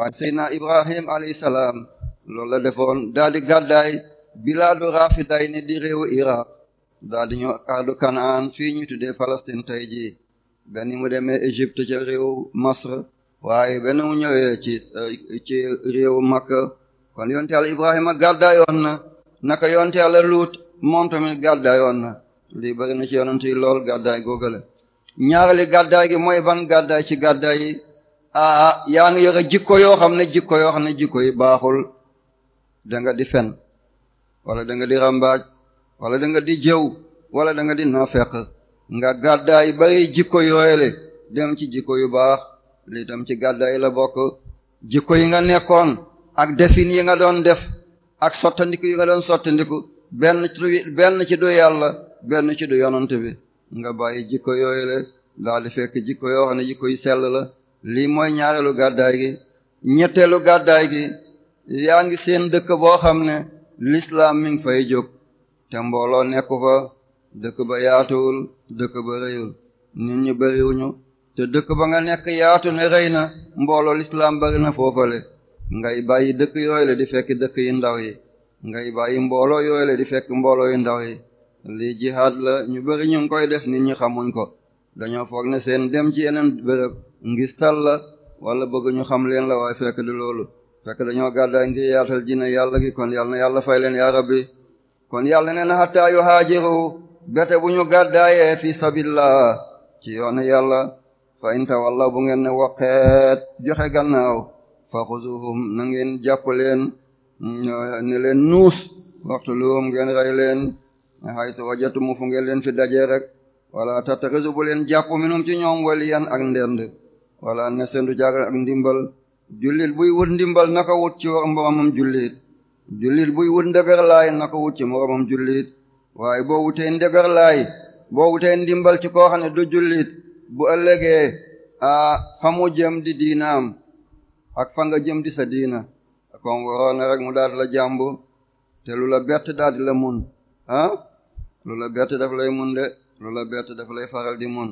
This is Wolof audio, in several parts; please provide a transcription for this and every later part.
waaye Seydina Ibrahim alayhi salaam loolu la defoon daal di gàddaay bilaadu rafiday ni di réew Iraq daal di ñëw àddu Kanaan fii ñu tuddee Palestine tey jii benn mu demee Égypte ca réewu Masr waaye benn mu ñëwee ci ci réewu Makka kon yonte Yàlla Ibrahima gàddaayoon na naka yonte Yàlla Luut moom tamit gàddaayoon na lii bëri ci yonent yi lool gàddaay googale ñaarali gàddaay gi mooy ban gàddaay ci gàddaay aa ah, ah, yaa ngi yore jikko yoo xam ne jikko yoo xam ne jikko yi baaxul da nga di fen wala danga nga di rambaaj wala da nga di jew wala danga nga di nafeq nga gàddaay bari jikko yooyele dem ci jikko yu baax li tam ci gàddaay la bokk jikko yi nga nekkoon ak defin yi nga doon def ak sottandiku yi nga doon sottandiku benn ci benn ci du yàlla benn ci du yonante bi nga bàyyi jikko yooyele daal di fekk jikko yoo xam ne jikko yu sell la lii mooy ñaareelu gàddaay gi ñetteelu gàddaay gi yaa ngi seen dëkk boo xam ne l'islam mi ngi fay jóg te mbooloo nekk fa dëkk ba yaatuwul dëkk ba rëyul nit ñi bariwuñu te dëkk ba nga nekk yaatu na rëy na mbooloo l'islam bari na foofale ngay bàyyi dëkk yooyu la di fekk dëkk yi ndaw yi ngay bàyyi mbooloo yooyu la di fekk mbooloo yu ndaw yi lii jihaad la ñu bari ñu ngi koy def nit ñi xamuñ ko dañoo foog ne seen dem ci yeneen bërëb ngistal la wala bëgg ñu xam leen la waaye fekk di loolu fekk dañoo gàddaay ngir yaatal diine yàlla gi kon yàlla na yàlla fay leen yaa rabbi kon yàlla nee na hatta yuhaajiru bete bu ñu gàddaayee fi sabilillah ci yoonu yàlla fa inta walla bu ngeen ne waqeet joxe gannaaw fa xuzuhum na ngeen jàpp leen leen nuus waxtu luum ngeen rey leen haytu wajatumu fu ngeen leen fi daje rek wala tattaxizu bu leen jàpp minum ci ñoom waliyan ak ndend wala ne seen du jaagal ak ndimbal jullit buy wut ndimbal naka wut ci war mboromam jullit jullit buy wut ndëgër laay naka wut ci mboromam jullit waaye boo wutee ndëgër laay boo wutee ndimbal ci koo xam ne du jullit bu ëllëgee ah fa mu jëm di diinaam ak fa nga jëm di sa diina kon waroon rek mu daal di la jàmb te lu la bett daal la mun ah lu la bett daf lay mun de lu la bett daf lay faral di mun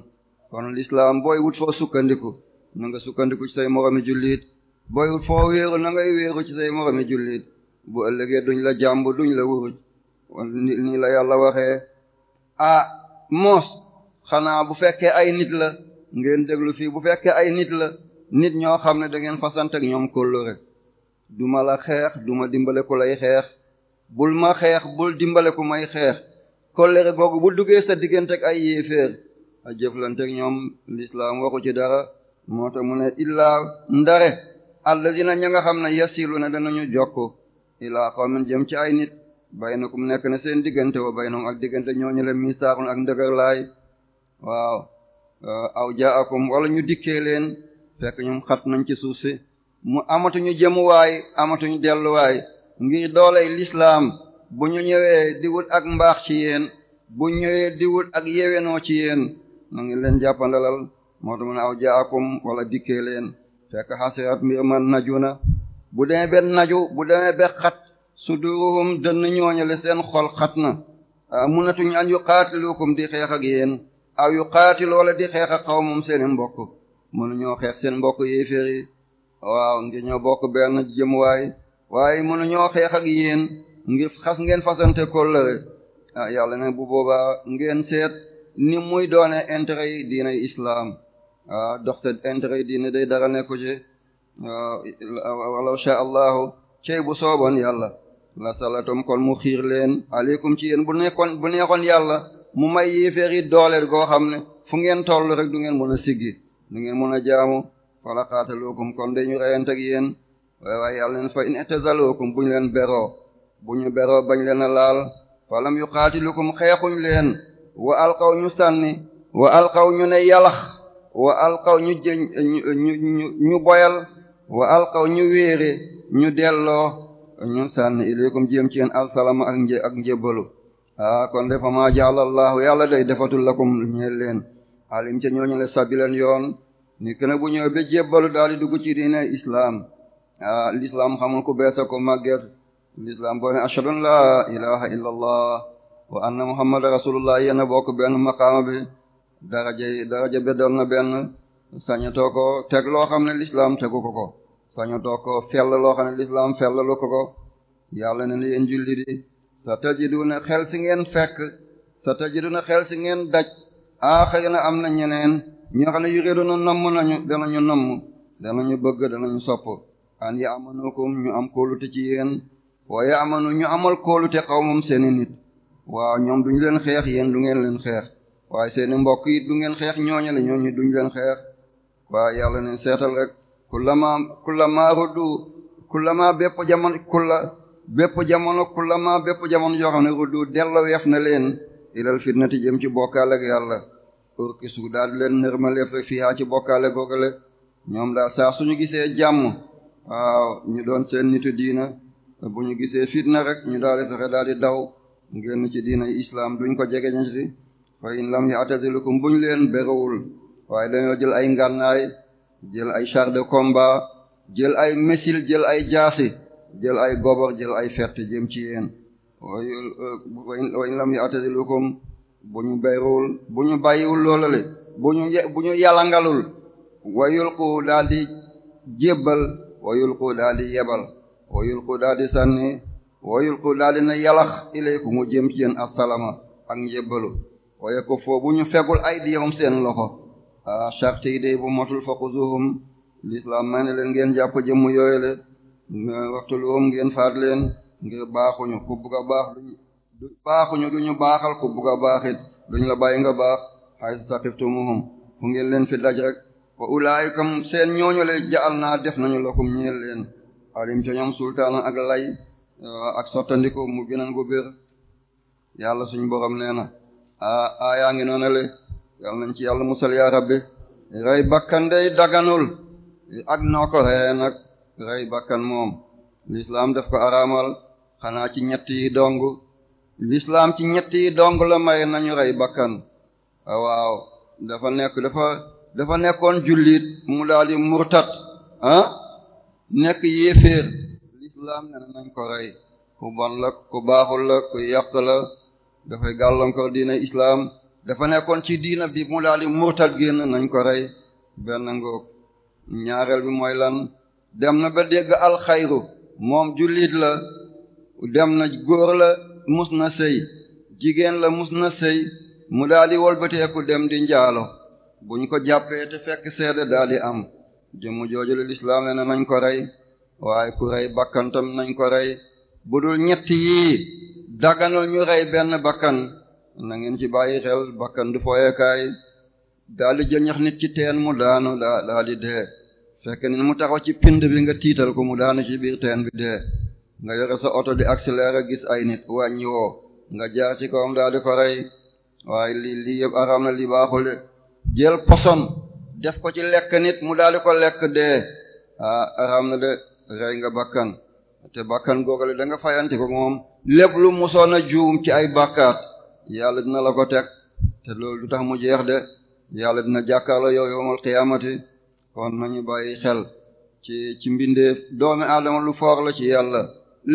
kon l'islam booy wut foo sukkandiku na nga sukkandiku ci say moromi jullit boyul foo wéeru na ngay wéeru ci say moromi jullit bu ëllëgee duñ la jàmb duñ la wuruj ni la yàlla waxee ah moos xanaa bu fekkee ay nit la ngeen déglu fii bu fekkee ay nit la nit ñoo xam ne da ngeen fasante ak ñoom kóllëre duma la xeex duma dimbale ku lay xeex bul ma xeex bul dimbale ku may xeex kóllëre googu bu duggee sa diggante ak ay yéeféer a jëflante ñoom lislaam waxu ci dara moo tax mu ne illaa ndare allazina ña nga xam ne yasilu na danañu jokk illaa qawmin jëm ci ay nit baynakum nekk na seen diggante wa baynahum ak diggante ñooñu la misaaqun ak ndëgërlaay waaw euh, aw jaakum wala ñu dikkee leen fekk ñoom xat nañ ci suuf si mu amatuñu jëmuwaay amatuñu delluwaay ngir dooley lislaam bu ñu ñëwee di wut ak mbaax ci yéen bu ñëwee di wut ak yewenoo ci yéen mu ngi leen jàppandalal moo tax mu ne aw jaakum wala dikkee leen fekk xasirat mbir man naju na bu demee benn naju bu demee be xat suduruhum dënn ñooñale seen xol xat na ah, munatuñ an yuqaatilukum di xeex ak yéen aw yu yuqaatil wala di xeex ak xawmum seen i mbokk mënu ñoo xeex seen mbokk yéeféri waaw ngir ñoo bokk benn jëmuwaay waaye mënu ñoo xeex ak yéen ngi xas ngeen fasante kóllëre ah yàlla ne bu boobaa ngeen seet ni muy doone intérêt yi diinay islaam waaw ah, dox te intérêt day dara nekku ci waaw ah, walaw sha allahu cey bu sooboon yàlla la salatum kon mu xiir leen aleykum ci yéen bu nekkoon bu neexoon yàlla mu may yéeféeri doole goo xam ne fu ngeen toll rek du ngeen mën a siggi du ngeen mën a jaamu fala qaatalukum kon day reyante ak yéen waaye waaye yàlla leen fa in etazalukum buñ leen beroo buñu beroo bañ leen a laal falam yuqaatilukum xeexuñ leen wa alqaw ñu sànni wa alqaw ñu ne yalax wa alqaw ñu ñu boyal wa alqaw ñu wéere ñu delloo ñun sànni ilaykum jëm ci yéen alsalama ak nje ak njébbalu a ah, ma defa maa jàllallaahu yàlla day defatul lakum ñeel leen alim ca yoon ni kene bu ñëw ba jébbalu daal di dugg ci diine islam a ah, ku beesa ko màgget l'islam boo ne ashhadu an laa ilaha illa wa anna muhammadan rasulullah yéena bokk benn maqaama bi daraje daraje be doon na benn sañatoo ko teg loo xam ne lislaam tegu ko ko sañatoo ko fell loo xam ne lislaam fellalu ko ko yàlla ne leen julli di sa tajidu na xel si ngeen fekk sa tajidu na xel si ngeen daj a ah, xëy na am na ñeneen ñoo xam ne yuridu na namm nañu danañu dana ñu bëgg danañu sopp an ya amanukum ñu am kóolute ci yéen waaye amanu ñu amal kóolute xaw moom seeni nit waaw ñoom duñu leen xeex yéen du ngeen leen xeex waaye seeni mbokk yi du ngeen xeex ñooñu la ñooñu duñ leen xeex waaye yàlla ne seetal rek kullama kullama ruddu kullama bépp jamono kulla bépp jamono kullama bépp jamono yoo xam ne ruddu delloo weef na leen ilal fitnati jëm ci bokkaale ak yàlla pour que su daal di leen nërmaleef rek fii ci bokkaale googale ñoom daal saa ñu gisee jàmm waaw ñu doon seen nitu diina bu ñu gisee fitna rek ñu daal di fexe daal di daw ngeen ci diina islam duñ ko jege fa in lam ya'tazilukum buñ leen berewul waaye dañoo jël ay ngànnaay jël ay char de combat jël ay missile jël ay jaasi jël ay gobar jël ay fett jëm ci yéen wa in lam ya'tazilukum bu ñu berewul bu ñu bàyyiwul loolale bu ñu bu ñu yàllangalul wa yulqu daal di wa yulqu daal yebal wa yulqu daal di sànni wa yulqu daal di na yalax ilaykum mu jëm ci yéen assalama ak njébbalu waaye ko foo bu ñu fegul ay diyahum seen loxo a charte yi day bu motul fa xuzuhum lislaam may ne leen ngeen jàpp jëmm yooyu le waxtuluhum ngeen faat leen ngir baaxuñu ku bugg a baax baaxuñu du baaxal ko bugg a baaxit duñ la bàyyi nga baax haythu saqiftumuhum fu ngeen leen fi daj rek wa ulaaykam seen ñooñu le jaal naa def nañu lakum ñeel leen alim ca ñoom sultaanan ak lay ak sottandiku mu binan bu bir yàlla suñ borom nee na ah aayaa ngi noona le yal nañ ci yàlla musal yaa rabbi rey bakkan day daganul ak noo ko reyee nag rey bakkan moom lislaam daf ko araamal xanaa ci ñett yi dong lislaam ci ñett dong la may nañu rey bakkan ah, waaw dafa nekk dafa dafa nekkoon jullit mu daal di murtat ah nekk yéeféer lislaam ne nañ ko rey ku bon la ku baaxul la ku yàq dafay gàllankoor diina islam dafa nekkoon ci diina bi mu daal di murtad génn nañ ko rey benn ngoog ñaareel bi mooy lan dem na ba dégg alxayru moom jullit la dem na góor la mus na sëy jigéen la mus na sëy mu daal di wolbateeku dem di njaalo ñu ko jàppee te fekk seede daal di am jëmm jooju la lislaam ne nañ ko rey waaye ku rey bakkantam nañ ko rey budul ñett yii daganal ñu rey benn bakkan na ngeen ci bàyyi xel bakkan du foyekaay daal di jël ñax nit ci teen mu daanu daa daal dee fekk ni mu taxaw ci pind bi nga tiital ko mu daanu ci biir teen bi dee nga yore sa oto di accélérer gis ay nit wàññi nga jaar ci kawam daal di ko rey waaye li lii yëpp araam na li baaxul jël poson def ko ci lekk nit mu daal di ko lekk dee ah, araam na de rey nga bakkan te bakkan googale danga nga ko moom lépp lu musoon a juum ci ay bàkkaat yàlla dina la ko teg te loolu du tax mu jeex de yàlla dina jàkkaarloo yow yowmal qiyaamati kon nañu bàyyi xel ci ci mbindeef doomi lu foor la ci yàlla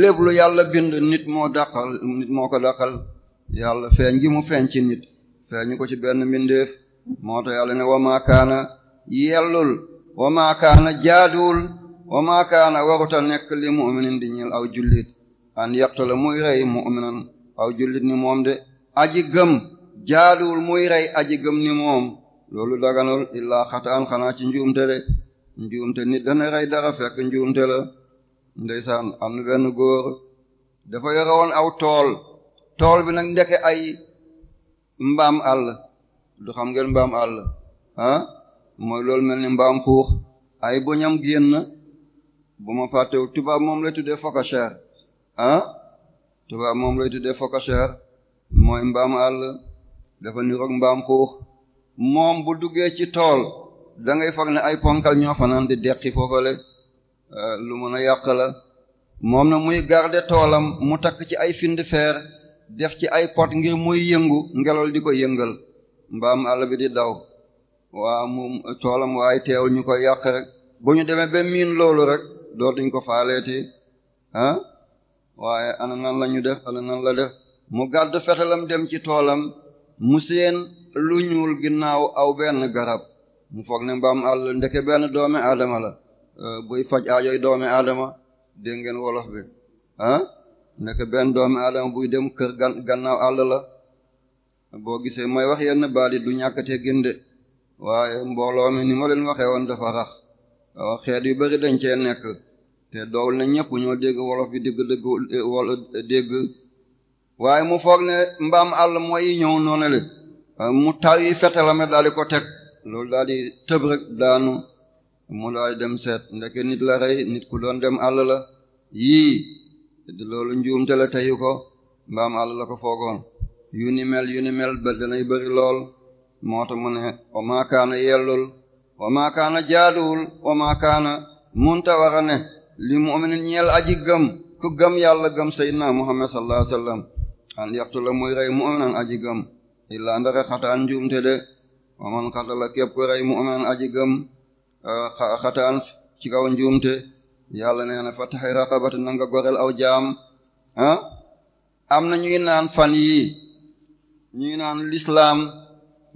lépp lu yàlla bind nit moo dàqal nit moo ko dàqal yàlla feeñ gi mu feeñ ci nit feeñu ko ci benn mbindeef moo tax yàlla ne wamaakaana yellul wamaakaana jaaduwul wamaakaana waruta nekk li mu'minin di ñeel aw jullit an yaqtala muy rey mu'minan aw jullit ni moom de aji gëm jaaduwul muy rey aji gëm ni moom loolu daganul illaa xataan xanaa ci njuumte de njuumte nit dana rey dara fekk njuumte la ndeysaan am na benn góor dafa yore woon aw tool tool bi nag ndeke ay mbaam àll du xam ngeen mbaam àll ah? mooy loolu mel ni mbaam xuux ay boñam génn bu ma fàttewu tubaab moom la tuddee foka cher ah tubaab moom lay tuddee fokkacher mooy mbaam àll defa niroog mbaam xuux moom bu duggee ci tool dangay ngay fag ne ay ponkal ñoo fanaan di deqi foofale ah, lu mën a yàq la moom na muy garder toolam mu takk ci ay find feer def ci ay pot ngir muy yëngu ngelol di ko yëngal mbaam àll bi di daw waa moom toolam waay teewul ñu koy yàq rek bu ñu demee ba miin loolu rek door duñ ko faaleeti ah waaye ana nan la ñu def ana nan la def mu gàdd fetalam dem ci toolam mu seen lu ñuul ginnaaw aw benn garab mu foog ne mbaam àll ndeke benn doome aadama la euh, buy faj ajooy doome aadama dégg ngeen wolof bi ah ndeke benn doome aadama buy dem kër gannaaw àll la boo gisee may wax yenn baadi du ñàkkatee ginde waaye mbooloo mi ni ma leen waxee woon dafa rax xeet yu bari dañ nekk te dool na ñëpp ñoo dégg wolof bi dégg dégg wala dégg waaye mu foog ne mbaam àll mooy ñëw noonu le mu taw yi fetalame daal di ko teg loolu daal di tëb daanu mu daal dem seet ndeke nit la rey nit ku doon dem àll la yii loolu njuumte la teyu ko mbaam àll la ko foogoon yu ni mel yu mel ba danay bëri lool moo tax mu ne wamaakaana yellul wamaakaana jaaduwul wamaakaana munta war ne li mu'minin ñeel aji gëm ku gëm yàlla gëm sayyidina muhammad sallallahu alayhi wasallam an yaqtula muy rey mu'minan aji gëm illaa ndare xataan njuumte de wa man qatala képp ku rey mu'minan aji gëm euh, xataan ci kaw njuumte yàlla nee na fa taxay raqabati na nga gorel aw jaam ah? am na ñuy naan fan yi ñuy naan lislam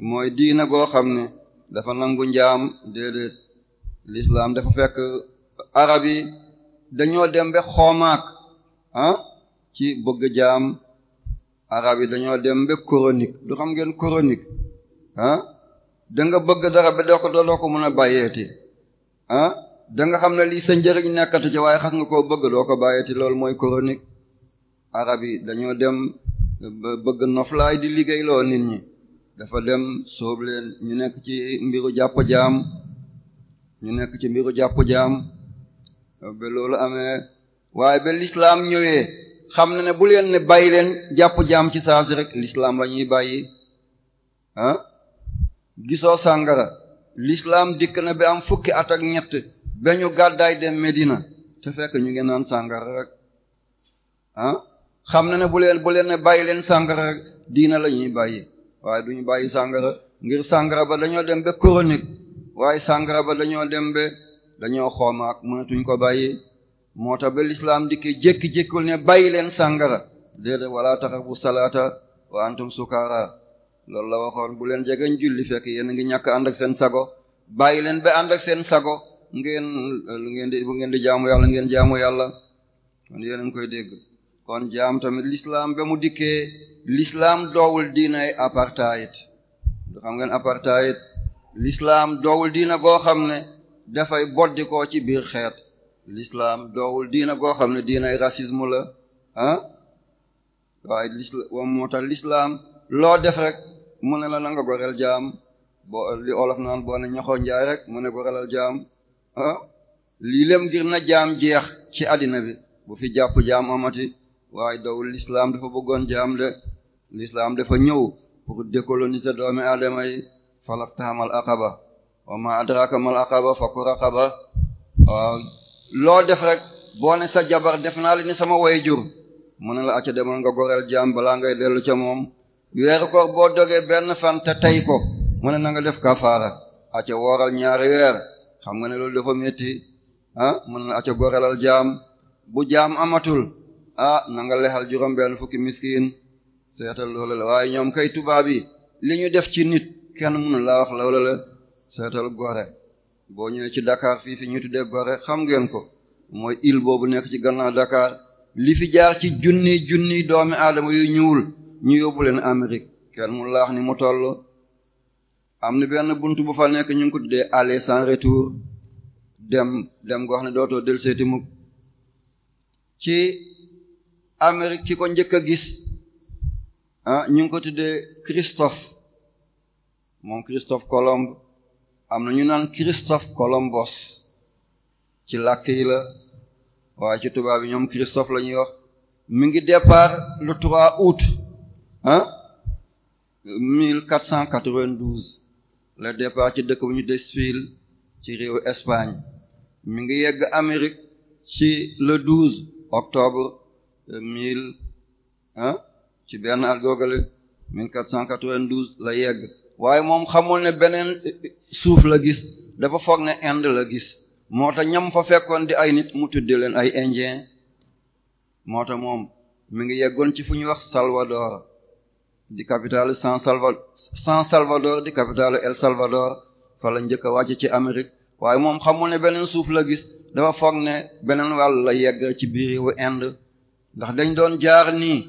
mooy diina goo xam ne dafa nangu njaam déedéet lislaam dafa fekk arab dañoo dem ba xoomaak ah ci bëgg jaam arab yi dañoo dem ba chronique du xam ngeen chronique ah da nga bëgg dara ba doo ko doo ko mën a ah? danga xam ne lii sa njëriñ nekkatu ci waaye xas nga koo bëgg doo ko bàyyeeti loolu mooy chronique arab yi dañoo dem bëgg noflaay di liggéey loo nit ñi dafa dem soob leen ñu nekk ci mbiru jàpp jaam ñu nekk ci mbiru jàpp jaam ba loolu amee waaye ba l'islam ñëwee xam na ne bu leen ne bàyyi leen jàpp jaam ci saasi rek l'islam la ñuy bàyyi ah? gisoo sàngara l'islam dikk na ba am fukki atak ak ñett ba ñu gàddaay dem Medina te fekk ñu ngi naan sàngara rek ah? xam na ne bu leen bu leen ne bàyyi leen sàngara rek diina la ñuy bàyyi waaye du ñu bàyyi sàngara ngir sàngara ba dañoo dem ba chronique waaye sàngara ba dañoo dem ba da dañoo xoomaak mënatuñ ko bàyyi moo tax ba lislaam dikki jékki-jékkul ne bàyyi leen sàngara déedéet wala taqrabu salaata wa antum sukaara loolu la waxoon bu leen jegeñ julli fekk yéen a ngi ñàkk ànd ak seen sago bàyyi leen ba ànd ak seen sago ngeen lu ngeen di bu ngeen di jaamu yàlla ngeen jaamu yàlla kon yéen a koy dégg kon jaam tamit lislaam ba mu dikkee lislaam doowul diinay apartheid xam ngeen apartheid l'islam doowul diina goo xam ne dafay boddikoo ci biir xeet lislaam doowul diina goo xam ne diinay racisme la ah waaye l'islam moo tax l'islam loo def rek mu ne la nanga goreel jaam bo li olof naan boo ne ñoxoo njaay rek mu ne gorelal jaam ah? lii lem ngir na jaam jeex ci àddina bi bu fi jàpp jaam amati waaye doowul lislaam dafa bëggoon jaam de l'islam dafa ñëw pour décoloniser doomi aadama yi falaqtahamal aqaba wa ma adraka mal aqaba fakku raqaba waaw loo def rek boo sa jabar def naa la ni sama way jur mu ne la acca demal nga goreel jaam balaa ngay dellu ca moom weeru koor boo dogee benn fan te tey ko mu ne na nga def kafaara acca wooral ñaari weer xam nga ne loolu dafa metti ah mën ne la acca goreelal jaam bu jaam amatul ah nanga nga lexal juróom benn fukki miskin seetal loolu la waaye ñoom kay tubaab yi li ñu def ci nit kenn mënu laa wax loolu la seetal Gorée boo ñëwee ci dakaar fii fi ñu tuddee Gorée xam ngeen ko mooy île boobu nekk ci gannaaw dakaar li fi jaar ci junni junni doomi aadama yu ñuul ñu yóbbu leen Amérique kenn mu laax ni mu toll am na benn bunt bu fa nekk ñu ngi ko tuddee aller sans retour dem dem goo ne dootoo del seeti mukk ci Amérique ki ko njëkk a gis ah ñu ngi ko tuddee Christophe moom Christophe Colomb am na ñu naan Christophe Columbus ci làkk yi la waaye ci tubaab yi ñoom Christophe la ñuy mi ngi départ le 3 août ah 1492 le départ ci dëkk bu ñu Deauville ci réew Espagne mi ngi yegg Amérique ci le 12 octobre 1000 ah euh, ci benn at googale 1492 la yegg. waaye moom xamul ne beneen suuf la gis dafa foog ne Inde la gis moo tax ñam fa fekkoon di ay nit mu tudd leen ay indien moo tax moom mu ngi yeggoon ci fu ñuy wax Salvador di capitale San Salvador di capitale El Salvador fa la njëkk a wàcc ci Amérique waaye moom xamul ne beneen suuf la gis dafa foog ne beneen wàll la yegg ci biir réewu Inde ndax dañ doon jaar nii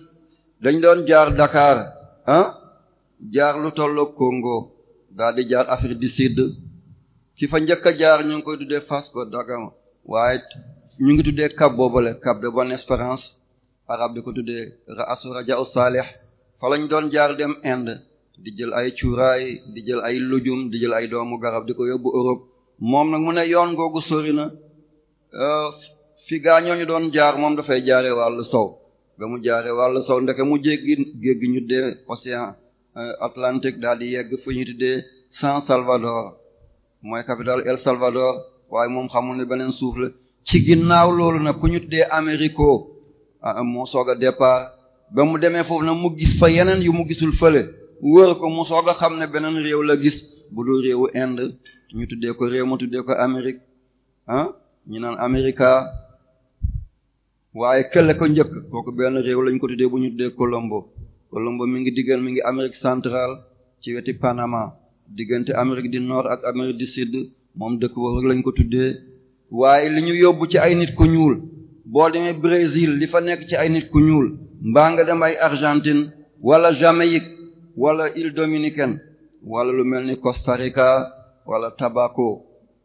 dañ doon jaar dakaar ah? jaar lu tolloog Congo daal di jaar Afrique di Sud ci fa njëkk a jaar ñu ngi koy tuddee Vasco da Gama waaye ñu ngi tuddee Cap boobale Cap de Bonne Espérance arab di ko tuddee Ra'asu Raja'u Salih fa lañ doon jaar dem ind di jël ay cuuraay di jël ay lujum di jël ay doomu garab di ko yóbbu Europe moom nag mu ne yoon googu sori na euh, fi gaa ñooñu doon jaar moom dafay jaare wàllu sow ba mu jaare wàllu sow ndeke mu jéggi géej ñu dee océan Euh, Atlantique daal di yegg fu ñu tuddee San Salvador mooy capitale El Salvador waaye moom xamul ne beneen suuf la ci ginnaaw loolu nag ku ñu tuddee Américo ah, euh, moo soog a départ ba mu demee foofu nag mu gis fa yeneen yu mu gisul fële wër ko mu soog a xam ne beneen réew la gis bu dul réewu Inde ñu tuddee ko réew mu tuddee ko Amérique ah ñu naan amerika waaye kële ko njëkk kooku benn réew lañ ko tuddee bu ñu tuddee Colombo Colombo mi ngi diggal mi ngi Amérique centrale ci weti Panama diggante Amérique du Nord ak Amérique du Sud moom dëkk boobu rek lañ ko tuddee waaye li ñu yóbbu ci ay nit ku ñuul boo demee Brésil li fa nekk ci ay nit ku ñuul mbaa nga dem ay Argentine wala Jamaïque wala île dominicaine wala lu mel ni Costa Rica wala Tabaco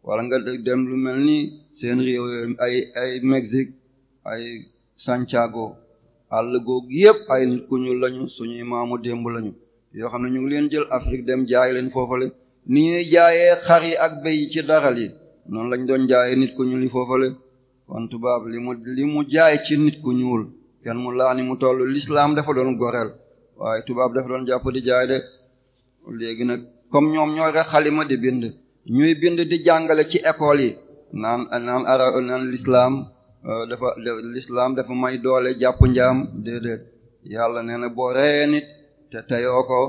wala nga dem lu mel ni seen réew ay ay Mexique ay Santiago àll googu yëpp ay ku ñuul lañu suñuy maamu démb lañu yoo xam ne ñu ngi leen jël Afrique dem jaay leen foofale ni ñuy jaayee xar yi ak béy ci daral yi noon lañ doon jaayee nit ku ñuul yi foofale kon tubaab li mu li mu jaay ci nit ku ñuul kenn mu laa ni mu toll lislaam dafa doon goreel waaye tubaab dafa doon jàpp di jaay de léegi nag comme ñoom ñoo rek xalima di bind ñuy bind di jàngale ci école yi naan naan naan l'islam Euh, dafa l'islam dafa may doole jàpp njaam déedéet yàlla nee na boo reyee nit te teyoo ko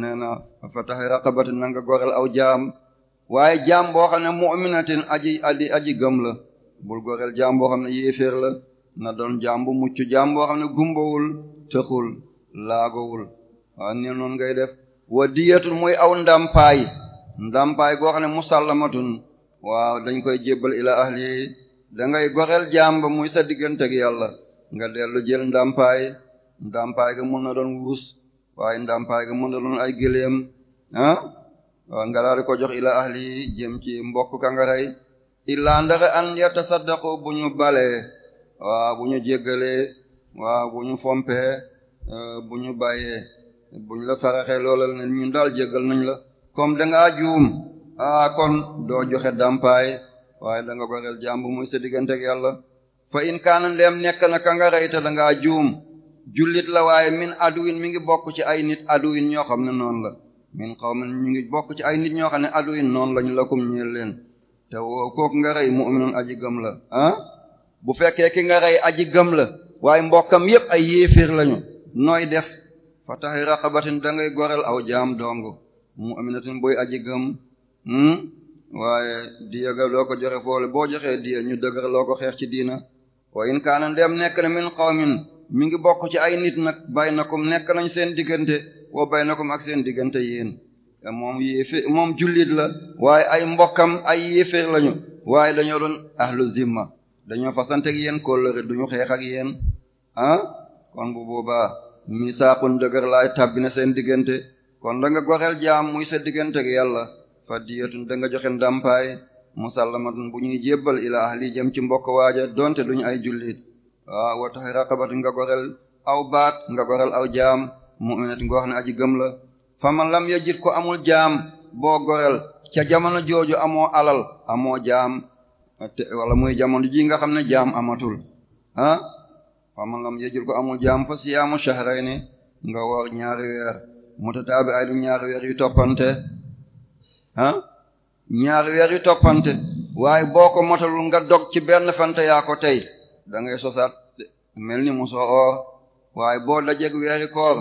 nee na fatax raqabati na nga gorel aw jaam waaye jaam xam ne mu'minatin aji aji aji gëm la bul gorel jaam boo xam ne yéeféer la na doon jaam bu mucc jaam xam ne gumbawul tëxul laagowul waaw ne noonu ngay def wa diyatul muy aw ndampaay ndampaay goo xam ne musallamatun waaw dañ koy jébbal ila ahli dangay goreel jaam ba muy sa diggante ak yàlla nga dellu jël ndàmpaay ndàmpaay ga mun na doon wurus waaye ndàmpaay ga mën na doon ay gëléem ah nga daal ko jox ila ahli jëm ci mbokk ka nga rey illaa ndara an yatasaddaqu bu ñu balee waa bu ñu jéggalee waaw bu ñu fompee euh, bu ñu bàyyee bu ñu la saraxee loolal ne ñun daal jéggal nañ la comme da juum ah kon doo joxe ndàmpaay waaye da nga goreel jàmbur muy sa diggante ak yàlla fa in kaana ndeem nekk na ka nga reyte da ngaa juum jullit la waaye min aduwin mi ngi bokk ci ay nit aduwin ñoo xam ne noonu la min qawmin mi ngi bokk ci ay nit ñoo xam ne aduwin noonu lañu lakum ñeel leen te woo kooku nga rey mu'minun aji gëm la ah bu fekkee ki nga rey aji gëm la waaye mbokkam yépp ay yéeféer lañu nooy def fa taxi raqabatin da goreel aw jaam dong mu'minatin boy aji gëm hmm? waaye diya ga loo ko joxe foole boo joxee diya ñu dëgër loo ko xeex ci diina wa in kaana ndem nekk na min qawmin mi ngi bokk ci ay nit nag baynakum nekk nañ seen diggante wa baynakum ak seen diggante yéen moom moom jullit la waaye ay mbokkam ay yéeféer lañu waaye dañoo doon ahlu zimma dañoo fasantek yéen kóllëre duñu xeex ak yéen ah kon bu boobaa mi saaqun dëgër laay tàbbina seen diggante kon da nga goreel jaam muy seen diggante ak yàlla fadiyatun da nga joxe ndàmpaay musallamatun bu ñuy jébbal ila ahli jëm ci mbokk waaja donte duñu ay jullit waaw wa tax raqabatu nga gorel aw baat nga gorel aw jaam mu'minat nga wax ne aji gëm la faman lam yajid ko amul jaam boo gorel ca jamono jooju amoo alal amoo jaam wala muy jamono ji nga xam ne jaam amatul ah faman lam yajid ko amul jaam fa siyaamu shahrayni nga woor ñaari weer mutataabi ay du ñaari weer yu toppante ah ñaari weer toppante waaye boo ko matalul nga dog ci benn fante yaa ko tey da ngay sosaat mel ni muso oor waaye boo dajeeg weeri koor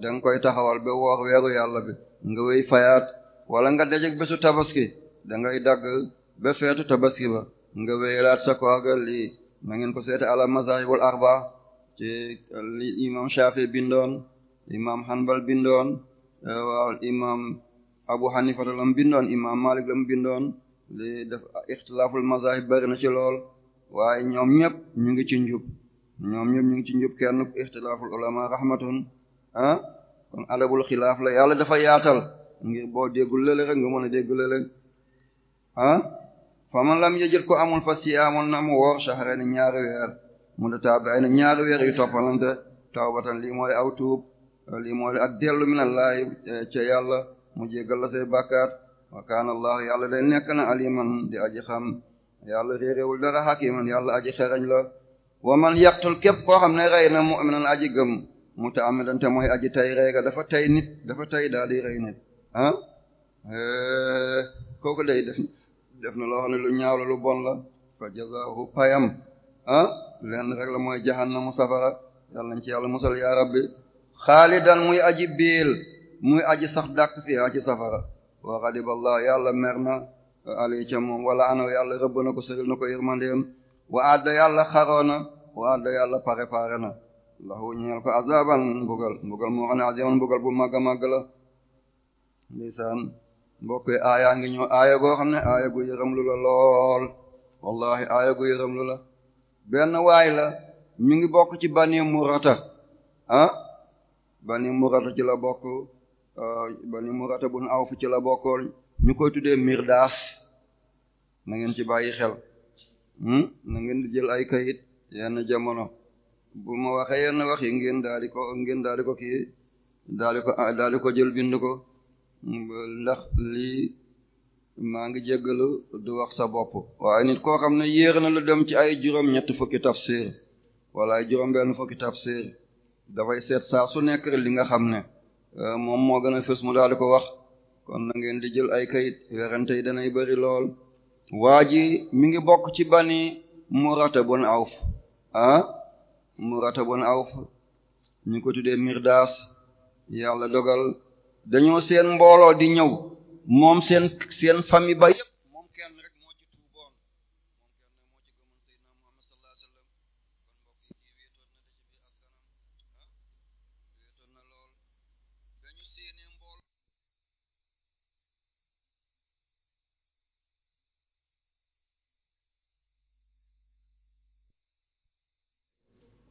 danga koy taxawal ba woor weeru yàlla bi nga wéy fayaat walla nga dajeeg bésu tabaski da ngay dagg ba feetu tabaski ba nga wéylaat sa koor ga lii na ngeen ko seete ala mazahibul arba ci li imam Shafi bindoon imam Hanbal bindoon eh, waaw imam abu hanifa la mu bindoon imam malik la mu bindoon li def ixtilaaful mazahib bari na ci lool waaye ñoom ñëpp ñu ngi ci njub ñoom ñëpp ñu ngi ci njub kenn ixtilaaful ulama rahmatun a ah, kon adabul xilaaf la yàlla dafa yaatal ngir boo déggul lële rek nga mën a déggu lële ah faman lam yajid ko amul fa siyaamun na mu woor shahrayn ñaari weer mu da tabi'ayna ñaari weer yu toppalante tawbatan lii moo di lii moo di ak dellu eh, ca yàlla mu jéggal la say bàkkaar wa kaana allah yàlla day nekk na aliman di aji xam yàlla réeréwul dara hakiman yàlla aji xerañ la wa man yaqtul képp koo xam ne rey na mu'minan aji gëm mutaamidan te mooy aji tay reega dafa tay nit dafa tay daal di rey nit ah eh, kooku day def def na loo xam ne lu ñaaw la lu bon la fa jazaahu payam ah leen rek la mooy jahannamu safara yàlla nañ ci yàlla musal ya rabbi muy aji biil muy aji sax dàq fiyaa ci safara wa xadiballaa yàlla mer na alay ca moom wala ana yàlla rëbb na ko sëril ko yërmandeem wa adda yàlla xaroona wa adda yàlla pare pare na lahu ko azaban mbugal mbugal moo xam ne bu màgg a màgg la ndeysaan mbokk yi aayaa ngi ñëw aaya goo xam lool wallahi aaya gu yëram lu la benn waay la ngi bokk ci bani murata ah bani murata ci la bokk Euh, ba nu bani murata bun aw fu ci la bokkoon ñu koy tuddee mirdaas na ngeen ci bàyyi xel hmm? na ngeen di jël ay kayit yenn jamono bu ma waxee yenn wax yi ngeen daal di ko ngeen daal ko kii daal di ko ah, daal di ko jël bind ko ndax lii maa ngi jéggalu du wax sa bopp waaye nit koo xam ne yéer na lu dem ci ay juróom ñett fukki tafsir wala ay juróom benn fukki tafsir dafay seet saa su nekk li nga xam ne Euh, moom moo gën a fës mu daal ko wax kon na ngeen di jël ay kayit werante yi danay bëri lool waa ji mi ngi bokk ci bani murata bon awf ah murata bon awf ñu ko tuddee mirdaas yàlla dogal dañoo seen mbooloo di ñëw moom seen seen famille ba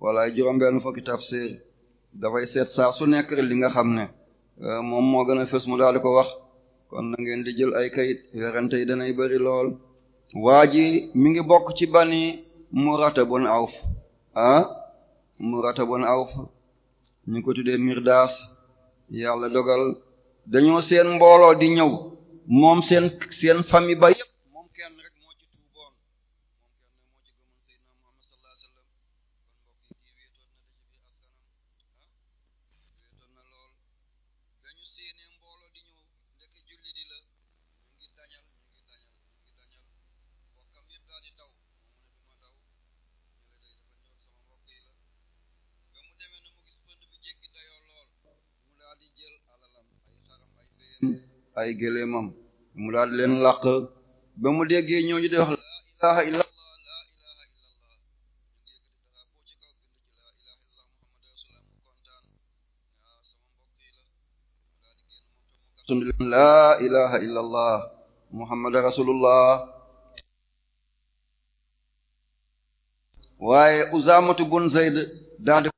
wala juróom-benn fukki tafsir dafay seet saa su nekk li nga xam ne euh, moom moo gën a fës mu daal di ko wax kon na ngeen di jël ay kayit werante yi danay bëri lool waa ji mi ngi bokk ci bani murata bon awf ah murata bon awf ñu ko tuddee mirdaas yàlla dogal dañoo seen mbooloo di ñëw moom seen seen famille ba géléemam mu daal di leen ba mu déggee ñooñu di wax laa ilaha illa allah laa muhammad rasulullah waaye usaamatu bun zayd daal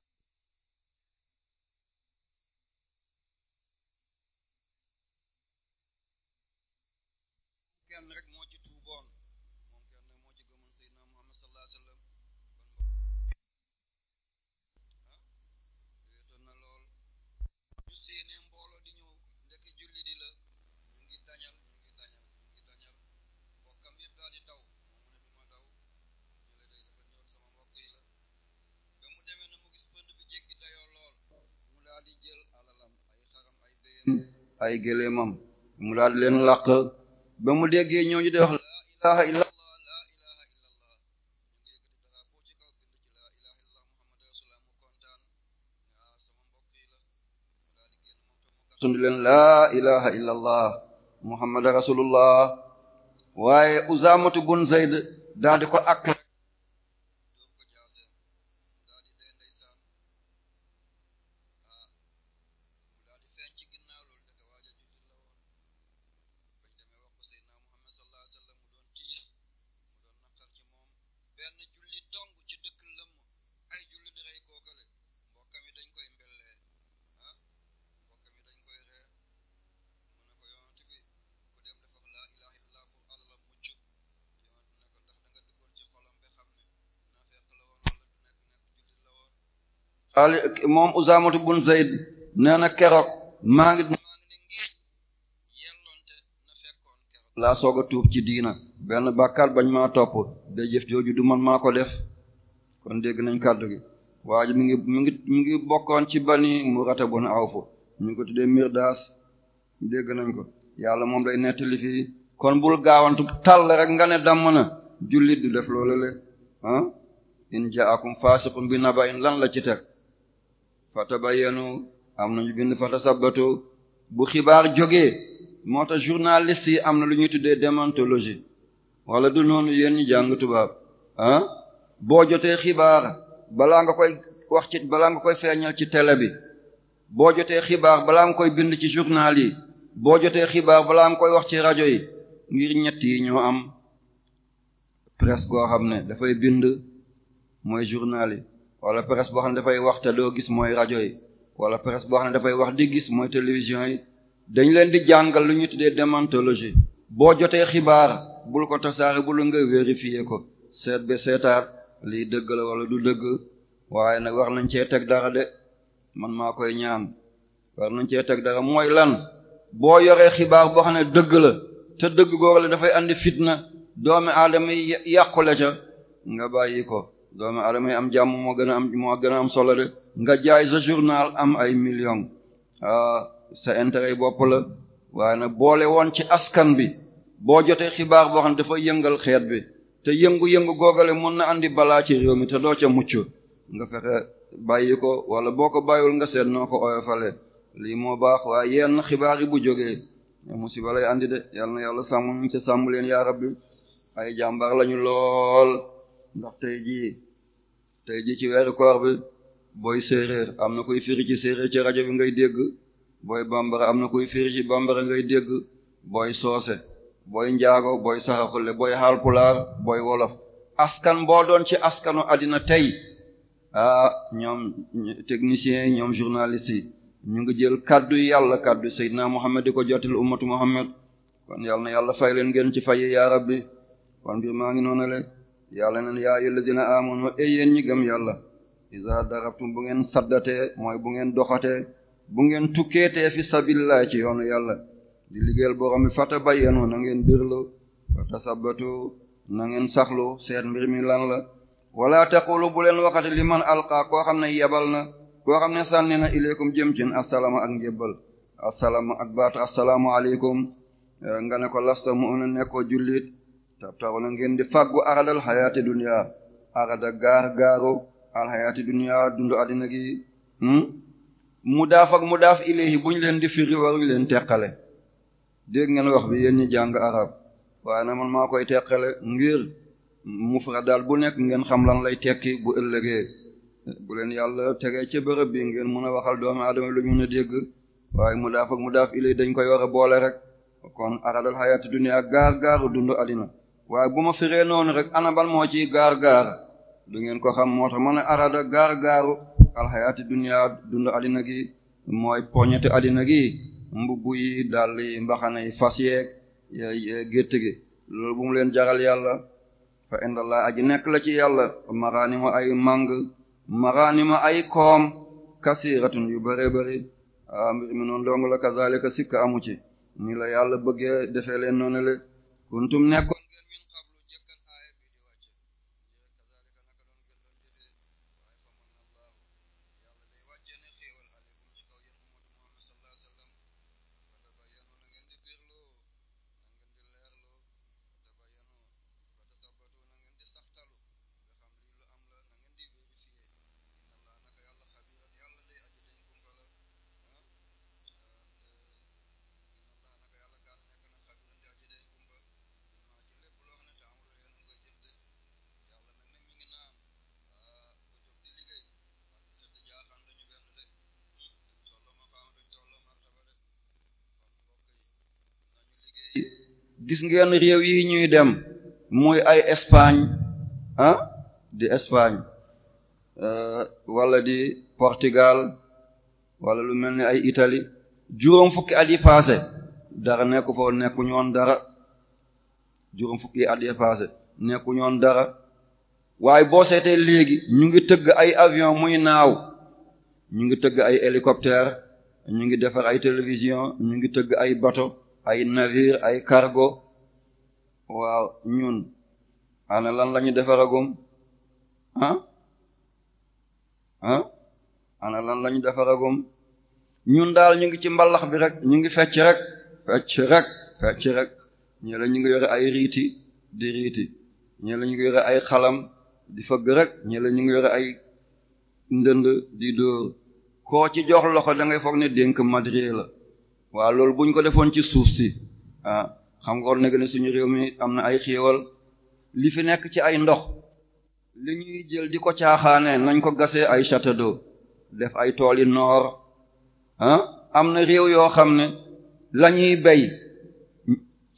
géléemam mu daal leen mu déggee ñooñu di wax laa ilaha illallah sundi leen laa ilaha illallah ah, muhammad rasulullah waaye usaamatu bun zayd daal di al moom Usaamatu bun Zayd nee na keroog maa ngi laa soog a tuub ci diina benn bàkkaat bañ maa topp de jëf jooju du man maa ko def kon dégg nañ kàddu gi waa mi ngi mi ngi bokkoon ci bani Murata bun Awf ñu ngi ko tuddee Mirdaas dégg nañ ko yàlla moom day nettali fii kon bul gaawantu tàll rek nga ne damm jullit du def loolu le ah in jaakum faasiqun bi naba'in lan la ci teg fatabayanu am na nañu bind fatasabatu bu xibaar jógee moo tax journaliste yi am na lu ñuy tuddee déontologie wala du noonu yéen ñi jàng tubaab ah boo jotee xibaar balaa nga koy wax ci balaa nga koy feeñal ci télé bi boo jotee xibaar balaa nga koy bind ci journal yi boo jotee xibaar balaa nga koy wax ci rajo yi ngir ñett ñoo am presse goo xam ne dafay bind mooy journal wala presse boo xam ne dafay wax te doo gis mooy rajo yi wala presse boo xam ne dafay wax di gis mooy télévision yi dañ leen di jàngal lu ñu tuddee déontologie boo jotee xibaar bul ko tasaare bul nga vérifier ko seet ba seetaat lii dëgg la wala du dëgg waaye nag war nañ cee teg dara de man maa koy ñaan war nañ cee teg dara mooy lan boo yoree xibaar boo xam ne dëgg la te dëgg googu la dafay andi fitna doomi aadama yi yàqule ca nga bàyyi ko doomu aadama yi am jàmm moo gën a am moo gën am solo de nga jaay sa journal am ay million ah, sa intérêt bopp la waaye nag boole woon ci askan bi boo jotee xibaar boo xam ne dafa yëngal xeet bi te yëngu-yëngu googale mën na andi balaa ci réew mi te doo ca mucc nga fexe bàyyi ko wala boo ko bàyyiwul nga seet noo ko oyofale lii moo baax waaye yenn xibaar yi bu jógee musiba lay andi de yàlla na yàlla sàmm ñu ca sàmm leen yaa bi ay jàmbaar lañu lool ndax tey jii tey ji ci weeru bi booy séeréer am na koy firi ci séeréer ci rajo bi ngay dégg booy bambara am na koy firi ci bambara ngay dégg booy soose booy njaago booy saraxule booy halpulaar booy wolof askan boo doon ci askanu àddina tey ah ñoom techniciens yi ñoom journalist yi ñu ngi jël kàddu yàlla kaddu Seydina Muhammad di ko jottali ummatu Muhammad kon yàlla na yàlla fay leen ngeen ci fay yaa bi kon biir maa ngi noonale yàlla neen yaa ayyuha allazina amanu e yéen ñi gëm yàlla iza darabtum bu ngeen saddatee mooy bu ngeen doxatee bu ngeen tukkeetee fi sabilillahi ci yoon yàlla di liggéeyal borom bi fata bayyanu na ngeen birlu fata sabatu na ngeen saxlu seet mbir mi lan la wala taqulu bu leen waxati li man alqa koo xam ne yebal na koo xam ne sànni na ilaykum jëm cin asalaama ak njébbal asalaama ak baat baatu asalaamualeykum nga ne ko lasta mu'min nekkoo jullit tabtaxuna ngeen di fàggu aradal xayaati dunya arada gaar gaaru al xayaati dunya dund addina gi mu hmm? mudaaf ak mudaaf ilayhi buñ leen di firi waruñ leen teqale dégg ngeen wax bi yéen ñi jàng arab waaye na man maa koy teqale ngir daal bu nekk ngeen xam lan lay tekki bu ëllëgee bu leen yàlla tegee ca bi ngeen mën a waxal doomi adama lu ñu mën a dégg waaye mudaaf ak mudaaf ilayhi dañ koy war boole rek kon aradal xayaati dunya gaar gaaru dundu addina waaye bu ma firee noonu rek ana bal moo ciy gaar-gaar du ngeen ko xam moo ta man a arada gaar-gaaru alxayaati duniyaa dund addina gi mooy poñete addina gi mbubb yi dàll yi mbaxana yi fas yeeg gétt gi loolu bu leen jaral yàlla fa indallah aji nekk la ci yàlla maraani ma ay màng maraani ma ay koom kasiratun yu bëree bëri a ah, mbir mi noonu dong la kazalika sikka amu ci ni la yàlla bëggee defee leen noonu le kuntum nekk gis ngeen réew yi ñuy dem muy ay Espagne ah di Espagne euh, wala di Portugal wala lu mel ni ay Italie juróom fukki at yi dara nekku fa nekku ñoon dara juróom fukki at yi passé nekku ñoon dara waaye boo seetee léegi ñu ngi tëgg ay avion muy naaw ñu ngi tëgg ay hélicoptère ñu ngi defar ay télévision ñu ngi tëgg ay bateau ay navire ay cargo waaw ñun ana lan la ñu defaragum ah ana lan la ñu defaragum ñun daal ñu ngi ci mballax bi rek ñu ngi fecc rek fecc rek fecc rek ñe la ñu ngi yore ay riiti di riiti ñe la ñu ngi yore ay xalam di fëgg rek ñe la ñu ngi yore ay ndënd di dóor koo ci jox loxo dangay foog ni dénk madrier la waaw loolu bu ñu ko defoon ci suuf si a ah, xam nga war na ne suñu réew mi am na ay xéewal li fi nekk ci ay ndox li ñuy jël di ko caaxaane nañ ko gasee ay château do def ay tool yi noor ah, am na réew yoo xam ne la ñuy béy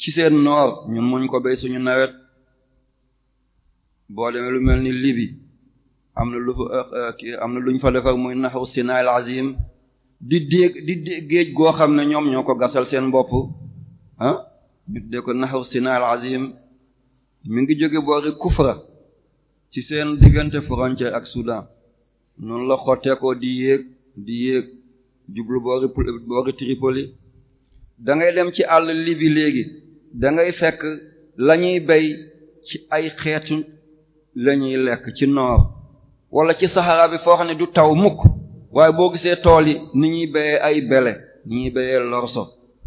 ci seen noor ñun muñ ko béy suñu nawet boo demee lu mel ni libi am na lu ah, am na luñ fa defar muy naxaru Sinaay Azim di déeg di géej goo xam ne ñoom ñoo ko gasal seen bopp ah ñu tuddee ko naxaw sinaal azim mu ngi jóge boori Kufra ci seen diggante frontière ak Soudan noonu la xottee ko di yéeg di yéeg jublu boori Tripoli da dem ci àll Libye léegi dangay fekk lañuy ñuy bay ci ay xeetu la ñuy lekk ci noor wala ci Sahara bi foo xam ne du taw mukk waaye boo gisee tool yi ni ñuy béyee ay bele ni ñuy béyee lorso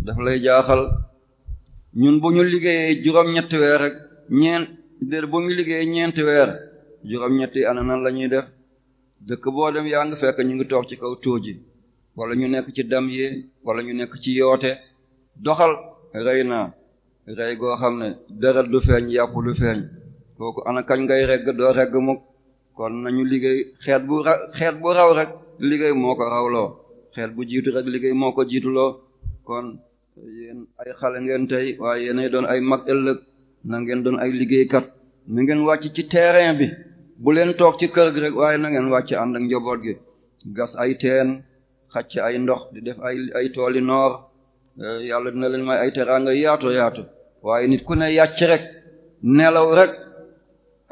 daf lay jaaxal ñun bu ñu liggéeyee juróom-ñetti weer rek ñeent déet bu ñu liggéeyee ñeenti weer juróom-ñetti ana nan la ñuy def dëkk boo dem yaa ngi fekk ñu ngi toog ci kaw tóo ji wala ñu nekk ci dam yi wala ñu nekk ci yoote doxal rey naa rey goo xam ne deret du feeñ yàpp du feeñ kooku ana kañ ngay regg doo regg mukk kon nañu liggéey xeet xeet bu raw rek liggéey moo ko rawloo xel bu jiitu rek liggéey moo ko jiituloo kon yéen ay xale ngeen tey waaye yéenay doon ay mag ëllëg na ngeen doon ay liggéeykat ni ngeen wàcc ci terrain bi bu leen toog ci kër gi rek waaye na ngeen wàcc ànd ak njaboot gi gas ay teen xacc ay ndox di def ay ay tooli noor eh, yàlla dina leen may ay teraanga yaato yaato waaye nit ku ne yàcc rek nelaw rek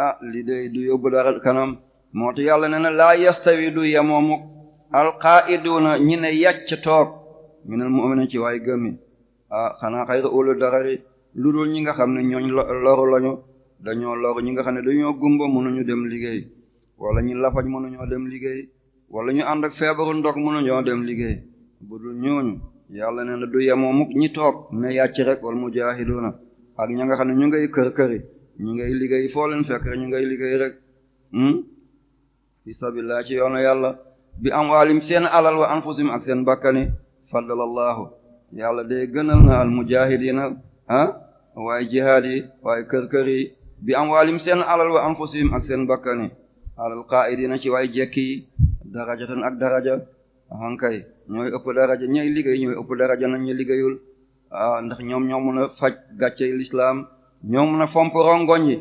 ah li du yóbbu dara kanam moo tax yàlla nee na laa yastawi du yemoo mukk alqaa'iduuna ñi ne yàcc toog minal mu'miniin ci waay gëm yi ah xanaa xayra ulu darari lu dul ñi nga xam ne ñooñ loru lañu dañoo loru ñi nga xam ne dañoo gumba mënuñu dem liggéey wala ñu lafañ mënuñoo dem liggéey wala ñu ànd ak feebaru ndog mënuñoo dem liggéey bu dul ñooñu yàlla nee na du yemoo mukk ñi toog ne yàcc rek wal mujaahiduuna ak ña nga xam ne ñu ngay kër këri ñu ngay liggéey foo leen fekk rek ñu ngay liggéey rek hmm? fi sabilillah ci yoonu yàlla bi amwaalim seen alal wa anfusim ak seen bakkani faddalallahu yàlla de gënal na al mujahidina ah waaye jihaad yi waaye kër-kër yi bi amwaalim seen alal wa anfusim ak seen bakkani alal qaa'idina ci waaye jekki yi darajatan ak daraja hankay ñooy ëpp daraja ñay liggéey ñooy ëpp daraja na ñu liggéeyul ah, ndax ñoom ñoo mën a faj gàccey lislaam ñoom mën a fomp rongoñ yi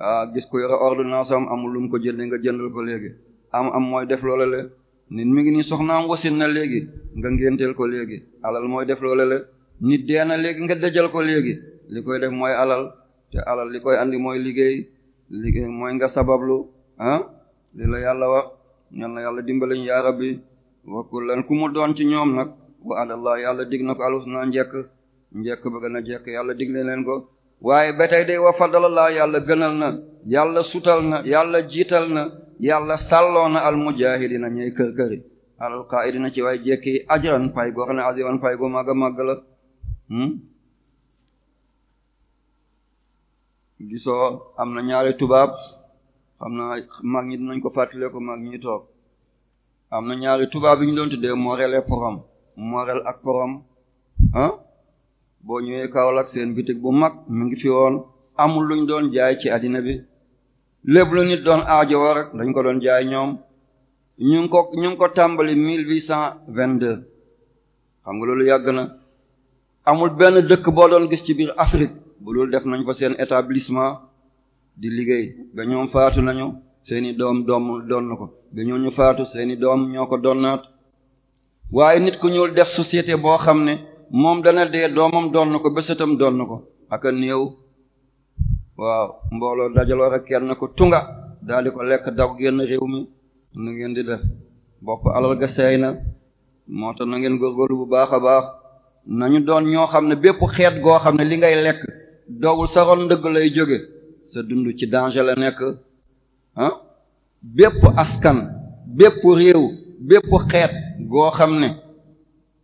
ah, gis ko yore ordonnance am amul lum ko jëndee nga jëndal ko léegi am am mooy def loolale nit mi ngi nii soxnaam wasin na léegi nga ngénteel ko léegi alal mooy def loole la nit dee na léegi nga dajal ko léegi li koy def mooy alal te alal li koy andi mooy liggéey liggéey mooy nga sabablu ah li la yàlla wax ñan na yàlla dimbaliñ yaa rabbi wa kullan ku mu doon ci ñoom nag wa adallah yàlla dig na ko alus njekk njekk ba gën a jekk yàlla dig na leen ko waaye ba tey wa fadalallah yàlla gënal na yàlla sutal na yàlla jiital na yàlla sàlloona al mujahidina ñay kër këri alal qaidina ci way jekki ajran pay goo xam ne aziman pay gu màgg a màgg la hmm? gisoo am na ñaari tubaab xam na mag ñi dinañ ko fàttale ko mag ñi am na ñaari tubaab yi ñu doon tuddee Morel et Porom Morel ak Porom ah boo ñëwee Kaolack seen bitik bu mag mu ngi fi woon amul luñ doon jaay ci àddina bi lépp lu nit doon aajo rek dañ ko doon jaay ñoom ñu ko ñu ngi ko tàmbali mille huit cent vingt-deux xam nga loolu yàgg na amul benn dëkk boo doon gis ci biir Afrique bu loolu def nañ fa seen établissement di liggéey ba ñoom faatu nañu seeni doom doom doon ko ba ñoo ñu faatu seeni doom ñoo ko donnaat waaye nit ku ñuul def société boo xam ne moom dana dee doomam doon na ko ba sëtam doon na ko ak a néew waaw mbooloo dajaloo rek kenn ko tunga daal di ko lekk daw génn réew mi nu ngeen di def bopp alal ga seey na moo tax na ngeen góorgóorlu bu baax a baax nañu doon ñoo xam ne bépp xeet goo xam ne li ngay lekk doowul sa ron lay jóge sa dund ci danger la nekk ah bépp askan bépp réew bépp xeet goo xam ne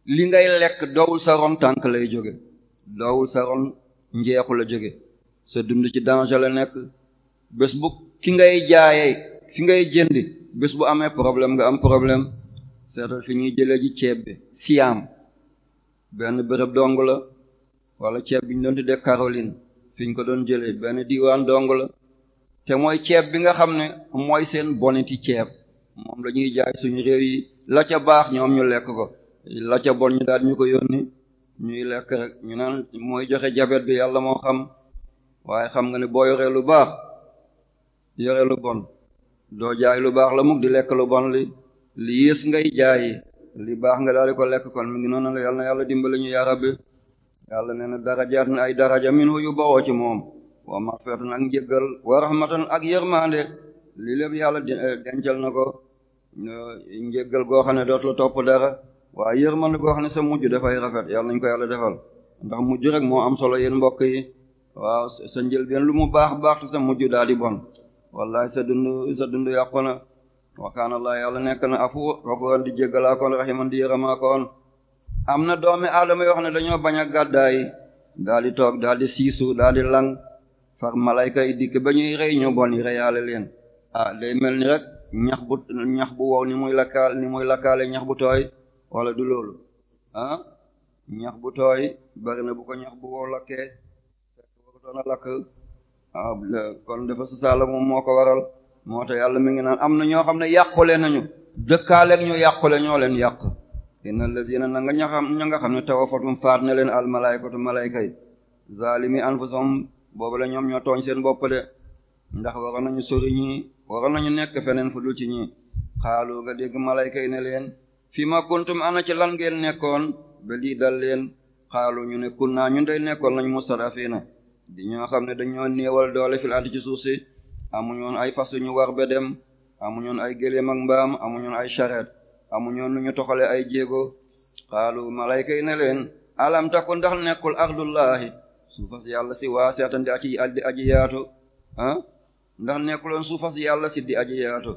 li ngay lekk doowul sa tànk lay jóge doowul sa ron njeexu la jóge sa dund ci danger la nekk bés bu ki ngay jaayee fi ngay jëndi bés bu amee problème nga am problème seetal fi ñuy jëlee ji ceeb bi siyaam benn bërëb dong la wala ceeb bi ñu doon tuddee Caroline fi ñu ko doon jëlee benn diwaan dong la te mooy ceeb bi nga xam ne mooy seen boniti ceeb moom la ñuy jaay suñu réew yi la ca baax ñoom ñu lekk ko la bon ñu daal ñu ko yónni ñuy lekk rek ñu naan mooy joxe jabet bi yàlla moo xam waaye xam nga ne boo yoree lu baax yoree lu bon doo jaay lu baax la mukk di lekk lu bon li li yées ngay jaayi li baax nga daal di ko lekk kon mi ngi noonu la yàlla na yàlla dimbali ñu yaa rabbi yàlla nee na darajaat na ay daraja min yu bawoo ci moom wa maxfiratan ak njëggal wa rahmatan ak yërmande li lépp yàlla eh, dencal na ko eh, njëggal goo xam ne dootu la topp dara waaye yërmande goo xam ne sa mujj dafay rafet yàlla nañ ko yàlla defal ndax mujj rek moo am mbokk yi waaw sa njëlbeen lu mu baax baax te sa mujj daal di bon wallahi sa dund sa dund yàqu na waxaana la yàlla nekk na afu rafuran di jéggalaa koon raximan di yërëmaa koon am na doomi aadama yoo ne dañoo bañ a gàddaay daal di toog daal di siisu daal di lang far malayka yi dikk ba ñuy rey ñu bon yi reyaale leen ah day mel ni rek ñax bu bu wow ni muy lakkaal ni muy lakkaale ñax bu tooy wala du loolu ah ñax bu tooy bari na bu ko ñax bu wow lakkee dana lakk waaw kon dafa susaala moom moo ko waral moo tax yàlla mi ngi naan am na ñoo xam ne yàqule nañu dëkkaaleeg ñu yàqule ñoo leen yàqu inna alladhina na nga ña xam ña nga xam ne tawafatum faat ne leen al malaykatu malayka yi zalimi anfusum boobu la ñoom ñoo tooñ seen bopp de ndax waroon nañu sori ñii waroon nañu nekk feneen fu dul ci ñii xaalu nga dégg malayka yi ne leen fi ma kuntum ana ci lan ngeen nekkoon ba lii dal leen xaalu ñu ne kun naa ñu day nekkoon lañ mustadafina di ñoo xam ne dañoo néewal doole fil ardi ci suuf si amuñoon ay fas ñu war ba dem amuñoon ay gëléem ak mbaam amuñoon ay charrette amuñoon lu ñu toxale ay jéego xaalu malayka yi ne leen alam takun ndax nekkul ardullahi suufas yàlla si waaseatan di aci di aji yaatu a ndax nekkuloon suufas yàlla si di aji yaatu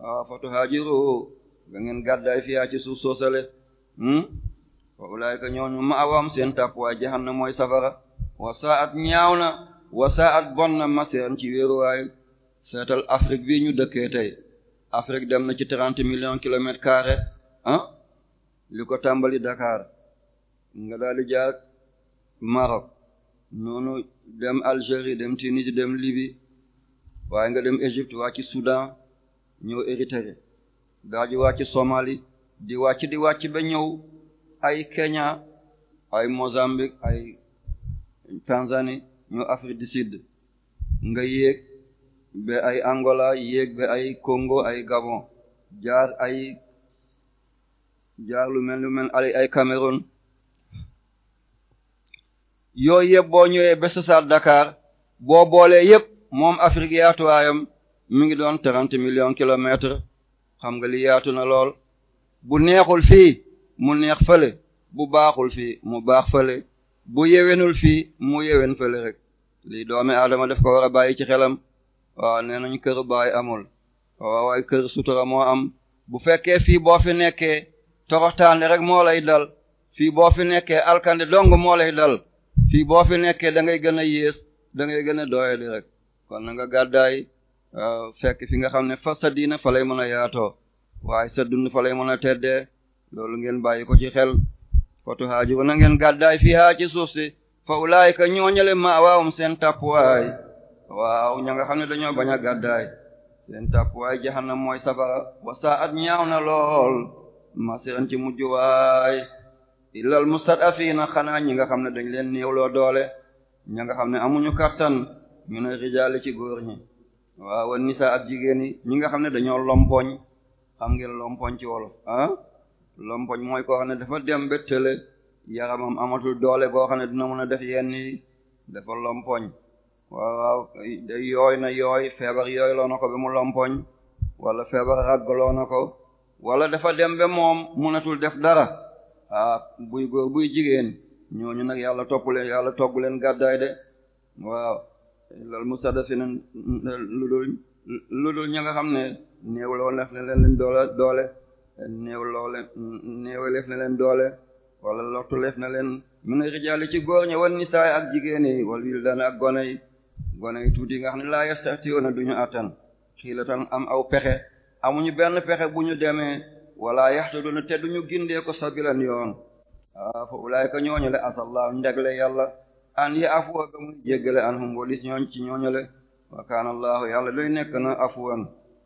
waaw fatu haajiru ba ngeen gàddaay fiyaa ci suuf soosale wa ulaayka ñooñu ma awam seen tàpp waay jahannam mooy safara wasaat ñaaw na wasaat bon bonna maseeran ci wéeruwaay seetal Afrique bii ñu dëkkee tey Afrique dem na ci trente million kilomètres carrés ah? li ko tàmbali Dakar nga daal di jaar Maroc noonu dem Algérie dem Tunisie dem Libye waaye nga dem Égypte waa ci ñëw Érythrée daa ji waa ci di wàcc di wàcc ba ñëw ay Kenya ay Mozambique ay Tanzanie ñëw Afrique du sid nga yéeg ba ay Angola yéeg ba ay Congo ay Gabon jaar ay jaar lu mel lu mel ay ay Cameroun yooyu yëpp boo ñëwee ba sasaat Dakar boo boolee yëpp moom Afrique yaatuwaayam mi ngi doon trente millions kilomètres xam nga li yaatu na lool bu neexul fii mu neex fële bu baaxul fii mu baax fële bu yewenul fii mu yewen fële rek lii doomi aadama def ko war a bàyyi ci xelam waaw nee nañ kër baay amul waaw waaye kër sutura moo am bu fekkee fii boo fi nekkee toroxtaande rek moo lay dal fii boo fi nekkee alkande dong moo lay dal fii boo fi nekkee da ngay gën a yées da ngay gën a doyadi rek kon na nga gàddaay fekk fi nga xam ne fa sa diina fa lay mën a yaatoo waaye sa dund fa lay mën a tedde loolu ngeen bàyyi ko ci xel watu haaju na ngeen gàddaay fi haa ci suuf si fa ulaayika ñooñale ma waawum seen tàppuwaay waaw ña nga xam ne dañoo bañ a gàddaay seen tàppuwaay jahannam mooy safara wa saa'at ñaaw na lool masiran ci mujjuwaay illal mustad'afiina xanaa ñi nga xam ne dañ leen néewloo doole ña nga xam ne amuñu kàttan ñu ne rijaali ci góor ñi waaw nisa ak jigéen ñi ñi nga xam ne dañoo lompoñ xam ngeen lompoñ ci lompoñ mooy koo xam ne dafa dem ba tële yaramam amatul doole koo xam ne dina mën a def yenn yi dafa lompoñ waaw yooy na yooy feebar yooy loo na ko ba mu lompoñ wala feebar raggaloo na ko wala dafa dem ba moom mënatul def dara ah buy góor buy jigéen ñooñu nag yàlla topp leen yàlla togg leen gàddaay de waaw loolu musadafina lu dul lu dul ña nga xam ne néew loo def ne leen doole doole néew loo leen néewaleef na leen doole wala lottuleef na leen mun rijaali ci góor ñi wan nisaay ak jigéen yi wal wildaana ak gone yi gone yi tuuti nga xam ne laa yastatiyoon na duñu attan xiilatan am aw pexe amuñu benn pexe bu ñu demee wala yaxtaduna te duñu gindee ko sabilan yoon a fa ulaayika ñooñu le asallahu ndegle yàlla an yi afuwa ba muy jéggale an hum walis ci ñooñu le wa kaanallahu yàlla luy nekk na afuwan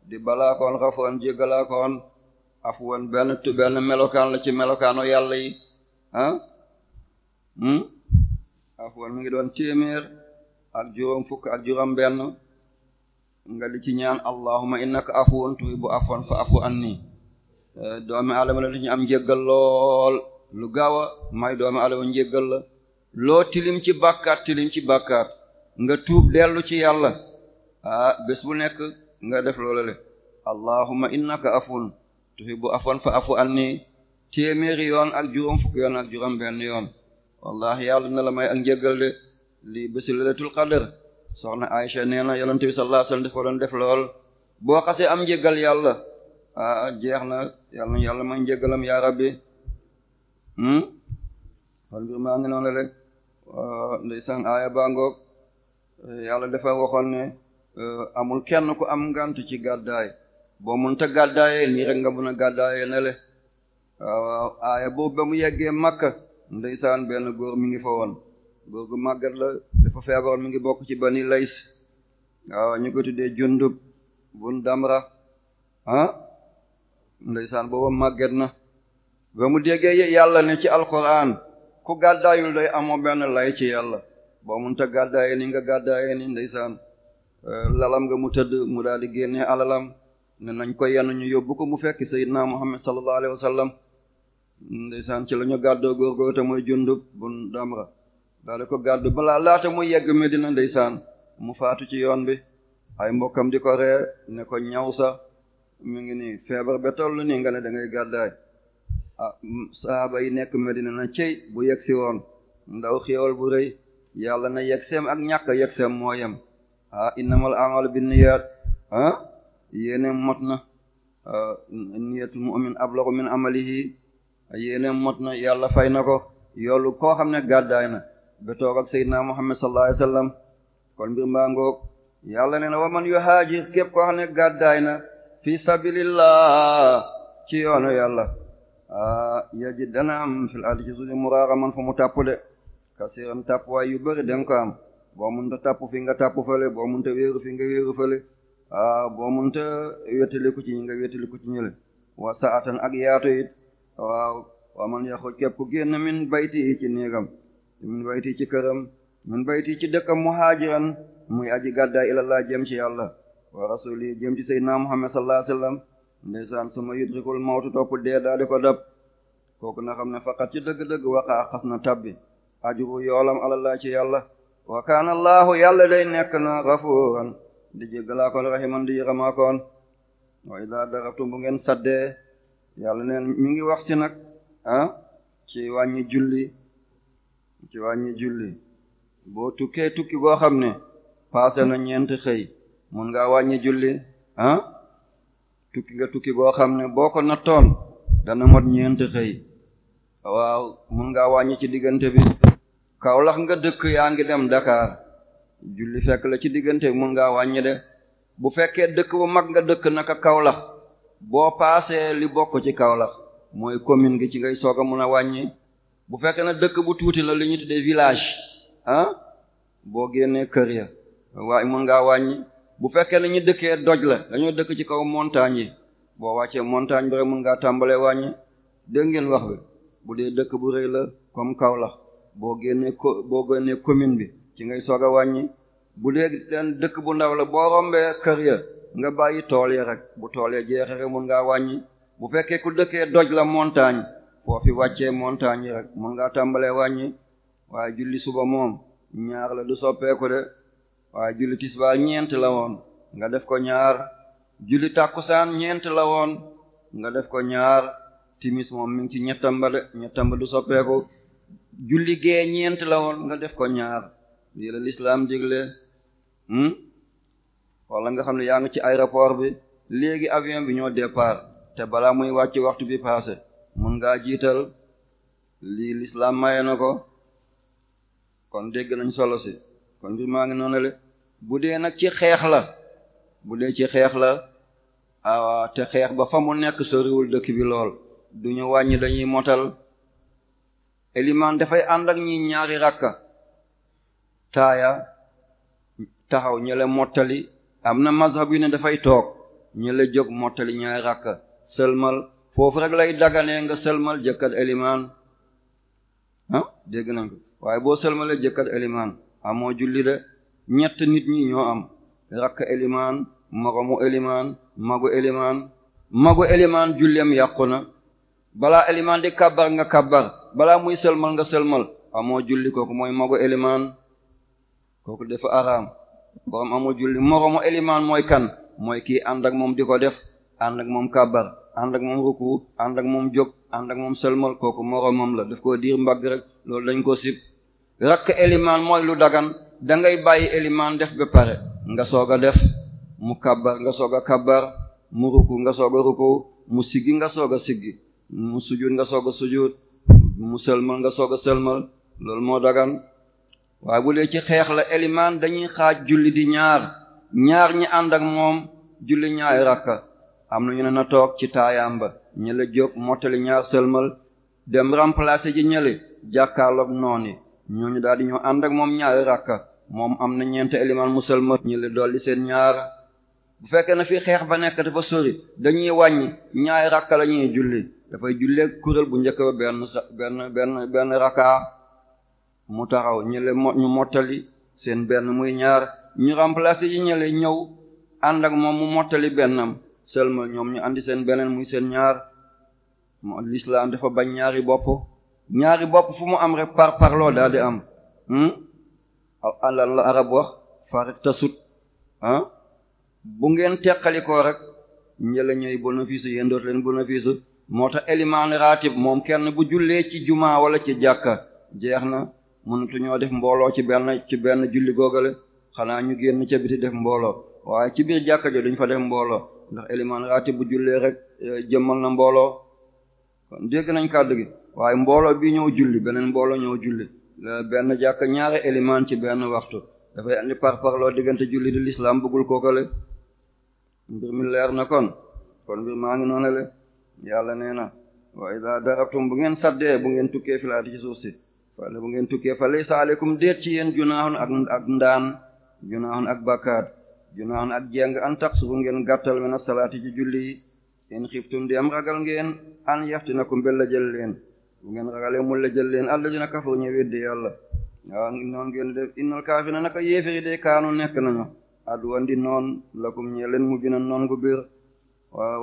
di balaakoon xafoon jéggalaakoon afwan benn tu benn melokaan la ci melokaano yàlla yi ah hmm? afwan mu ngi doon téeméer ak juróom fukk ak benn nga li ci ñaan allahumma innaka afwan tuhibbu afwan fa afu anni eh, doomi adama la ñu am njéggal lool lu gaaw a may doomi adama njéggal la loo tilim ci bàkkaat tilim ci bàkkaat nga tuub dellu ci yàlla ah bés bu nekk nga def loolu le allahumma innaka afwan tuhibbu afwan fa afu anni téeméeri yoon ak juróom fukk yoon ak juróom benn yoon wallahi yàlla na la may ak njëggal de lii bési lelatul qadr soxna Aysa nee na yonent bi sallallahu alayhi wasallam def ko lool boo xasee am njëggal yàlla ah, jeex na yàlla yàlla may njëggalam yaa rabbi hmm? kon mbir maa ngi noonu rek ah, ndeysaan aaya baa ngoog eh, yàlla dafa waxoon ne eh, amul kenn ku am ngant ci gàddaay boo mënta gàddaayee nii rek nga mën a gàddaayee na le waaw aaya boobu ba mu yeggee Makka ndeysaan benn góor mi ngi fa woon gu màggat la dafa feebaroon mi ngi bokk ci bani lays waaw ñu ko jundub bun damra ah ndeysaan booba màggat na ba mu déggee yàlla ne ci alquran ku gàddaayul day amoo benn lay ci yàlla boo mënta gàddaayee ni nga gàddaayee ni ndeysaan eh, lalam nga mu tëdd mu daal di génnee alalam ne nañ ko yenn ñu yóbbu ko mu fekk sayyidna Muhammad sallallahu alayhi wa sallam ndeysaan ci la ñu gàddoo góorgóor te mooy jundub bun damra daal ko gàddu balaa laata muy yegg Medina ndeysaan mu faatu ci yoon bi ay mbokkam di ko ree ne ko ñaw sa mi ngi nii feebar ba toll nii nga ne dangay ngay gàddaay ah, saaba yi nekk Medina na cey bu yegg si woon ndaw xéewal bu rëy yàlla na yegg seem ak ñàkk yegg seem mooyem ah innamal a'malu binniyat ah yéene mot na euh, niyatul mu'min ablagu min amalihi yéene mot na yàlla fay na ko yoolu koo xam ne gàddaay na ba toog ak sayyidina Muhammad sallallahu wasallam kon mbir mbaa ngoog yàlla nee na wa man yuhaajir képp koo xam ne gàddaay na fi sabilillah ci yoonu yàlla a yaji dana am fil ardi ci suuf muraara man fa mu tàpp de kasiran yu bari danga am boo mun ta tàpp fi nga tàpp fële boo mun ta wéeru fi nga wéeru Ah, boo mënta wétaliku ci ñi nga wétaliku ci ñële wa saatan ak yaatu it waaw waa man yaxuj képp ku génn min bayti ci néegam min bayti ci këram min bayti ci dëkkam muhaajiran muy aji gàddaay ilallah jëm ci yàlla wa rasuli jëm ci sayyidina muhammad sallallahu alayhi wasallam ndeysaan suma yudrikul mawtu topp dee daal di ko dab kooku na xam na faqat ci dëgg-dëgg waxaa xas na tabbi ajru yoolam alallah ci yàlla wa kaana allahu yàlla nekk na ghafuran di jéggalaa koon raximan di yërëmaa koon wa ida darabtum bu ngeen saddee yàlla neen mi ngi wax ci nag ah ci wàññi julli ci wàññi julli boo tukkee tukki boo xam ne paase na ñeenti xëy mun ngaa wàññi julli ah tukki nga tukki boo xam ne boo ko nattoon dana mot ñeenti xëy waaw mun nga wàññi ci diggante bi Kaolack nga dëkk yaa ngi dem Dakar julli fekk la ci diggante mën ngaa wàññi de bu fekkee dëkk bu mag nga dëkk naka Kaolack boo paasee li bokk ci Kaolack mooy commune gi ci ngay soog a mun a wàññi bu fekkee na dëkk bu tuuti la li ñu tuddee village ah, boo génnee kër ya waaye mun ngaa wàññi bu fekkee na ñu dëkkee doj la dañoo dëkk ci kaw montagne yi boo wàccee montagne bi rek ngaa tàmbalee wàññi dégg ngeen wax bi bu dee dëkk bu rëy la comme Kaolack boo génnee boo génnee commune bi bu dee dëkk bu ndaw la boo rombee kër ya nga bàyyi tool ya rek bu tool ya jeexee rek mun nga wàññi bu fekkee ku dëkkee doj la montagne foo fi wàccee montagne rek mun ngaa tàmbalee wàññi waaye julli suba moom ñaar la du soppeeku de waaye julli tisbaar ñeent la woon nga def ko ñaar julli tàkkusaan ñeent la woon nga def ko ñaar timis moom mi ngi ci ñettam de ñettam du soppeeku julli gee ñeent la woon nga def ko ñaar lii la lislaam digle Hmm? wala nga xam ne yaa ngi ci aéroport bi léegi avion bi ñoo départ te balaa muy wàcc waxtu bi passé mun ngaa jiital lii l'islam maye na ko kon dégg nañ solo si kon bi maa ngi noonale bu dee nag ci xeex la bu dee ci xeex la awa te xeex ba fa mu nekk soriwul dëkk bi lool du duñu wàññi dañuy motal eliman dafay ànd ak ñi ñaari rakka taaya taxaw ñële mottali am na mazhab yu ne dafay toog ñële jóg motali ñaari rakka sëlmal foofu rek lay daganee nga sëlmal jëkkat elimaan ah dégg nañ waaye boo sëlmalee jëkkat elimaan amoo julli de ñett nit ñi ñoo am rakka elimaan moromu elimaan magu elimaan magu elimaan julleem yàqu na balaa elimaan di kabbar nga kabbar balaa muy sëlmal nga sëlmal amoo julli kooku mooy magu elimaan kooku dafa araam borom amul juli moromu elimaan mooy kan mooy kii ànd ak moom di ko def ànd ak moom kàbbar ànd ak moom ruku ànd ak moom jóg ànd ak moom sëlmal kooku moromam la def koo diir mbag rek loolu dañ ko sib rakk elimaan mooy lu dagan da ngay bàyyi elimaan def ba pare nga soog a def mu kàbbar nga soog a kàbbar mu ruku nga soog a ruku mu siggi nga soog a siggi mu sujud nga soog a sujud mu sëlmal nga soog a sëlmal loolu moo dagan waaye bu dee ci xeex la elimaan dañuy xaaj julli di ñaar ñaar ñi ànd ak moom julli ñaari rakka am na ñu ne na toog ci taayaam ba ñële jóg mottali ñaar sëlmal dem remplacer ji ñële jàkkaarloog nooni ñu daal di ñoo ànd ak moom ñaari rakka moom am na ñeent elimaan mu sëlmal ñële dolli seen ñaar bu fekkee na fi xeex ba nekk dafa sori dañuy wàññi ñaari rakka la ñuy julli dafay julleeg kuréel bu njëkk ba benn benn benn benn mu taxaw ñële mo ñu mottali seen benn muy ñaar ñu remplacer yi ñële ñëw ànd ak moom mu mottali bennam seulement ñoom ñu andi seen beneen muy seen ñaar mo l'islam dafa ba ñaari bopp ñaari bopp fu mu am rek par parloo daal di am alal hmm? la arab wax farik tasut ah bu ngeen teqalikoo rek ñële ñooy bénéfice yéen doot leen bénéfice moo tax élément narratif moom kenn bu jullee ci juma wala ci jàkka jeex na mënatu ñoo def mbooloo ci benn ci benn julli googale xanaa ñu génn ca biti def mbooloo waaye ci biir jàkka jo ñu fa def mbooloo ndax éliman raati bu jullee rek e, jëmmal na mbooloo kon dégg nañ kàddu gi waaye mbooloo bi ñëw julli benn mbooloo ñëw julli benn jàkk ñaari éliman ci benn waxtu dafa dafay ni par parloo diggante julli di l'islam bëggul kookale mbir mi leer na kon kon mbir maa ngi noonale yàlla nee na wa iza darabtum bu ngeen saddee bu ngeen tukkee filaati ci suuf si fala bu ngeen tukkee fa laysa aleykum déet ci yéen junaahun ak ak ndaan junaahun ak bakkaat junaahun ak jeng an taqsu bu ngeen gàttal mina salaati ci julli yi xiftum di ragal ngeen an yaftinakum bel la jël leen bu ngeen ragalee mul la jël leen alladina kafaru ñu weddi yàlla waaw noon ngeen innal kaafirina naka yéeféri dee kaanu nekk nañu aduwan di noon lakum ñee leen mu binan noon gu biir waaw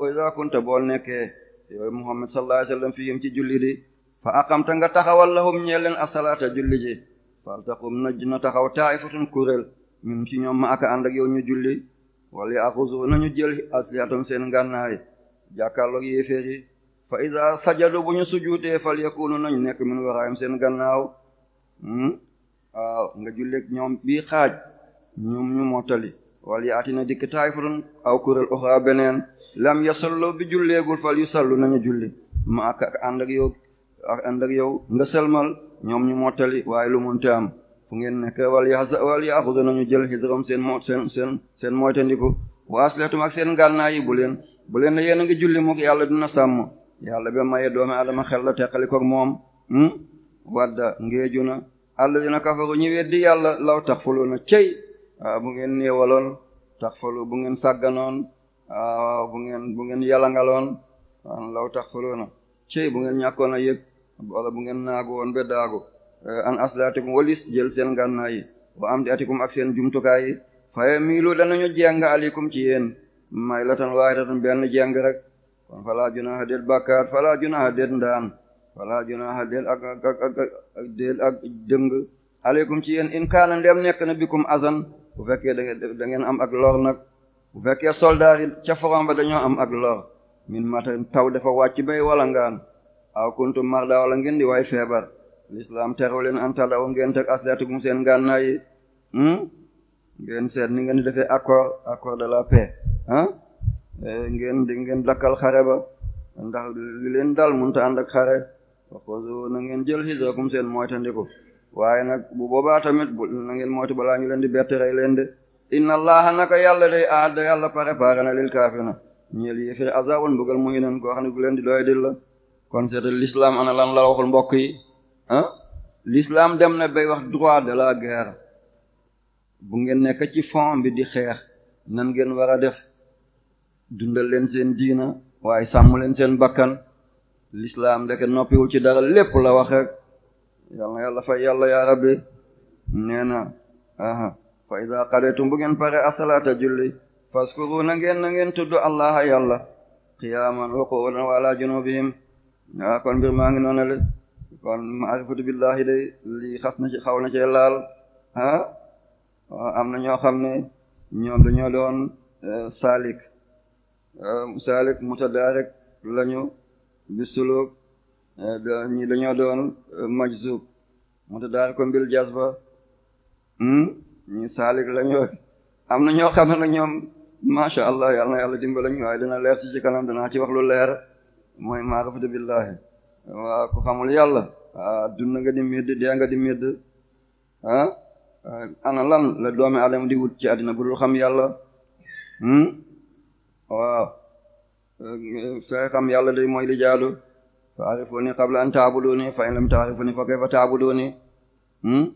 wa iza kunta boo nekkee yooyu Muhammad sallallahu alayhi wasallam fihim ci julli di fa aqamta nga taxawal lahum ñeel leen asalaata julli ji faltaqum na na taxaw taa'ifatun kuréel ñun ci ñoom ma aka ànd yow ñu julli wala axuzu nañu jël asliatum seen ngànnaay jàkkaarloog yéeféer yi fa iza sajadu bu ñu sujuutee fal yakunu nañu nekk min waraayam seen gannaaw hmm? waaw nga julleeg ñoom bii xaaj ñoom ñu mottali wala yaati na dikk taa'ifatun aw kuréel uxra beneen lam yasallu bi julleegul fal yusallu nañu julli ma aka ànd ak yow ak ànd ak yow nga selmal ñoom ñu mottali waaye lu mënte am bu ngeen nekk wal ya wal yaxusa nañu jël xisram seen moo seen seen seen moytandiku wa asletum ak seen ngànnaa yi bu leen bu leen ne a ngi julli muk yàlla dina sàmm yàlla ba maye doomi adama xel la teqali ko moom hmm? wadda ngeeju na alladina kafaru ñu weddi yàlla law tax falu na cey bu ngeen néewaloon tax falu bu ngeen sàgganoon bu ngeen bu ngeen yalangaloon law tax falu na cey bu ngeen ñàkkoon a wala bu ngeen naagu woon be daagu eh, an aslatikum walis jël seen ngànnaay yi wa am di atikum ak seen jumtukaay yi faye miilu danañu jeng alikum ci yéen may la tan waahidatan benn jeng rek kon falaa junaaha déet bàkkaar falaa junaaha déet ndaan falaa junaaha déet ak ak ak ak ak dëng aleykum ci yéen in kaana ndem nekk na bikum azan bu fekkee da ngeen am ak lor nag bu fekkee soldat yi ca forom dañoo am ak lor min mata taw dafa wàcc wala ngaan aw kuntum daa wala ngeen di waay feebar lislaam terew leen an tadaw ngeen teg aslatukum seen gànnaay yi hmm? ngeen seet ni ngeen di defee accord accord de la paix eh, ngeen di ngeen dakkal xare ba ndax li leen dal munta ànd ak xare waxoso na ngeen jël xisakum seen moytandiku waaye nag bu boobaa tamit bu na ngeen moytu balaa ñu leen di bett rey leen de inna allaha naka yàlla day aadda ah, yàlla préparé na lil kaafir na ñeel yéefir azabun bugal muhinan koo xam ne bu leen di doy dil la kon c'est lislaam ana lan la waxul mbokk yi ah l'islam dem na bay wax droit de la guerre bu ngeen nekk ci front bi di xeex nan ngeen war a def dundal leen seen diina waaye sàmm leen seen bakkan lislaam ndeke noppiwul ci dara lépp la wax rek yàlla yàlla fay yàlla ya rabbi nee na aha fa iza qadaytum bu ngeen pare asalaata julli faskuru na ngeen na ngeen tudd allaha yàlla qiyaman wa qu'udan waaw kon mbir maa ngi noonu le kon maarifatu billahi day lii xas na ci xaw na cee laal ah am na ñoo xam ne ñoom dañoo doon euh, saalik euh, saalik mutadaarik lañu bi suluk euh, ñi dañoo doon majzub mutadaarik bil jazba hmm? ñi saalik lañu am na ñoo xam ne nag ñoom masha Allah yàlla na yàlla dimbali ñu waaye dina leer ci ci kanam danaa ci wax lu leer mooy maarifatu billahi waa xamul yàlla ah dund nga di medd dee nga di medd ah, ana lan la doomi adama di wut ci àddina bu dul xam yàlla hmm? waaw fee xam yàlla day mooy li jaadu taarifuni qabla an taabuduni fa in lam taarifuni fa kayfa taabuduni hmm?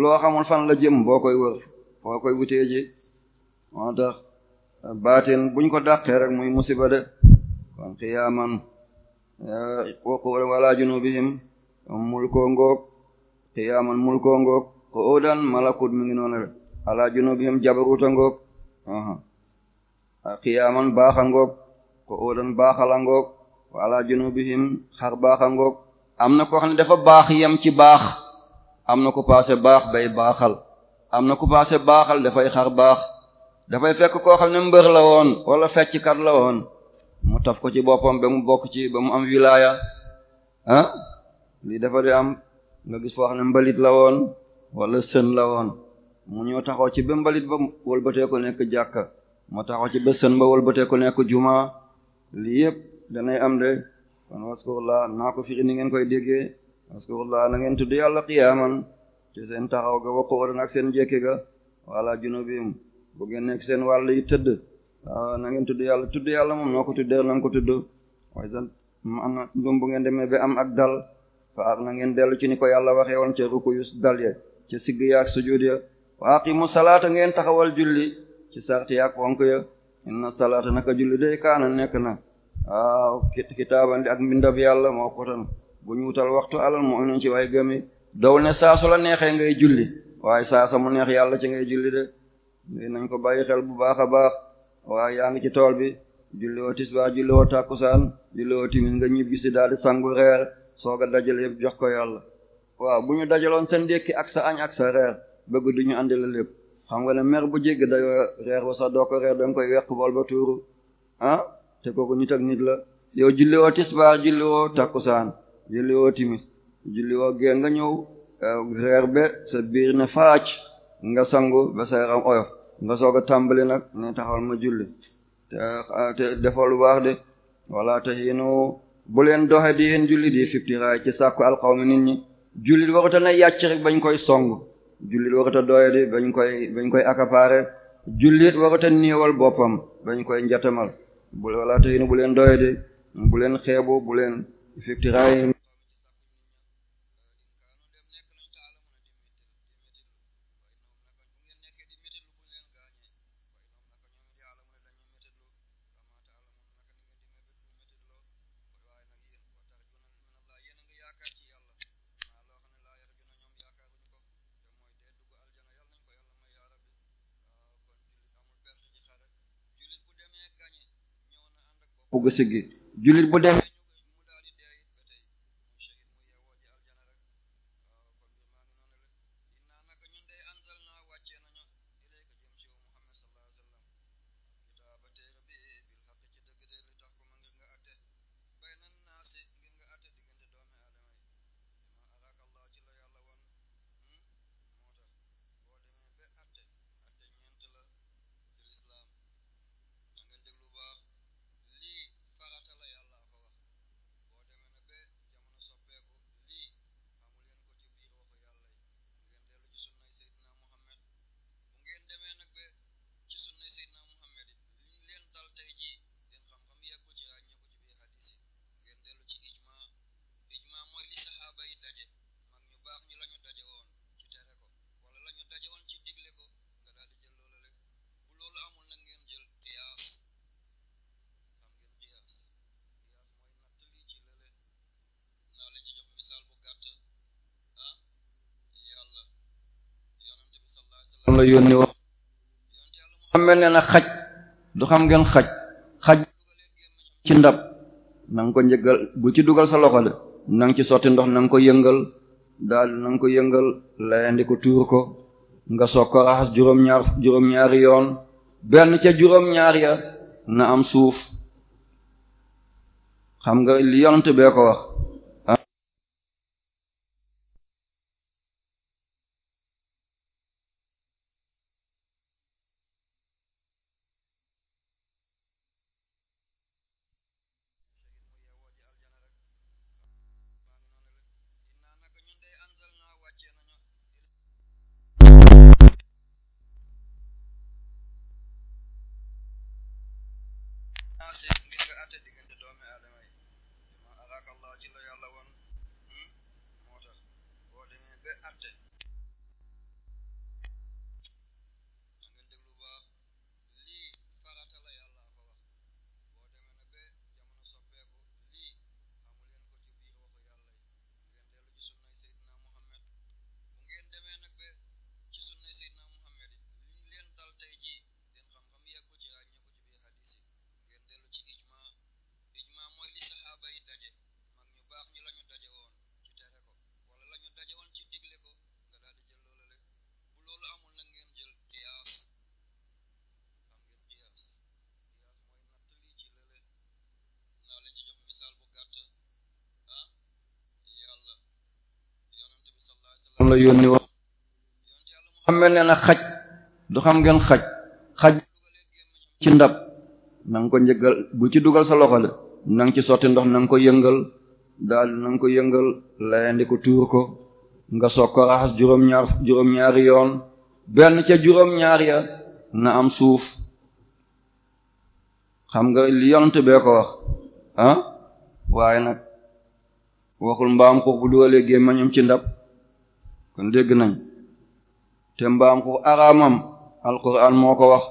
loo xamul fan la jëm boo koy wër boo koy wutee baatin buñ ko dàqee rek muy musiba de kon xiyaaman waqul wala junubihim mulkoo ngoog qiyaaman mulkoo ngoog qu'udan malakut mi ngi noonu rek ala junubihim jabaruta ngoog qiyaaman baaxa ngoog qu'udan baaxala ngoog ala junubihim xar baaxa ngoog am na ko xam ne dafa baax yem ci baax am na ko passé baax bay baaxal am na ku passé baaxal dafay xar baax dafay fekk koo xam mbër la woon wala fecckat la woon mu taf ko ci boppam ba mu bokk ci ba mu am wilaya ah lii dafa am nga gis foo xam ne mbalit la woon wala sën la woon mu ñëw taxaw ci ba mbalit ba wëlbatee ko nekk jàkka mu taxaw ci ba sën ba wëlbatee ko nekk juma lii yëpp danay am de kon waskurullah naa ko firi ni ngeen koy déggee waskurullah na ngeen tudd yàlla qiyaaman te seen taxaw ga wa qu'udan ak seen jekke ga wala junubim bu ngeen nekk seen wàll yi tëdd ah na ngeen tudd yàlla tudd yàlla moom noo ko tuddee na nga ko tudd waaye doom bu ngeen demee ba am ak dal faar na dellu ci ni ko yàlla waxee woon ca ruku yu dal ya ca sigg ya ak sujud ya wa aqimu salaata ngeen taxawal julli ci sarti ya ak fonk ya inna salaata naka julli day kaana nekk na waaw ah, kitaaban di ak mbindab yàlla moo kotan bu ñu wutal waxtu alal mu'minin ci way gëmi dawul ne saa su la neexee ngay julli waaye saa sa mu neex yàlla ci ngay julli de nañ ko bàyyi xel bu baax waa yaa ngi ci tool bi julli woo tisbaar julli woo tàkkusaan julli woo timis nga ñibbi si daal di sangu reer soog a dajale yëpp jox ko yàlla waaw bu ñu dajaloon seen ndékki ak sa añ ak sa reer bëgg du ñu andi la lépp xam nga ne mer bu jégg dayoo reer ba sax doo ko reer danga koy weq bool ba tuuru ah te kooku nit ak nit la yow julli woo tisbaar julli woo tàkkusaan julli woo timis julli woo gee nga ñëw eh, reer be sa biir ne faac nga sangu ba sa yaram nga soog tàmbali nag ne taxawal ma julli te te defoo lu baax de wala te xiinu bu leen doxe di yéen jullit yi fiftiraay ci sàkku alxawmi nit ñi jullit warata na yàcc rek bañ koy song jullit warata doye di bañ koy bañ koy accaparer jullit warata niwal boppam bañ koy njatamal bu wala te xiinu bu leen doye di bu leen xeebu bu leen fiftiraay sëgg jullit bu def yónni woon xammel ne na xaj du xam ngeen xaj xaj ci ndab na ko njëgal bu ci dugal sa loxo de na ci sotti ndox na ko yëngal daal na ko yëngal layandi ko tuur ko nga soog ko raxas juróom-ñaar juróom-ñaari yoon benn ca juróom-ñaar ya na am suuf xam nga li bee ko wax atte diggante doomi aadama yi dama alaakallahu ci la yàlla woon hmm? moo tax boo demee ba atte moom la yónni woon Muhammad nee na xaj du xam ngeen xaj xaj ci ndab na ko njëgal bu ci dugal sa loxo de na ci sotti ndox na nga ko yëngal daal na ko yëngal layandi ko tuur ko nga soog ko raxas juróom ñaari yoon benn ca juróom-ñaar ya na am suuf xam nga li yonent bee ko wax ah? waaye nag waxul mbaam xuux bu dugalee gémmiñam ci ndab kon dégg nañ te mbaam xuux araamam alquran moo ko wax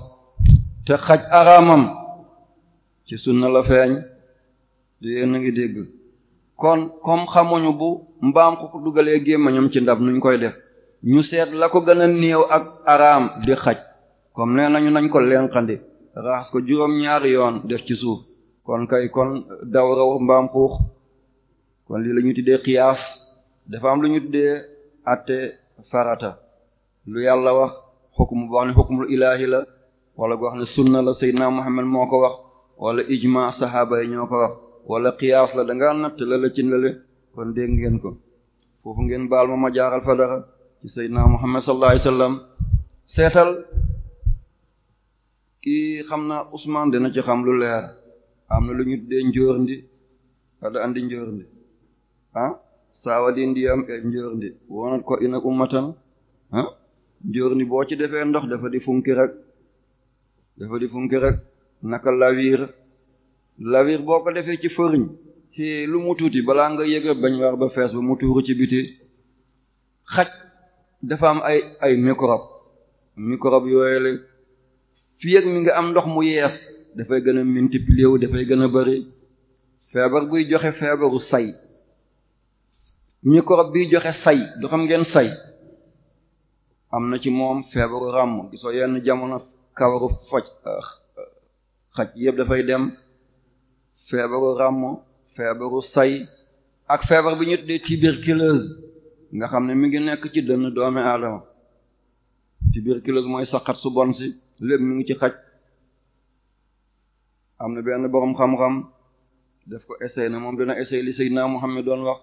te xaj araamam ci na la feeñ di yéen a ngi dégg kon comme xamuñu bu mbaam xuux dugalee gémmañam ci ndab nuñ koy def ñu seet la ko gën a néew ak araam di xaj comme nee nañu nañ ko lenqandi raxas ko juróom-ñaari yoon def ci suuf kon kay kon dawraw mbaam xuux kon lii la ñu xiyaas dafa lu ñu tuddee ate farata lu yàlla wax xukm boo xam ne xukmul ilaahi la wala goo xam ne sunna la sayyidina Muhammad moo ko wax wala ijma sahaaba yi ñoo ko wax wala qiyaas la da natt la la cin kon dégg ngeen ko foofu ngeen baal ma ma jaaxal fa dara ci sayyidina Muhammad seetal kii xam naa Ousmane dina ci xam lu leer am na lu ñu tuddee njóor ndi wala andi njóor ah? saawali ndiyam e njorndi wonat ko ina ummatan ah boo ci defee ndox dafa di funki rek dafa rek naka lawir lawir boo ko defee ci fëriñ ci lu mu tuuti balaa nga yëg bañ war ba fees ba mu ci biti xaj dafa am ay ay microbe microbe yooyu la fii ak mi nga am ndox mu yees dafay gën a multiplier wu dafay gën a bari feebar buy joxe feebaru say microbe bi joxe say du xam ngeen say am na ci moom feebaru ràmm gisoo yenn jamono kawaru foj euh, xaj yëpp dafay dem feebaru ràmm feebaru say ak feebar bi ñu tuddee tuberculose nga xam ne mi ngi nekk ci dënn doomi aadama tuberculose mooy saxat su bon si lépp mi ngi ci xaj am na benn borom xam-xam daf ko essayé na moom dana essayé li xam Muhammad doon wax